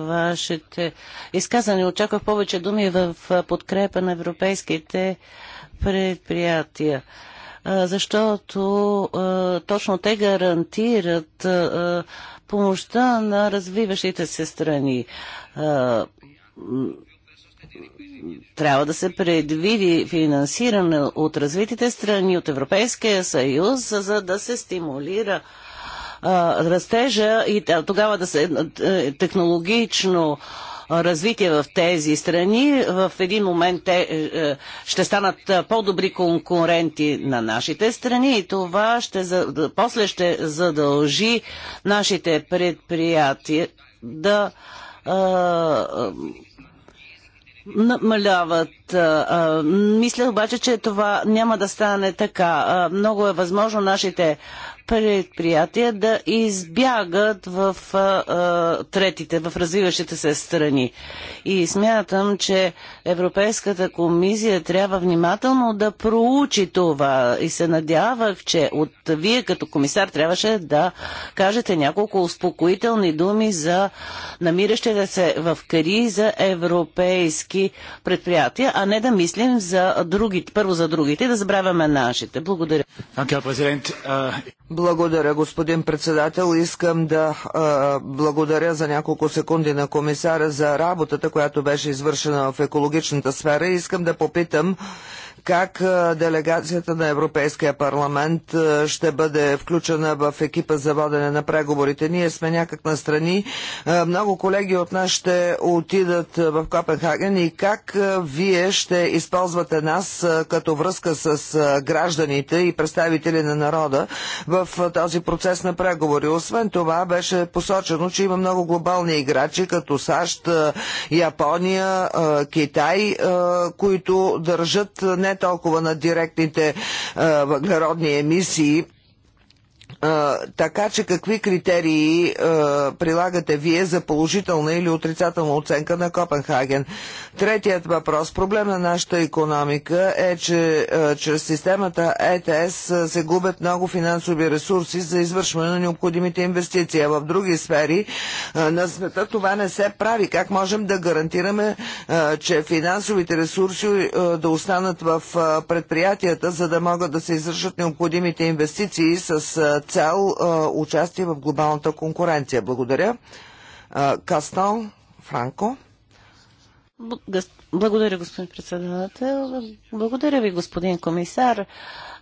вашите изказани. Очаквах повече думи в подкрепа на европейските предприятия. Защото точно те гарантират помощта на развиващите се страни трябва да се предвиди финансиране от развитите страни, от Европейския съюз, за да се стимулира растежа и тогава да се е, технологично развитие в тези страни, в един момент те е, е, ще станат по-добри конкуренти на нашите страни и това ще, после ще задължи нашите предприятия да намаляват. мисля обаче, че това няма да стане така. много е възможно нашите предприятия да избягат в а, а, третите, в развиващите се страни. И смятам, че Европейската комисия трябва внимателно да проучи това и се надявах, че от вие като комисар трябваше да кажете няколко успокоителни думи за намиращите се в криза европейски предприятия, а не да мислим за другите, първо за другите и да забравяме нашите. Благодаря. Благодаря. Благодаря, господин председател. Искам да а, благодаря за няколко секунди на комисара за работата, която беше извършена в екологичната сфера. Искам да попитам как делегацията на Европейския парламент ще бъде включена в екипа за водене на преговорите. Ние сме някак на страни. Много колеги от нас ще отидат в Копенхаген и как вие ще използвате нас като връзка с гражданите и представители на народа в този процес на преговори. Освен това беше посочено, че има много глобални играчи, като САЩ, Япония, Китай, които държат не не толкова на директните въглеродни емисии така че какви критерии прилагате вие за положителна или отрицателна оценка на Копенхаген? Третият въпрос. Проблем на нашата економика е, че чрез системата ЕТС се губят много финансови ресурси за извършване на необходимите инвестиции. А в други сфери на света това не се прави. Как можем да гарантираме, че финансовите ресурси да останат в предприятията, за да могат да се извършат необходимите инвестиции с цел цел участие в глобалната конкуренция. Благодаря. Кастал Франко. Благодаря, господин председател. Благодаря ви, господин комисар.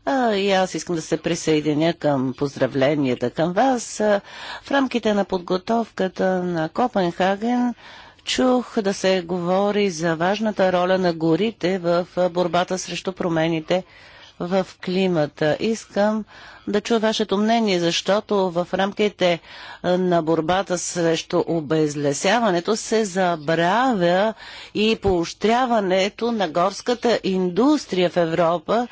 А, и аз искам да се присъединя към поздравленията към вас. В рамките на подготовката на Копенхаген чух да се говори за важната роля на горите в борбата срещу промените в климата. Искам да чуя вашето мнение, защото в рамките на борбата срещу обезлесяването се забравя и поощряването на горската индустрия в Европа,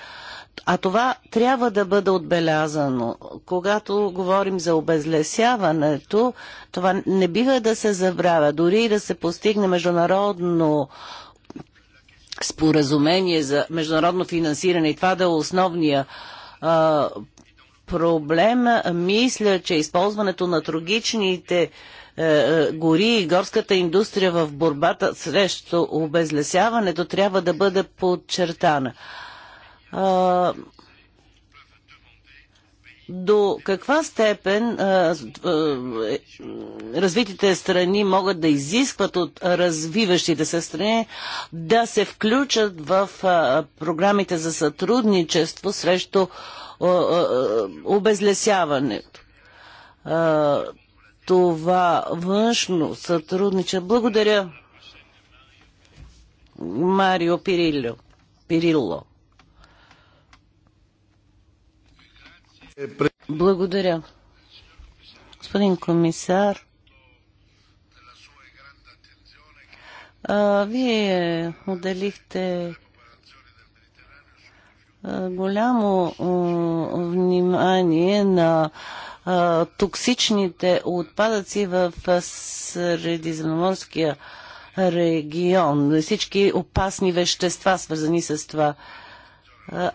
а това трябва да бъде отбелязано. Когато говорим за обезлесяването, това не бива да се забравя. Дори и да се постигне международно споразумение за международно финансиране и това да е основния а, проблем, мисля, че използването на трогичните е, е, гори и горската индустрия в борбата срещу обезлесяването трябва да бъде подчертана до каква степен а, а, е, развитите страни могат да изискват от развиващите се страни да се включат в а, програмите за сътрудничество срещу обезлесяването. Това външно сътрудничество. Благодаря. Марио Пирилло. Благодаря. Господин комисар, а, вие отделихте голямо внимание на токсичните отпадъци в Средиземноморския регион. Всички опасни вещества, свързани с това.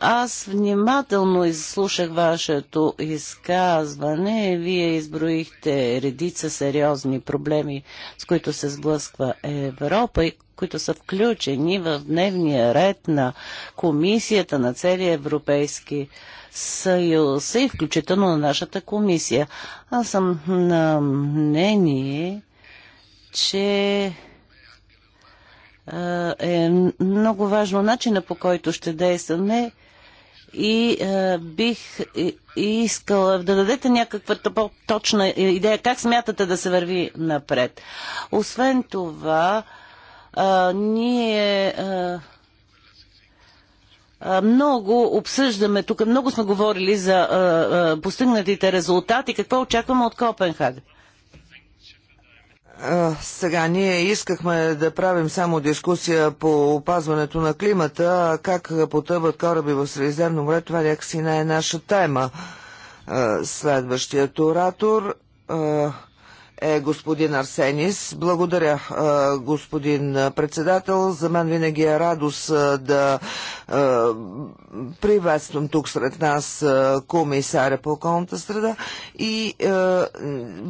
Аз внимателно изслушах вашето изказване. Вие изброихте редица сериозни проблеми, с които се сблъсква Европа и които са включени в дневния ред на комисията на целия Европейски съюз и включително на нашата комисия. Аз съм на мнение, че е много важно начина по който ще действаме и е, бих искала да дадете някаква по-точна идея как смятате да се върви напред. Освен това, е, ние е, е, много обсъждаме, тук много сме говорили за е, е, постигнатите резултати, какво очакваме от Копенхаген сега ние искахме да правим само дискусия по опазването на климата, как потъват кораби в Средиземно море, това някакси не е наша тема. Следващият оратор е господин Арсенис. Благодаря, е, господин председател. За мен винаги е радост е, да е, приветствам тук сред нас комисаря по околната среда. И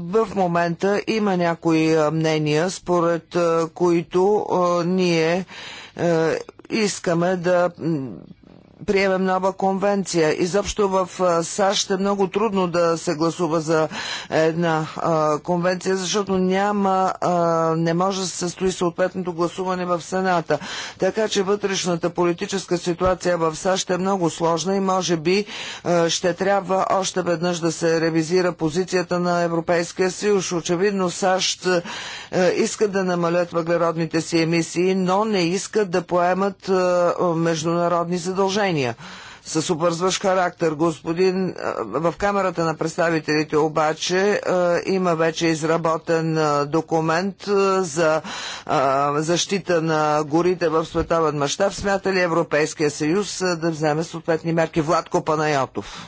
в момента има някои мнения, според които ние искаме да приемем нова конвенция. Изобщо в САЩ е много трудно да се гласува за една а, конвенция, защото няма, а, не може да се състои съответното гласуване в Сената. Така че вътрешната политическа ситуация в САЩ е много сложна и може би а, ще трябва още веднъж да се ревизира позицията на Европейския съюз. Очевидно САЩ иска да намалят въглеродните си емисии, но не искат да поемат международни задължения решения с обързващ характер. Господин, в Камерата на представителите обаче има вече изработен документ за защита на горите в световен мащаб. Смята ли Европейския съюз да вземе съответни мерки? Владко Панайотов.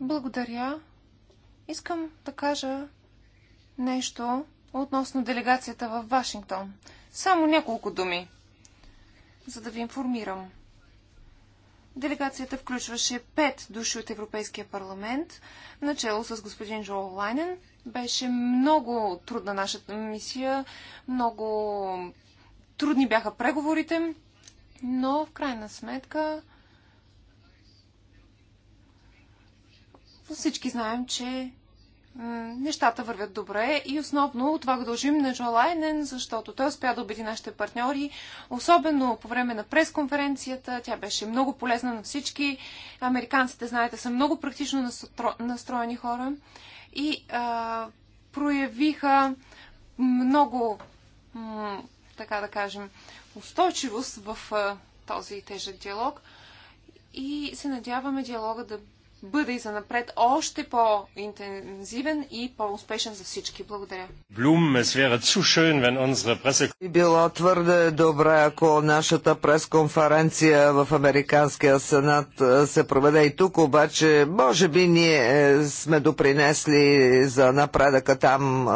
Благодаря. Искам да кажа нещо относно делегацията в Вашингтон. Само няколко думи, за да ви информирам. Делегацията включваше пет души от Европейския парламент, начало с господин Джо Лайнен. Беше много трудна нашата мисия, много трудни бяха преговорите, но в крайна сметка всички знаем, че е, нещата вървят добре и основно това го дължим на Джо Лайнен, защото той успя да убеди нашите партньори, особено по време на пресконференцията. Тя беше много полезна на всички. Американците, знаете, са много практично настроени хора и а, е, проявиха много, така да кажем, устойчивост в а, е, този тежък диалог и се надяваме диалога да бъде и за напред още по-интензивен и по-успешен за всички. Благодаря. Е би било твърде добре, ако нашата пресконференция в Американския сенат е, се проведе и тук, обаче може би ние е, сме допринесли за напредъка там,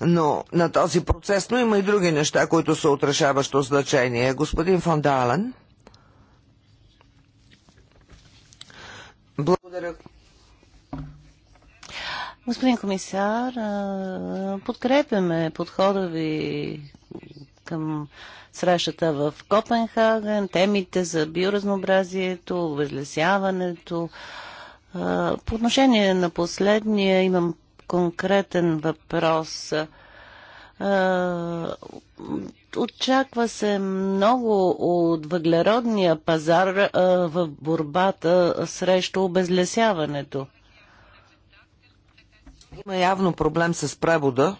но на този процес, но има и други неща, които са отрешаващо значение. Господин Фондален. Благодаря. Господин комисар, подкрепяме подхода ви към срещата в Копенхаген, темите за биоразнообразието, възлесяването. По отношение на последния имам конкретен въпрос – Очаква се много от въглеродния пазар в борбата срещу обезлесяването. Има явно проблем с превода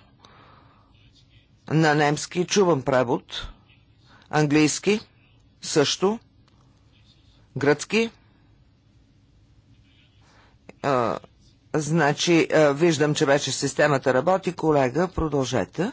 на немски. Чувам превод. Английски също. Гръцки. значи, виждам, че вече системата работи. Колега, продължете.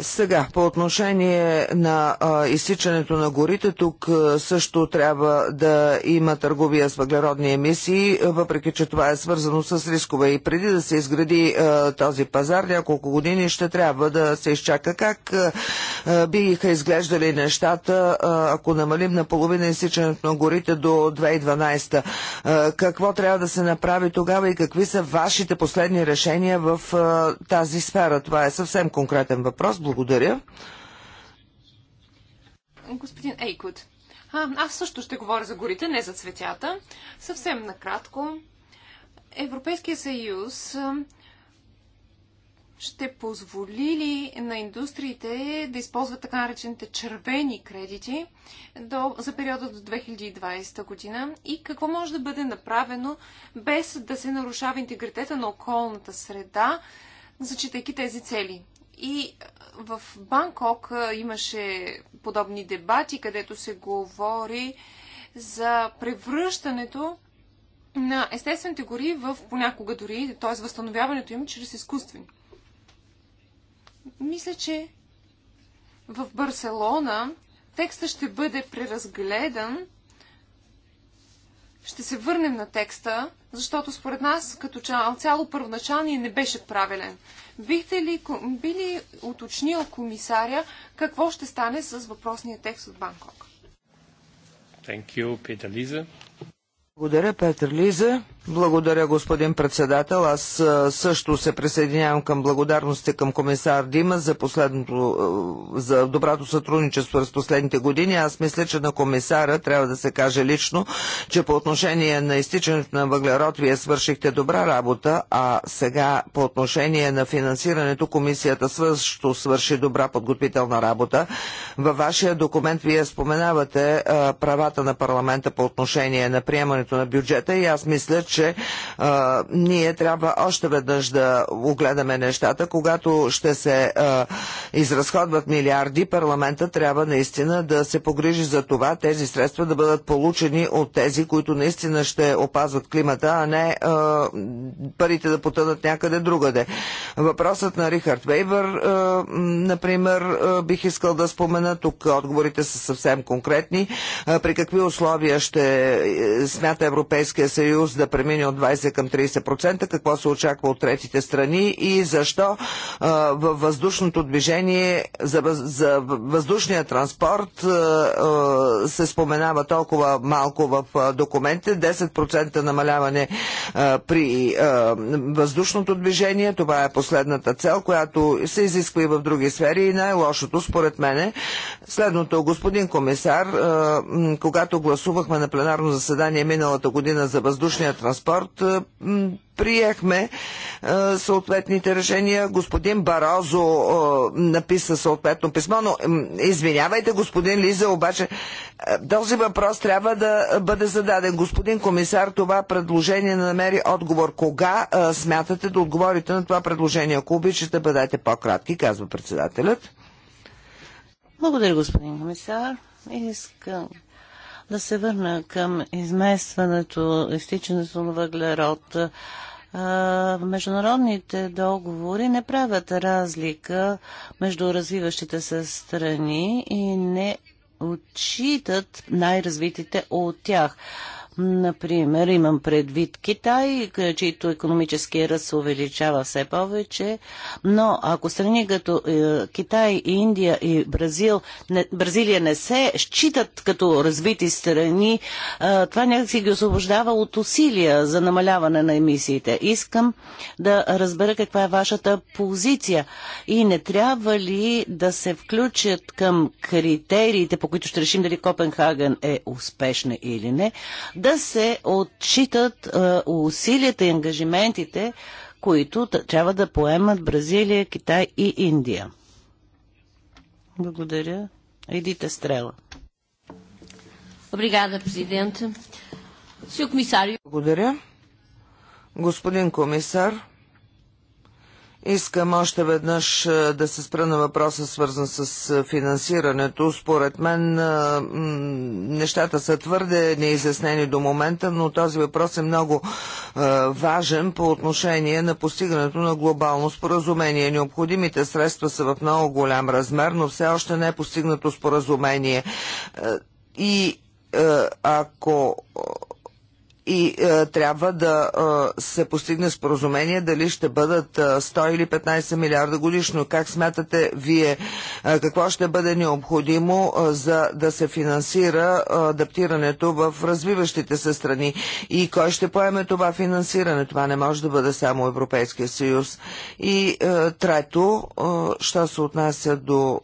Сега, по отношение на а, изсичането на горите, тук а, също трябва да има търговия с въглеродни емисии, въпреки че това е свързано с рискове. И преди да се изгради а, този пазар, няколко години ще трябва да се изчака как а, биха изглеждали нещата, а, ако намалим наполовина изсичането на горите до 2012. А, какво трябва да се направи тогава и какви са вашите последни решения в а, тази сфера? Това е съвсем конкретен въпрос. Благодаря. Господин Ейкот, а, аз също ще говоря за горите, не за цветята. Съвсем накратко. Европейския съюз ще позволи ли на индустриите да използват така наречените червени кредити до, за периода до 2020 година и какво може да бъде направено без да се нарушава интегритета на околната среда, зачитайки тези цели? И в Банкок имаше подобни дебати, където се говори за превръщането на естествените гори в понякога дори, т.е. възстановяването им чрез изкуствени. Мисля, че в Барселона текста ще бъде преразгледан. Ще се върнем на текста, защото според нас като цяло първоначалния не беше правилен. Бихте ли, би ли уточнил комисаря какво ще стане с въпросния текст от Банкок? Thank you, Peter Lisa. Благодаря, Петър Лиза. Благодаря, господин председател. Аз също се присъединявам към благодарности към комисар Дима за, последното, за доброто сътрудничество през последните години. Аз мисля, че на комисара трябва да се каже лично, че по отношение на изтичането на въглерод вие свършихте добра работа, а сега по отношение на финансирането комисията също свърши добра подготвителна работа. Във вашия документ вие споменавате правата на парламента по отношение на приемането на бюджета и аз мисля, че че а, ние трябва още веднъж да огледаме нещата. Когато ще се а, изразходват милиарди, парламента трябва наистина да се погрижи за това тези средства да бъдат получени от тези, които наистина ще опазват климата, а не а, парите да потънат някъде другаде. Въпросът на Рихард Вейвър, а, например, а, бих искал да спомена, тук отговорите са съвсем конкретни. А, при какви условия ще е, смята Европейския съюз да премине от 20 към 30%, какво се очаква от третите страни и защо във въздушното движение, за, за въздушния транспорт се споменава толкова малко в документите, 10% намаляване при въздушното движение, това е последната цел, която се изисква и в други сфери и най-лошото според мене. Следното, господин комисар, когато гласувахме на пленарно заседание миналата година за въздушния транспорт, транспорт. Е, приехме е, съответните решения. Господин Барозо е, написа съответно писмо, но извинявайте, господин Лиза, обаче този въпрос трябва да бъде зададен. Господин комисар, това предложение не намери отговор. Кога смятате да отговорите на това предложение? Ако обичате, бъдете по-кратки, казва председателят. Благодаря, господин комисар. Искам да се върна към изместването, изтичането на въглерод. В международните договори не правят разлика между развиващите се страни и не отчитат най-развитите от тях. Например, имам предвид Китай, чието економически ръст се увеличава все повече, но ако страни като е, Китай, Индия и Бразил, не, Бразилия не се считат като развити страни, е, това някакси ги освобождава от усилия за намаляване на емисиите. Искам да разбера каква е вашата позиция и не трябва ли да се включат към критериите, по които ще решим дали Копенхаген е успешна или не, да да се отчитат е, усилията и ангажиментите, които трябва да поемат Бразилия, Китай и Индия. Благодаря. Едите стрела. Обригада, Presidente. Благодаря. Господин комисар, Искам още веднъж е, да се спра на въпроса, свързан с е, финансирането. Според мен е, нещата са твърде неизяснени до момента, но този въпрос е много важен по отношение на постигането на глобално споразумение. Необходимите средства са в много голям размер, но все още не е постигнато споразумение. И ако и е, трябва да е, се постигне споразумение дали ще бъдат 100 е, или 15 милиарда годишно. Как смятате вие, е, какво ще бъде необходимо е, за да се финансира е, адаптирането в развиващите се страни и кой ще поеме това финансиране? Това не може да бъде само Европейския съюз. И е, трето, е, що се отнася до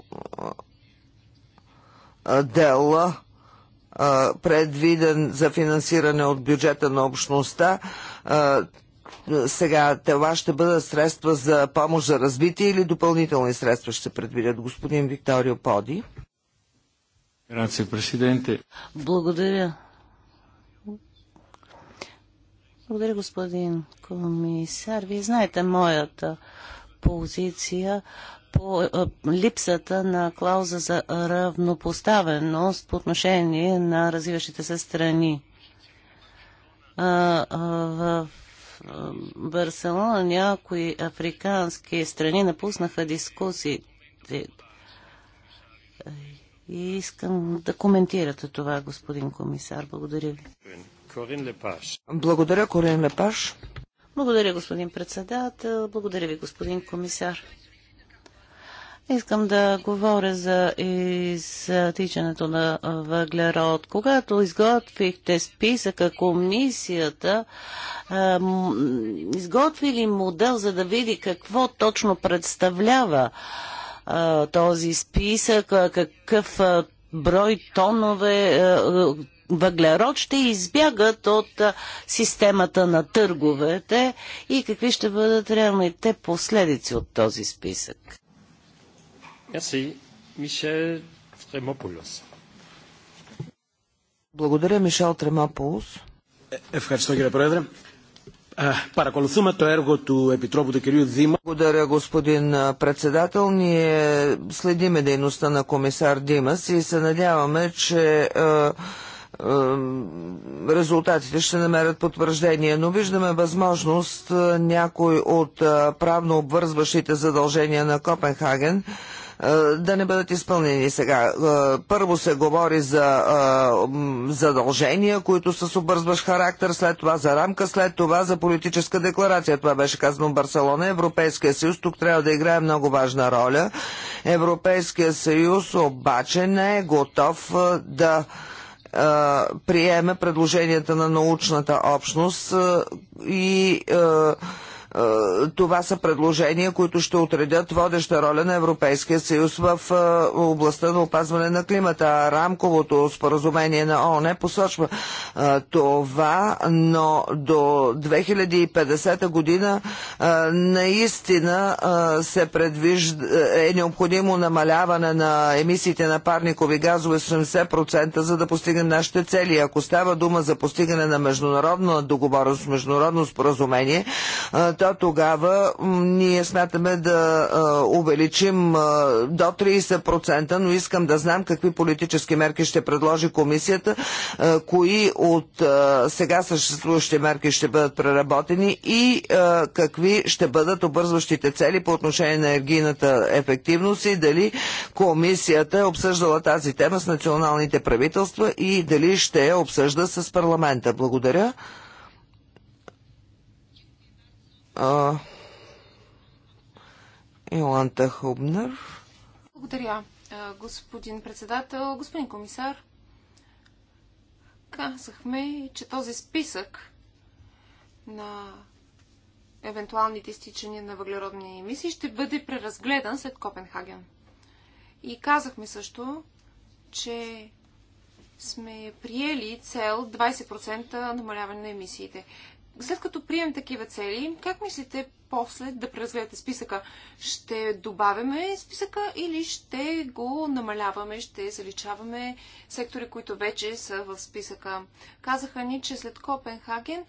е, дела, предвиден за финансиране от бюджета на общността. Сега това ще бъдат средства за помощ за развитие или допълнителни средства ще предвидят господин Викторио Поди. Благодаря. Благодаря, господин комисар. Вие знаете моята позиция по липсата на клауза за равнопоставеност по отношение на развиващите се страни. В Барселона някои африкански страни напуснаха дискусиите. И искам да коментирате това, господин комисар. Благодаря ви. Корин Лепаш. Благодаря, Корин Лепаш. Благодаря, господин председател. Благодаря ви, господин комисар. Искам да говоря за изтичането на въглерод. Когато изготвихте списъка, комисията изготви ли модел, за да види какво точно представлява този списък, какъв брой тонове въглерод ще избягат от системата на търговете и какви ще бъдат реалните последици от този списък? Merci. Благодаря, Мишел Тремополос. Παρακολουθούμε το έργο του Επιτρόπου του κυρίου Δήμα. Благодаря, господин председател. Ние следиме дейността на комисар Димас и се надяваме, че резултатите ще намерят потвърждение, но виждаме възможност някой от правно обвързващите задължения на Копенхаген да не бъдат изпълнени сега. Първо се говори за задължения, които са с обързващ характер, след това за рамка, след това за политическа декларация. Това беше казано в Барселона. Европейския съюз тук трябва да играе много важна роля. Европейския съюз обаче не е готов да приеме предложенията на научната общност и е, това са предложения, които ще отредят водеща роля на Европейския съюз в е, областта на опазване на климата. Рамковото споразумение на ООН посочва е, това, но до 2050 година наистина се предвижда, е необходимо намаляване на емисиите на парникови газове с 70%, за да постигнем нашите цели. Ако става дума за постигане на международна договорност, международно споразумение, защо тогава ние смятаме да увеличим до 30%, но искам да знам какви политически мерки ще предложи комисията, кои от сега съществуващите мерки ще бъдат преработени и какви ще бъдат обързващите цели по отношение на енергийната ефективност и дали комисията е обсъждала тази тема с националните правителства и дали ще я обсъжда с парламента. Благодаря а, Иоланта Хубнер. Благодаря, господин председател, господин комисар. Казахме, че този списък на евентуалните изтичания на въглеродни емисии ще бъде преразгледан след Копенхаген. И казахме също, че сме приели цел 20% намаляване на емисиите след като прием такива цели, как мислите после да преразгледате списъка? Ще добавяме списъка или ще го намаляваме, ще заличаваме сектори, които вече са в списъка? Казаха ни, че след Копенхаген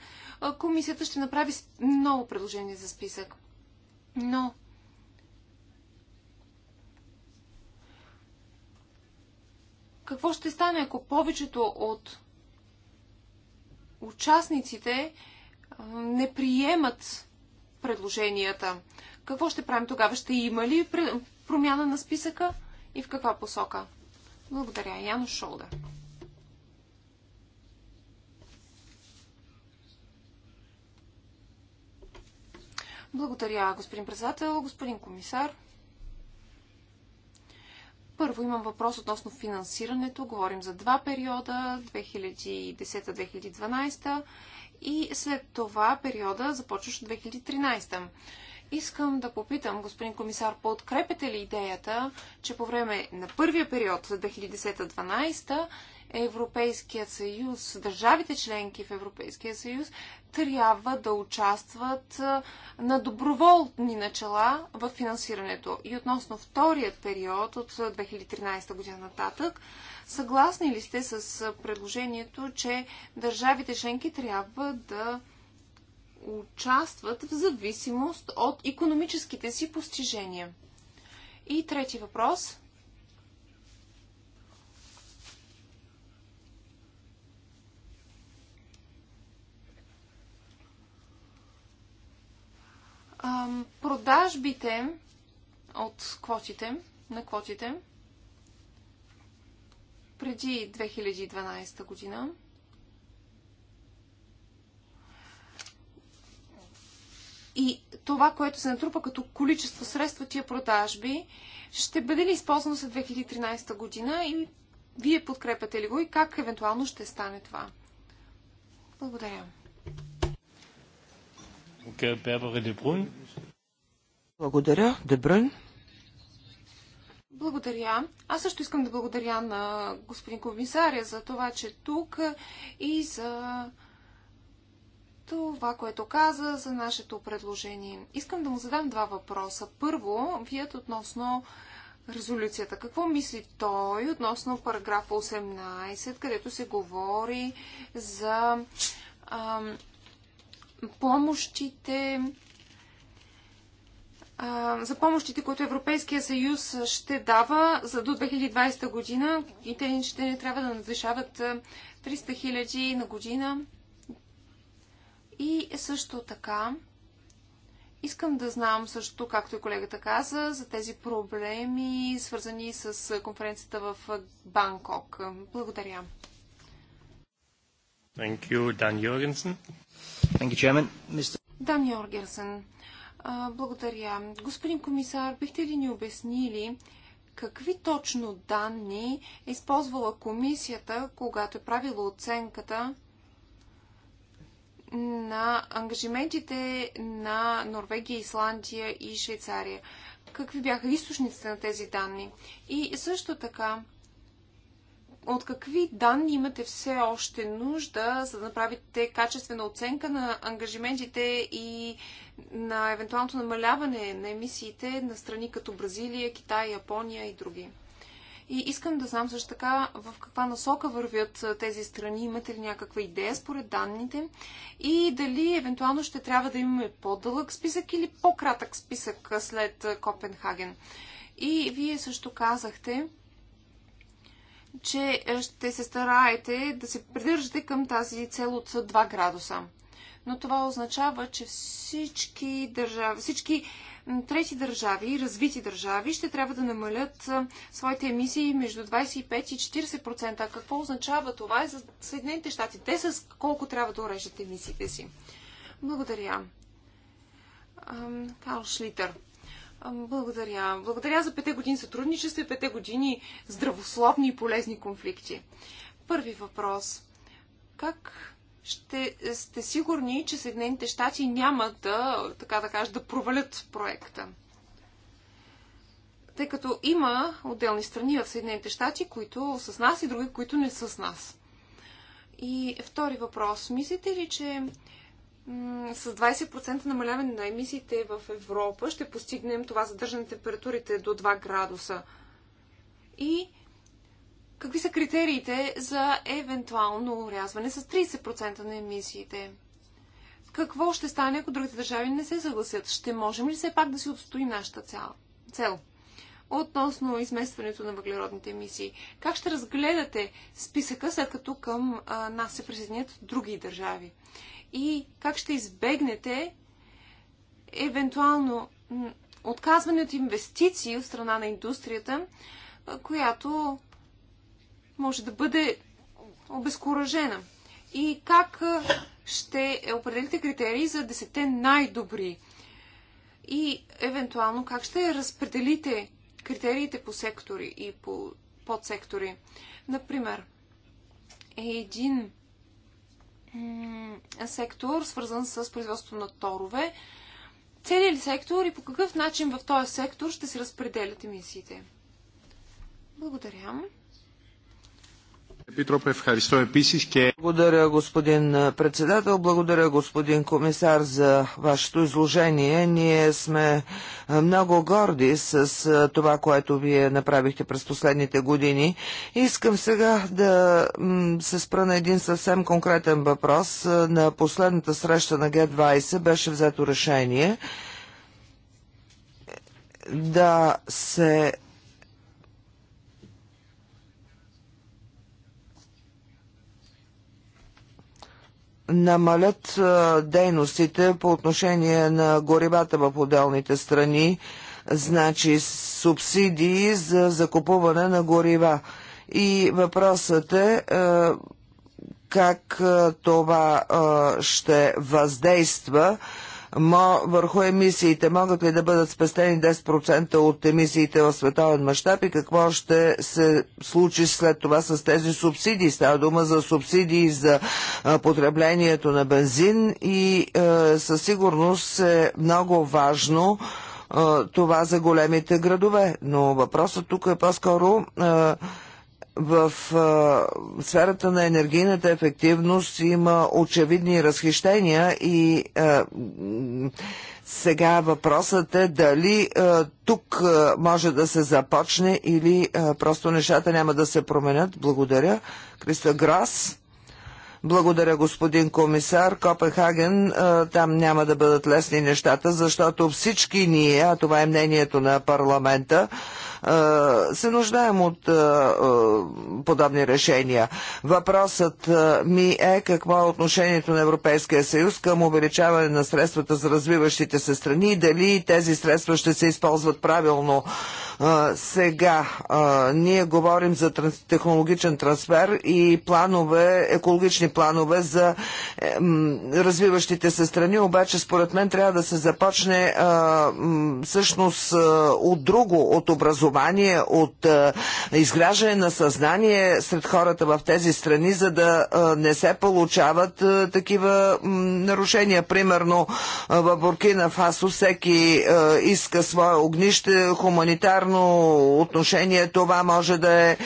комисията ще направи много предложения за списък. Но какво ще стане, ако повечето от участниците не приемат предложенията. Какво ще правим тогава? Ще има ли промяна на списъка и в каква посока? Благодаря. Яно Шолда. Благодаря, господин председател, господин комисар. Първо имам въпрос относно финансирането. Говорим за два периода 2010-2012 и след това периода започваш от 2013. Искам да попитам, господин комисар, подкрепяте ли идеята, че по време на първия период за 2010-2012 Европейският съюз, държавите членки в Европейския съюз трябва да участват на доброволни начала в финансирането. И относно вторият период от 2013 година нататък, Съгласни ли сте с предложението, че държавите членки трябва да участват в зависимост от економическите си постижения? И трети въпрос. продажбите от квотите, на квотите, преди 2012 година. И това, което се натрупа като количество средства тия продажби, ще бъде ли използвано след 2013 година и вие подкрепяте ли го и как евентуално ще стане това? Благодаря. Благодаря, Дебрун. Благодаря. Аз също искам да благодаря на господин комисаря за това, че е тук и за това, което каза за нашето предложение. Искам да му задам два въпроса. Първо, вият относно резолюцията. Какво мисли той относно параграф 18, където се говори за ам, помощите за помощите, които Европейския съюз ще дава за до 2020 година и те ще трябва да надвишават 300 хиляди на година. И също така, искам да знам също, както и колегата каза, за тези проблеми, свързани с конференцията в Банкок. Благодаря. Thank you, Dan Jorgensen. Thank you, Chairman. Mr. Dan Jorgensen. А, благодаря. Господин комисар, бихте ли ни обяснили какви точно данни е използвала комисията, когато е правила оценката на ангажиментите на Норвегия, Исландия и Швейцария? Какви бяха източниците на тези данни? И също така, от какви данни имате все още нужда, за да направите качествена оценка на ангажиментите и на евентуалното намаляване на емисиите на страни като Бразилия, Китай, Япония и други? И искам да знам също така в каква насока вървят тези страни, имате ли някаква идея според данните и дали евентуално ще трябва да имаме по-дълъг списък или по-кратък списък след Копенхаген. И вие също казахте, че е, ще се стараете да се придържате към тази цел от 2 градуса. Но това означава, че всички, държави, всички трети държави, развити държави, ще трябва да намалят своите емисии между 25 и 40%. А какво означава това е за Съединените щати? Те с колко трябва да урежат емисиите си? Благодаря. Карл Шлитър. Благодаря. Благодаря за пете години сътрудничество и пете години здравословни и полезни конфликти. Първи въпрос. Как ще сте сигурни, че Съединените щати няма да, така да кажа, да провалят проекта? Тъй като има отделни страни в Съединените щати, които са с нас и други, които не са с нас. И втори въпрос. Мислите ли, че с 20% намаляване на емисиите в Европа ще постигнем това задържане на температурите до 2 градуса. И какви са критериите за евентуално урязване с 30% на емисиите? Какво ще стане, ако другите държави не се съгласят? Ще можем ли все пак да си отстои нашата цел? Относно изместването на въглеродните емисии, как ще разгледате списъка, след като към а, нас се присъединят други държави? и как ще избегнете евентуално отказване от инвестиции от страна на индустрията, която може да бъде обезкуражена. И как ще определите критерии за 10 най-добри? И евентуално как ще разпределите критериите по сектори и по подсектори? Например, един сектор, свързан с производство на торове. Целият ли сектор и по какъв начин в този сектор ще се разпределят емисиите? Благодаря. Благодаря, господин председател. Благодаря, господин комисар, за вашето изложение. Ние сме много горди с това, което вие направихте през последните години. Искам сега да се спра на един съвсем конкретен въпрос. На последната среща на Г-20 беше взето решение да се намалят дейностите по отношение на горивата в отделните страни, значи субсидии за закупуване на горива. И въпросът е как това ще въздейства върху емисиите. Могат ли да бъдат спестени 10% от емисиите в световен мащаб и какво ще се случи след това с тези субсидии? Става дума за субсидии за потреблението на бензин и със сигурност е много важно това за големите градове. Но въпросът тук е по-скоро в а, сферата на енергийната ефективност има очевидни разхищения и а, сега въпросът е дали а, тук а, може да се започне или а, просто нещата няма да се променят. Благодаря. Криста Грас. Благодаря, господин комисар. Копенхаген, там няма да бъдат лесни нещата, защото всички ние, а това е мнението на парламента, е, се нуждаем от е, е, подобни решения. Въпросът ми е какво е отношението на Европейския съюз към увеличаване на средствата за развиващите се страни и дали тези средства ще се използват правилно. Сега ние говорим за технологичен трансфер и планове, екологични планове за развиващите се страни, обаче според мен трябва да се започне всъщност от друго, от образование образование, от изграждане на съзнание сред хората в тези страни, за да не се получават такива нарушения. Примерно в Буркина Фасо всеки иска свое огнище, хуманитарно отношение това може да е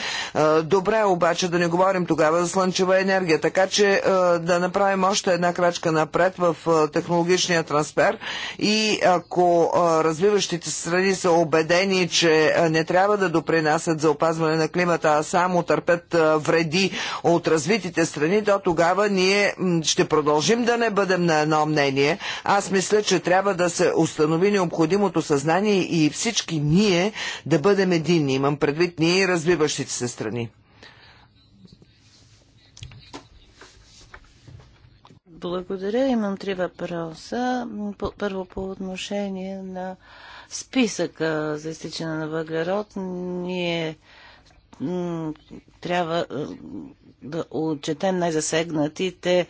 добре, обаче да не говорим тогава за слънчева енергия. Така че да направим още една крачка напред в технологичния трансфер и ако развиващите страни са убедени, че не трябва да допринасят за опазване на климата, а само търпят вреди от развитите страни, то тогава ние ще продължим да не бъдем на едно мнение. Аз мисля, че трябва да се установи необходимото съзнание и всички ние да бъдем единни. Имам предвид ние и развиващите се страни. Благодаря. Имам три въпроса. Първо по отношение на списъка за изтичане на въглерод, ние трябва да отчетем най-засегнатите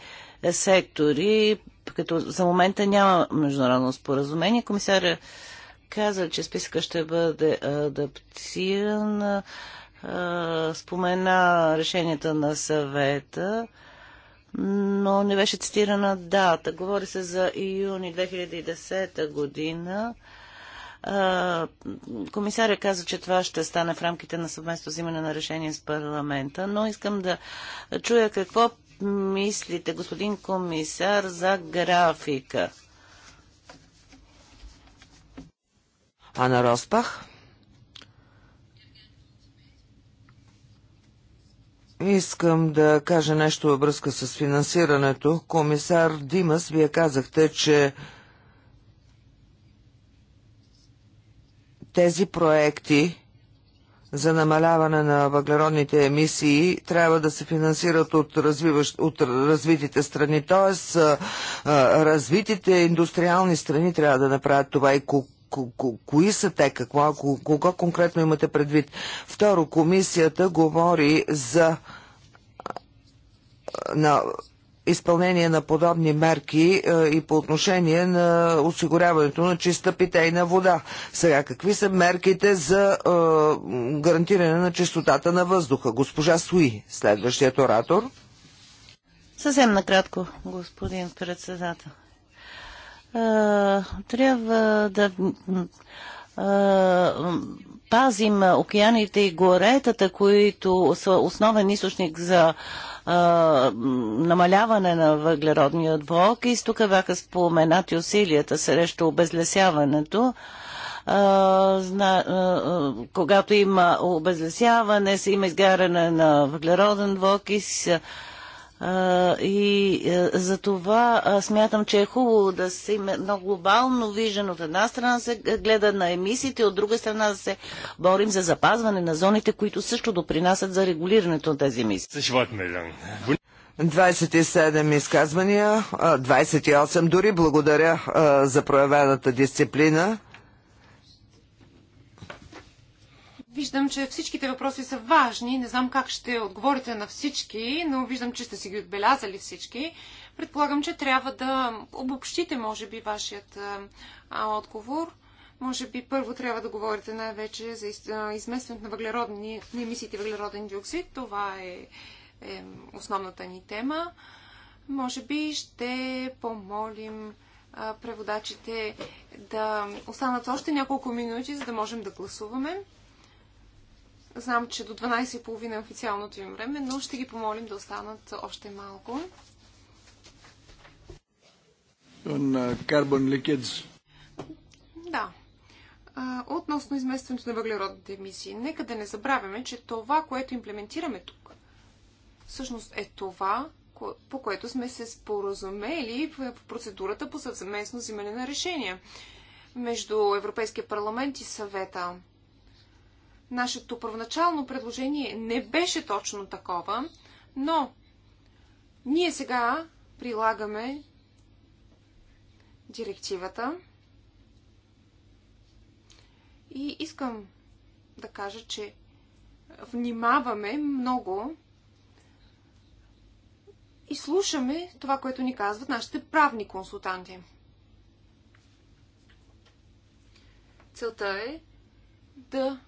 сектори, като за момента няма международно споразумение. Комисаря каза, че списъка ще бъде адаптиран. Спомена решенията на съвета, но не беше цитирана дата. Говори се за июни 2010 година. Комисаря каза, че това ще стане в рамките на съвместно взимане на решение с парламента, но искам да чуя какво мислите, господин комисар, за графика. Ана Роспах. Искам да кажа нещо във връзка с финансирането. Комисар Димас, вие казахте, че тези проекти за намаляване на въглеродните емисии трябва да се финансират от, развиващ, от развитите страни. Тоест, развитите индустриални страни трябва да направят това и ко, кои са те, какво, кого конкретно имате предвид. Второ, комисията говори за на изпълнение на подобни мерки е, и по отношение на осигуряването на чиста питейна вода. Сега, какви са мерките за е, гарантиране на чистотата на въздуха? Госпожа Суи, следващият оратор. Съвсем накратко, господин председател. Е, трябва да е, пазим океаните и горетата, които са основен източник за намаляване на въглеродния и Тук бяха споменати усилията срещу обезлесяването. А, зна, а, когато има обезлесяване, има изгаряне на въглероден двуокис, и е, за това смятам, че е хубаво да се има едно глобално виждане. От една страна се гледа на емисиите, от друга страна да се борим за запазване на зоните, които също допринасят за регулирането на тези емисии. 27 изказвания, 28 дори. Благодаря за проявената дисциплина. Виждам, че всичките въпроси са важни. Не знам как ще отговорите на всички, но виждам, че сте си ги отбелязали всички. Предполагам, че трябва да обобщите, може би, вашият а, отговор. Може би първо трябва да говорите най-вече за изместването на, въглеродни, на емисиите въглероден диоксид. Това е, е основната ни тема. Може би ще помолим а, преводачите да останат още няколко минути, за да можем да гласуваме. Знам, че до 12.30 е официалното им време, но ще ги помолим да останат още малко. On carbon leakage. Да. Относно изместването на въглеродните емисии, нека да не забравяме, че това, което имплементираме тук, всъщност е това, по което сме се споразумели в процедурата по съвместно взимане на решения между Европейския парламент и съвета. Нашето първоначално предложение не беше точно такова, но ние сега прилагаме директивата и искам да кажа, че внимаваме много и слушаме това, което ни казват нашите правни консултанти. Целта е да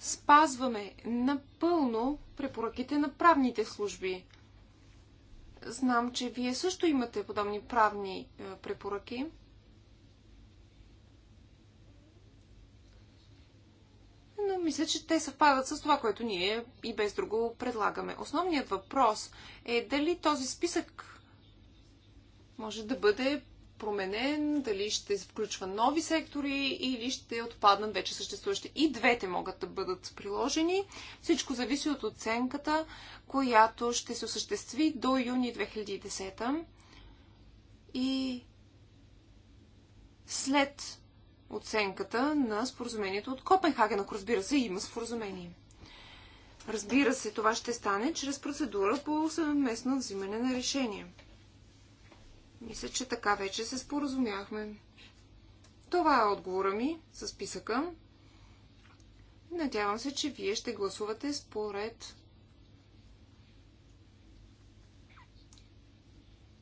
спазваме напълно препоръките на правните служби. Знам, че вие също имате подобни правни е, препоръки. но мисля, че те съвпадат с това, което ние и без друго предлагаме. Основният въпрос е дали този списък може да бъде променен, дали ще включва нови сектори или ще отпаднат вече съществуващи. И двете могат да бъдат приложени. Всичко зависи от оценката, която ще се осъществи до юни 2010. И след оценката на споразумението от Копенхаген, ако разбира се има споразумение. Разбира се, това ще стане чрез процедура по съвместно взимане на решение. Мисля, че така вече се споразумяхме. Това е отговора ми с списъка. Надявам се, че вие ще гласувате според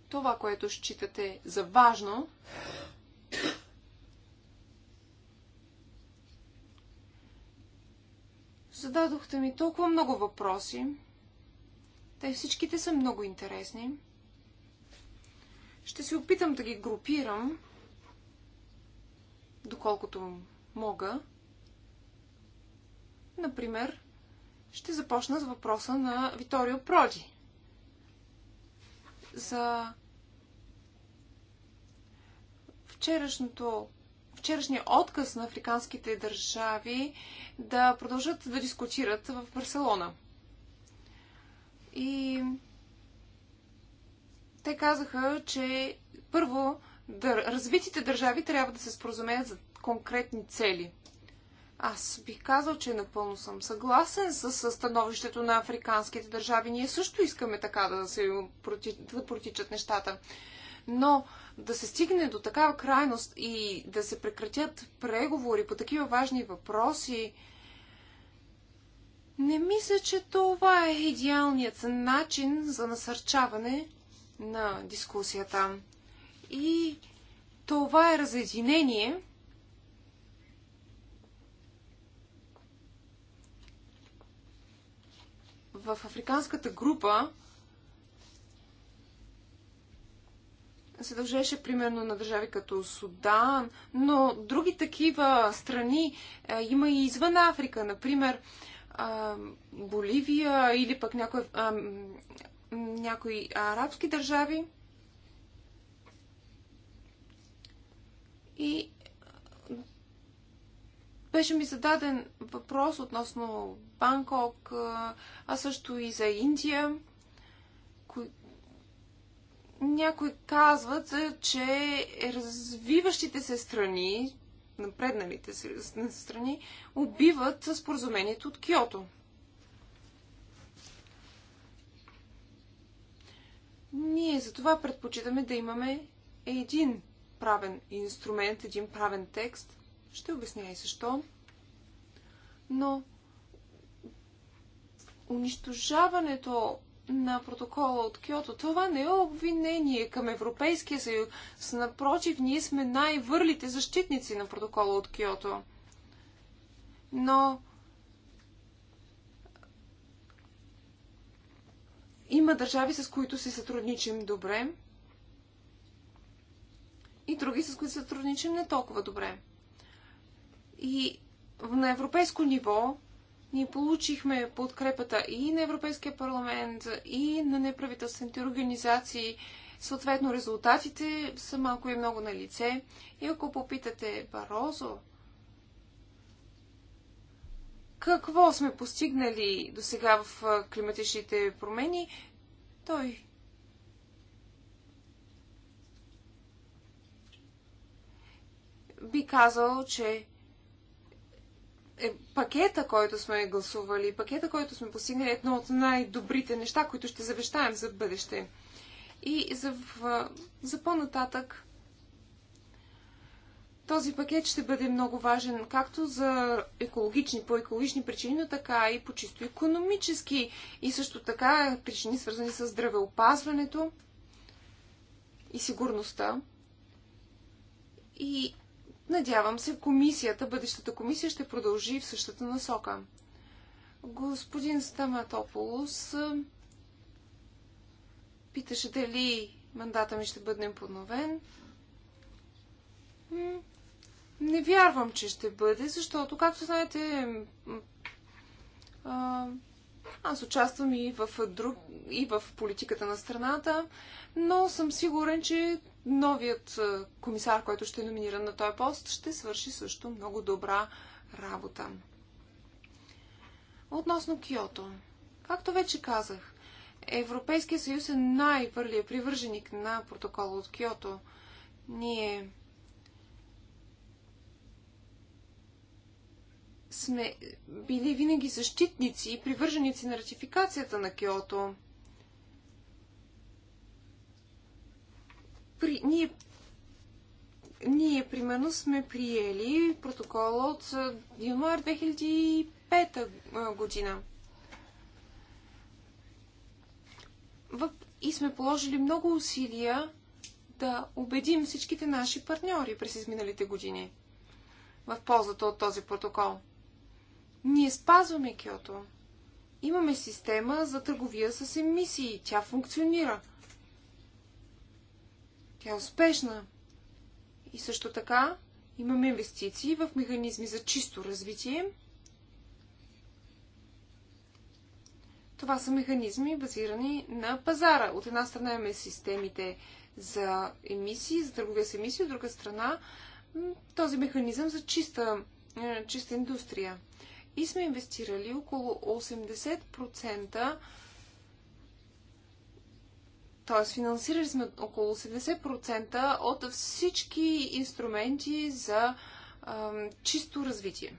това, което считате за важно. Зададохте ми толкова много въпроси. Те всичките са много интересни. Ще се опитам да ги групирам, доколкото мога. Например, ще започна с въпроса на Виторио Проди за вчерашното, вчерашния отказ на африканските държави да продължат да дискутират в Барселона. И те казаха, че първо дър... развитите държави трябва да се споразумеят за конкретни цели. Аз бих казал, че напълно съм съгласен с становището на африканските държави. Ние също искаме така да се проти... да протичат нещата. Но да се стигне до такава крайност и да се прекратят преговори по такива важни въпроси, не мисля, че това е идеалният начин за насърчаване на дискусията. И това е разединение, в африканската група се дължеше примерно на държави като Судан, но други такива страни е, има и извън Африка, например е, Боливия или пък някои е, някои арабски държави. И беше ми зададен въпрос относно Банкок, а също и за Индия. Кои... Някои казват, че развиващите се страни, напредналите се страни, убиват споразумението от Киото. Ние затова предпочитаме да имаме един правен инструмент, един правен текст. Ще обясня и защо. Но унищожаването на протокола от Киото, това не е обвинение към Европейския съюз. Напротив, ние сме най-върлите защитници на протокола от Киото. Но Има държави, с които си сътрудничим добре и други, с които сътрудничим не толкова добре. И на европейско ниво ние получихме подкрепата и на Европейския парламент, и на неправителствените организации. Съответно, резултатите са малко и много на лице. И ако попитате Барозо, какво сме постигнали до сега в климатичните промени, той би казал, че е, пакета, който сме гласували, пакета, който сме постигнали, е едно от най-добрите неща, които ще завещаем за бъдеще. И за, за по-нататък този пакет ще бъде много важен както за екологични, по екологични причини, но така и по чисто економически и също така причини свързани с здравеопазването и сигурността. И надявам се, комисията, бъдещата комисия ще продължи в същата насока. Господин Стаматополус питаше дали мандата ми ще бъде подновен. Не вярвам, че ще бъде, защото, както знаете, аз участвам и в, друг, и в политиката на страната, но съм сигурен, че новият комисар, който ще е номиниран на този пост, ще свърши също много добра работа. Относно Киото. Както вече казах, Европейския съюз е най-първият привърженик на протокола от Киото. Ние сме били винаги защитници и привърженици на ратификацията на Киото. При, ние, ние, примерно, сме приели протокола от януар 2005 година. И сме положили много усилия да убедим всичките наши партньори през изминалите години в ползата от този протокол. Ние спазваме Киото. Имаме система за търговия с емисии. Тя функционира. Тя е успешна. И също така имаме инвестиции в механизми за чисто развитие. Това са механизми базирани на пазара. От една страна имаме системите за емисии, за търговия с емисии, от друга страна този механизъм за чиста, е, чиста индустрия и сме инвестирали около 80%, т.е. финансирали сме около 80% от всички инструменти за чисто развитие.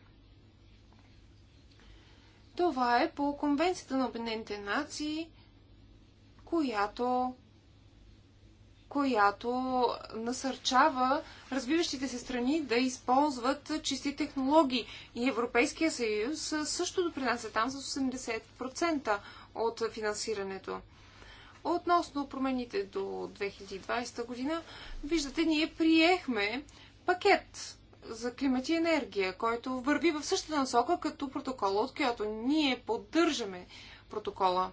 Това е по Конвенцията на Обединените нации, която която насърчава развиващите се страни да използват чисти технологии. И Европейския съюз също допринася там с 80% от финансирането. Относно промените до 2020 година, виждате, ние приехме пакет за климат и енергия, който върви в същата насока като протокола, от която ние поддържаме протокола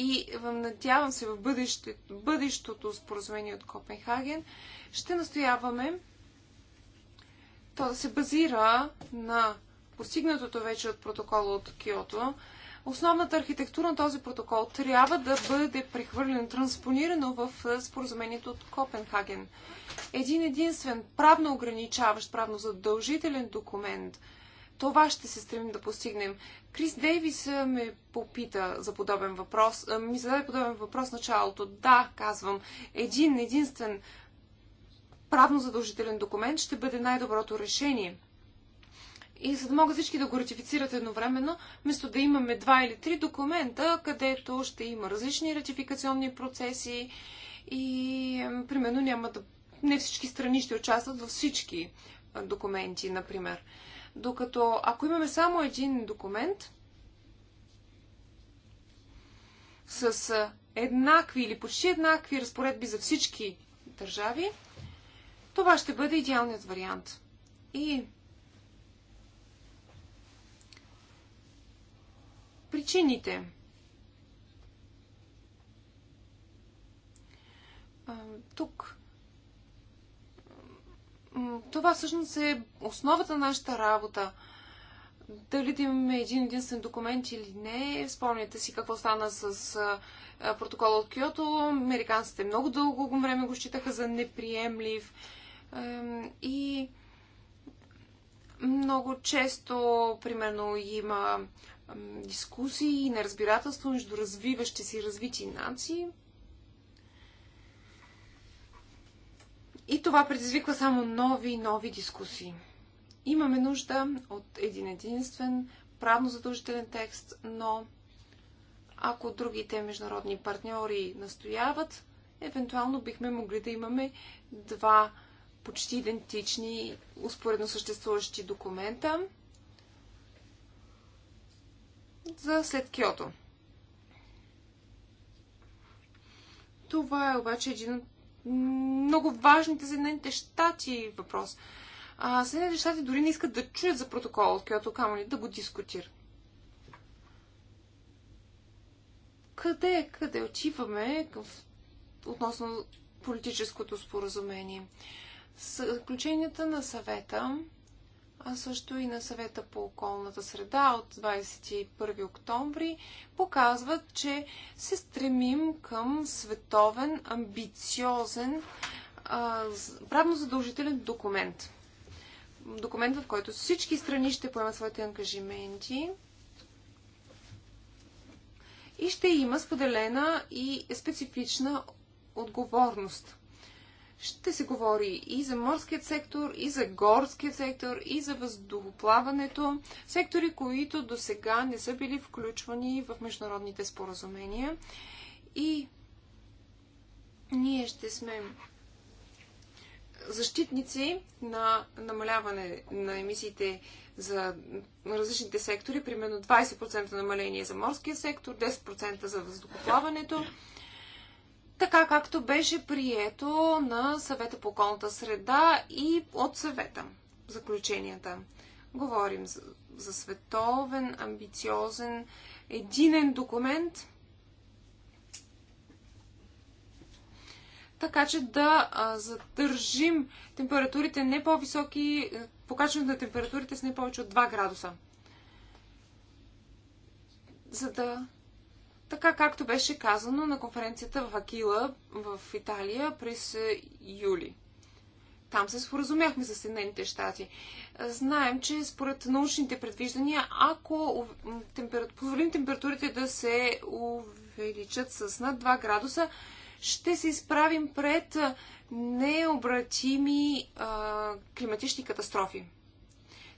и е, надявам се в бъдеще, бъдещото споразумение от Копенхаген ще настояваме то да се базира на постигнатото вече от протокола от Киото. Основната архитектура на този протокол трябва да бъде прехвърлено, транспонирано в е, споразумението от Копенхаген. Един единствен правно ограничаващ, правно задължителен документ – това ще се стремим да постигнем. Крис Дейвис ме попита за подобен въпрос. Ми зададе подобен въпрос в началото. Да, казвам, един единствен правно задължителен документ ще бъде най-доброто решение. И за да могат всички да го ратифицират едновременно, вместо да имаме два или три документа, където ще има различни ратификационни процеси и, примерно, няма да... не всички страни ще участват във всички документи, например. Докато ако имаме само един документ с еднакви или почти еднакви разпоредби за всички държави, това ще бъде идеалният вариант. И причините. Тук това всъщност е основата на нашата работа. Дали да имаме един единствен документ или не, спомняте си какво стана с протокола от Киото. Американците много дълго време го считаха за неприемлив. И много често, примерно, има дискусии и неразбирателство между развиващи се и развити нации. И това предизвиква само нови и нови дискусии. Имаме нужда от един единствен правно задължителен текст, но ако другите международни партньори настояват, евентуално бихме могли да имаме два почти идентични, успоредно съществуващи документа за след Киото. Това е обаче един от много важните Съединените щати въпрос. А, Съединените щати дори не искат да чуят за протокол от Киото Камони, да го дискутират. Къде, къде отиваме къв, относно политическото споразумение? Заключенията на съвета а също и на съвета по околната среда от 21 октомври, показват, че се стремим към световен, амбициозен, правно задължителен документ. Документ, в който всички страни ще поемат своите ангажименти и ще има споделена и специфична отговорност ще се говори и за морският сектор, и за горският сектор, и за въздухоплаването. Сектори, които до сега не са били включвани в международните споразумения. И ние ще сме защитници на намаляване на емисиите за различните сектори, примерно 20% намаление за морския сектор, 10% за въздухоплаването така както беше прието на съвета по околната среда и от съвета. Заключенията. Говорим за, за световен, амбициозен, единен документ, така че да а, задържим температурите не по-високи, е, покачването на температурите с не повече от 2 градуса. За да така както беше казано на конференцията в Акила в Италия през е, юли. Там се споразумяхме с Съединените щати. Знаем, че според научните предвиждания, ако температур... позволим температурите да се увеличат с над 2 градуса, ще се изправим пред необратими а, климатични катастрофи.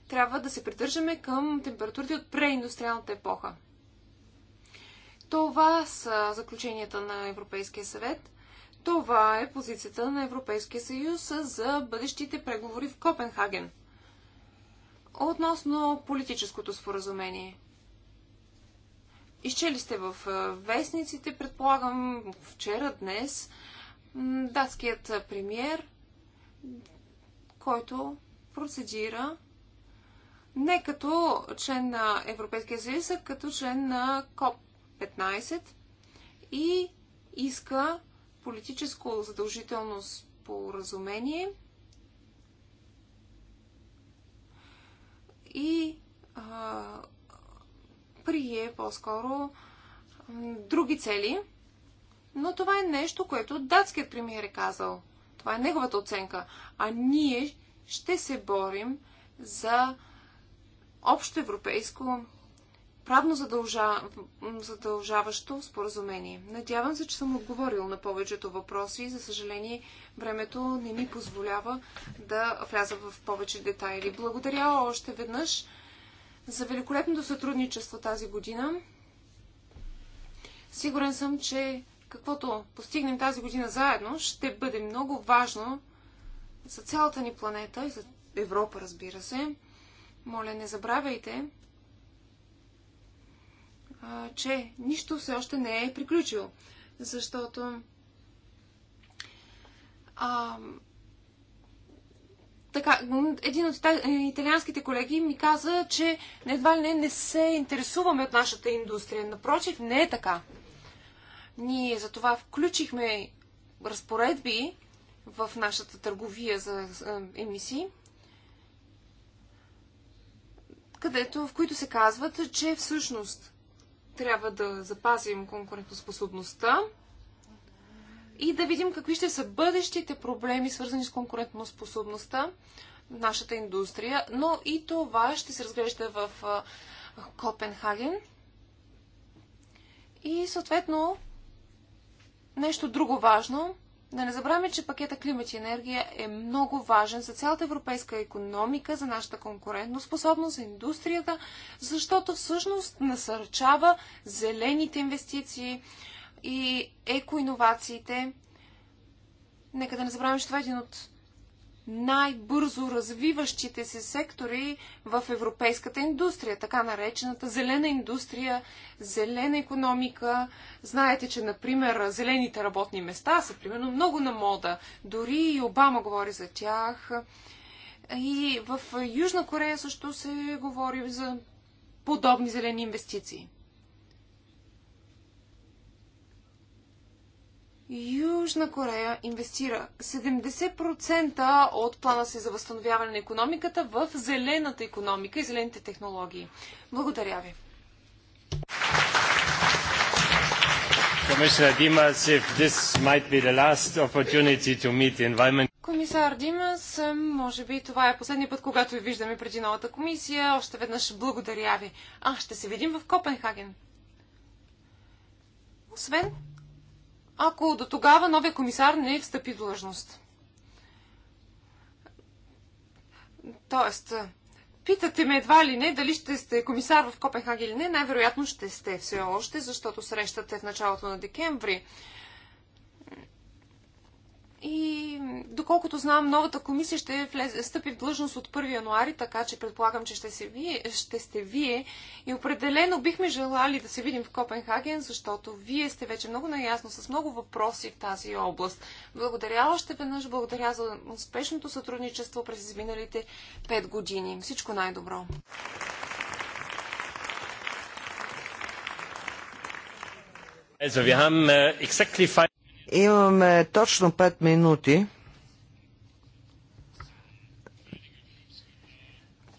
Трябва да се придържаме към температурите от преиндустриалната епоха. Това са заключенията на Европейския съвет. Това е позицията на Европейския съюз за бъдещите преговори в Копенхаген. Относно политическото споразумение. Изчели сте в вестниците, предполагам, вчера, днес, датският премьер, който процедира не като член на Европейския съюз, а като член на КОП 15 и иска политическо задължително споразумение и а, прие по-скоро други цели. Но това е нещо, което датският премиер е казал. Това е неговата оценка. А ние ще се борим за общо европейско правно задължа... задължаващо споразумение. Надявам се, че съм отговорил на повечето въпроси. За съжаление, времето не ми позволява да вляза в повече детайли. Благодаря още веднъж за великолепното сътрудничество тази година. Сигурен съм, че каквото постигнем тази година заедно, ще бъде много важно за цялата ни планета и за Европа, разбира се. Моля, не забравяйте, че нищо все още не е приключило, защото а, така, един от италианските колеги ми каза, че едва ли не, не се интересуваме от нашата индустрия. Напротив, не е така. Ние за това включихме разпоредби в нашата търговия за емисии, където, в които се казват, че всъщност трябва да запазим конкурентоспособността и да видим какви ще са бъдещите проблеми, свързани с конкурентоспособността в нашата индустрия. Но и това ще се разглежда в Копенхаген. И съответно, нещо друго важно да не забравяме, че пакета климат и енергия е много важен за цялата европейска економика, за нашата конкурентоспособност, за индустрията, защото всъщност насърчава зелените инвестиции и екоиновациите. Нека да не забравяме, че това е един от най-бързо развиващите се сектори в европейската индустрия, така наречената зелена индустрия, зелена економика. Знаете, че, например, зелените работни места са примерно много на мода. Дори и Обама говори за тях. И в Южна Корея също се говори за подобни зелени инвестиции. Южна Корея инвестира 70% от плана си за възстановяване на економиката в зелената економика и зелените технологии. Благодаря ви. Комисар Димас, може би това е последния път, когато ви виждаме преди новата комисия. Още веднъж благодаря ви. А, ще се видим в Копенхаген. Освен ако до тогава новия комисар не е встъпи в длъжност. Тоест, питате ме едва ли не, дали ще сте комисар в Копенхаген или не, най-вероятно ще сте все още, защото срещата е в началото на декември. И доколкото знам, новата комисия ще влез, стъпи в длъжност от 1 януари, така че предполагам, че ще, се вие, ще сте вие. И определено бихме желали да се видим в Копенхаген, защото вие сте вече много наясно с много въпроси в тази област. Благодаря още веднъж, благодаря за успешното сътрудничество през изминалите 5 години. Всичко най-добро! Also, wir haben äh, exactly five Имаме точно 5 минути.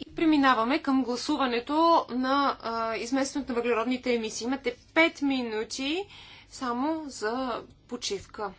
И преминаваме към гласуването на а, изместването на въглеродните емисии. Имате 5 минути само за почивка.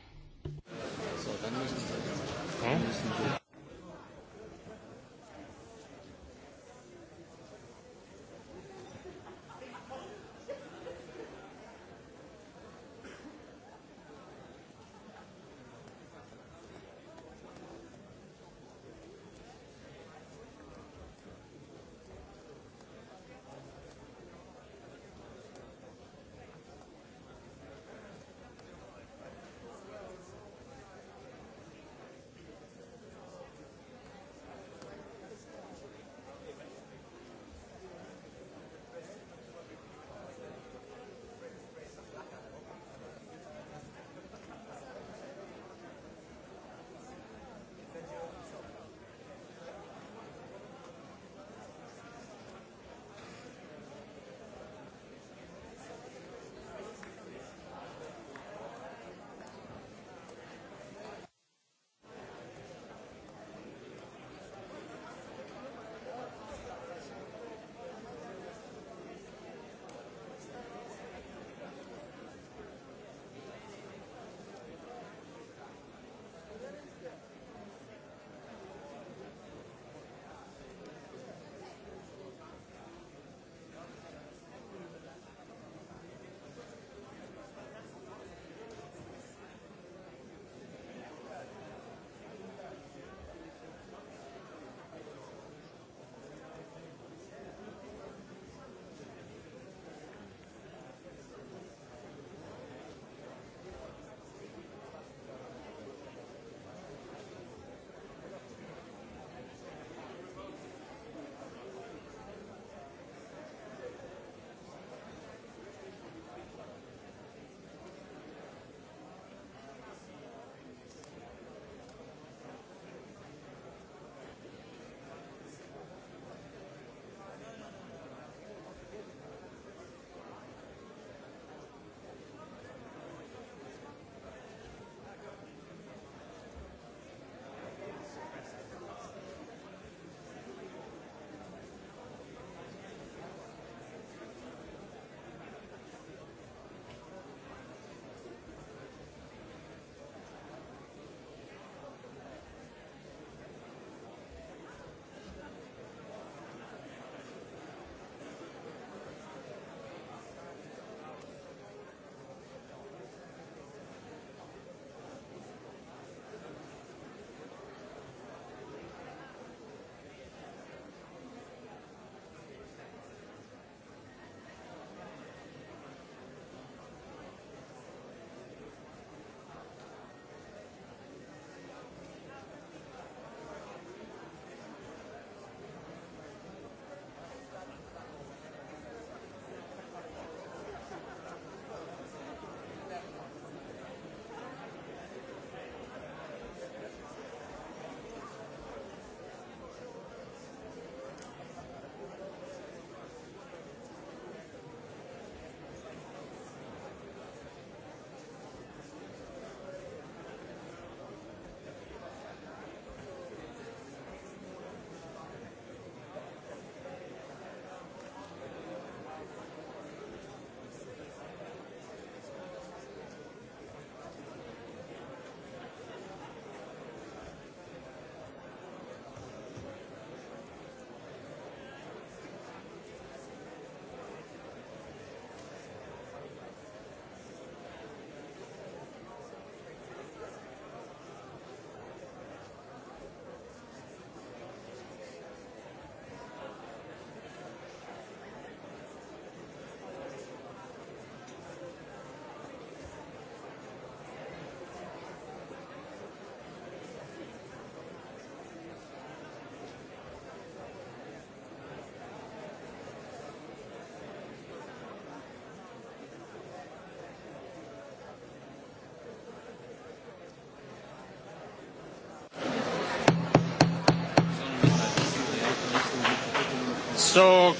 So,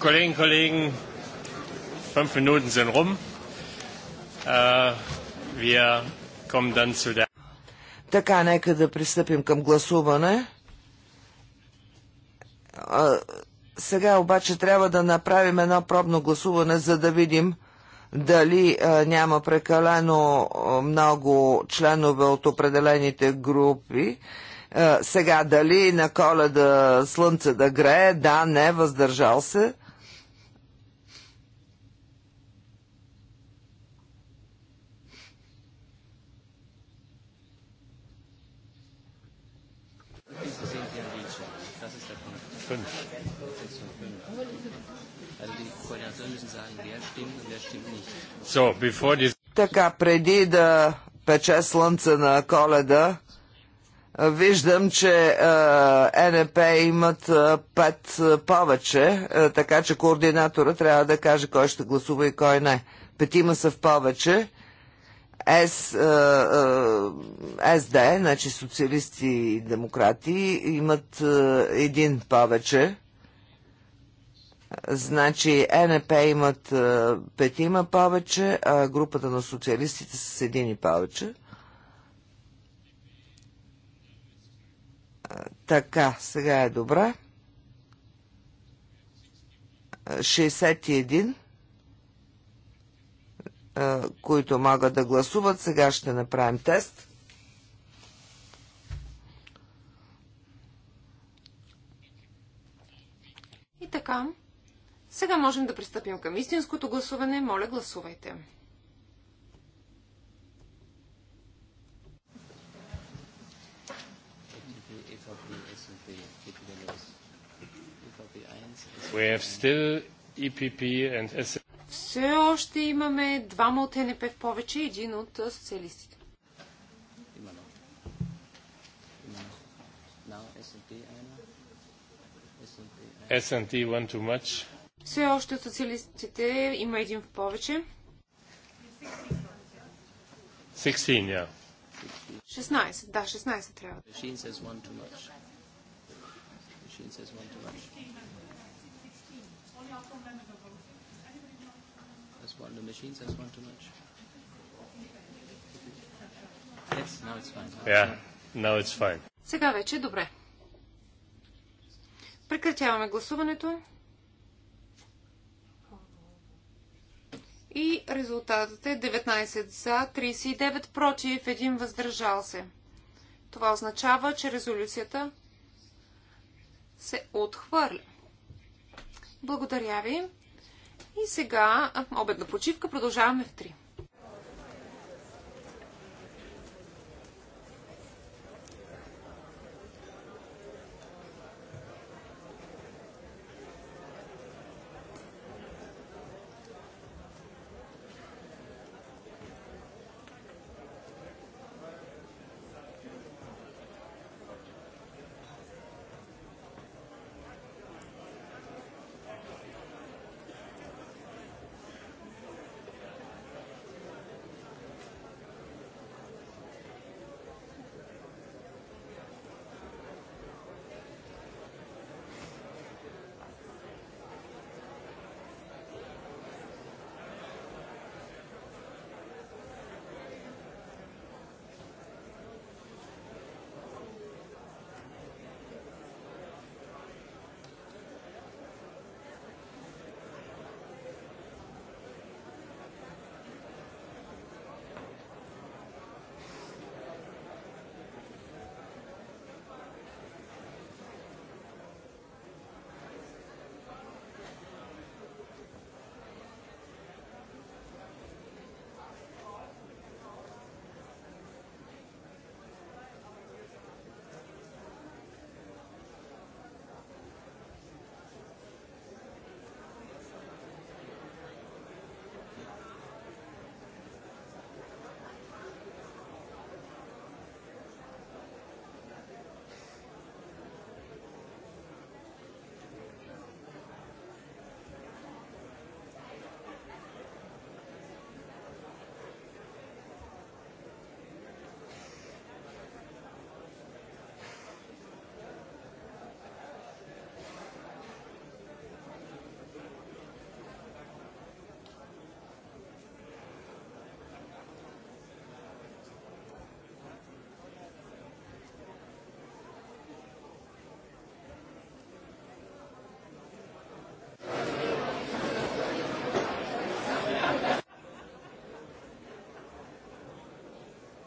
Kolleginnen und Kollegen, fünf Minuten sind rum. Äh, wir kommen dann zu der. Така, нека да пристъпим към гласуване. А, сега обаче трябва да направим едно пробно гласуване, за да видим дали а, няма прекалено много членове от определените групи. А, е, сега дали на коледа слънце да грее, да, не, въздържал се. Така, преди да пече слънце на коледа, Виждам, че е, НП имат пет повече, е, така че координатора трябва да каже кой ще гласува и кой не. Петима са в повече. С, е, е, СД, значи социалисти и демократи, имат е, един повече. Значи НП имат е, петима повече, а групата на социалистите с един и повече. Така, сега е добра. 61, които могат да гласуват. Сега ще направим тест. И така, сега можем да пристъпим към истинското гласуване. Моля, гласувайте. E and... Все още имаме двама от НП в повече един от социалистите. S&T one too much. Все още от социалистите има един в повече. 16, yeah. 16, да, 16 трябва. Machine says one too much. Machine says one too much. That's one. of The machines. That's one too much. Yes. Now it's fine. Yeah. Now it's fine. Сега вече е добре. Прекратяваме гласуването. И резултатът е 19 за, 39 против, 1 въздържал се. Това означава, че резолюцията се отхвърля. Благодаря ви. И сега обедна почивка. Продължаваме в 3.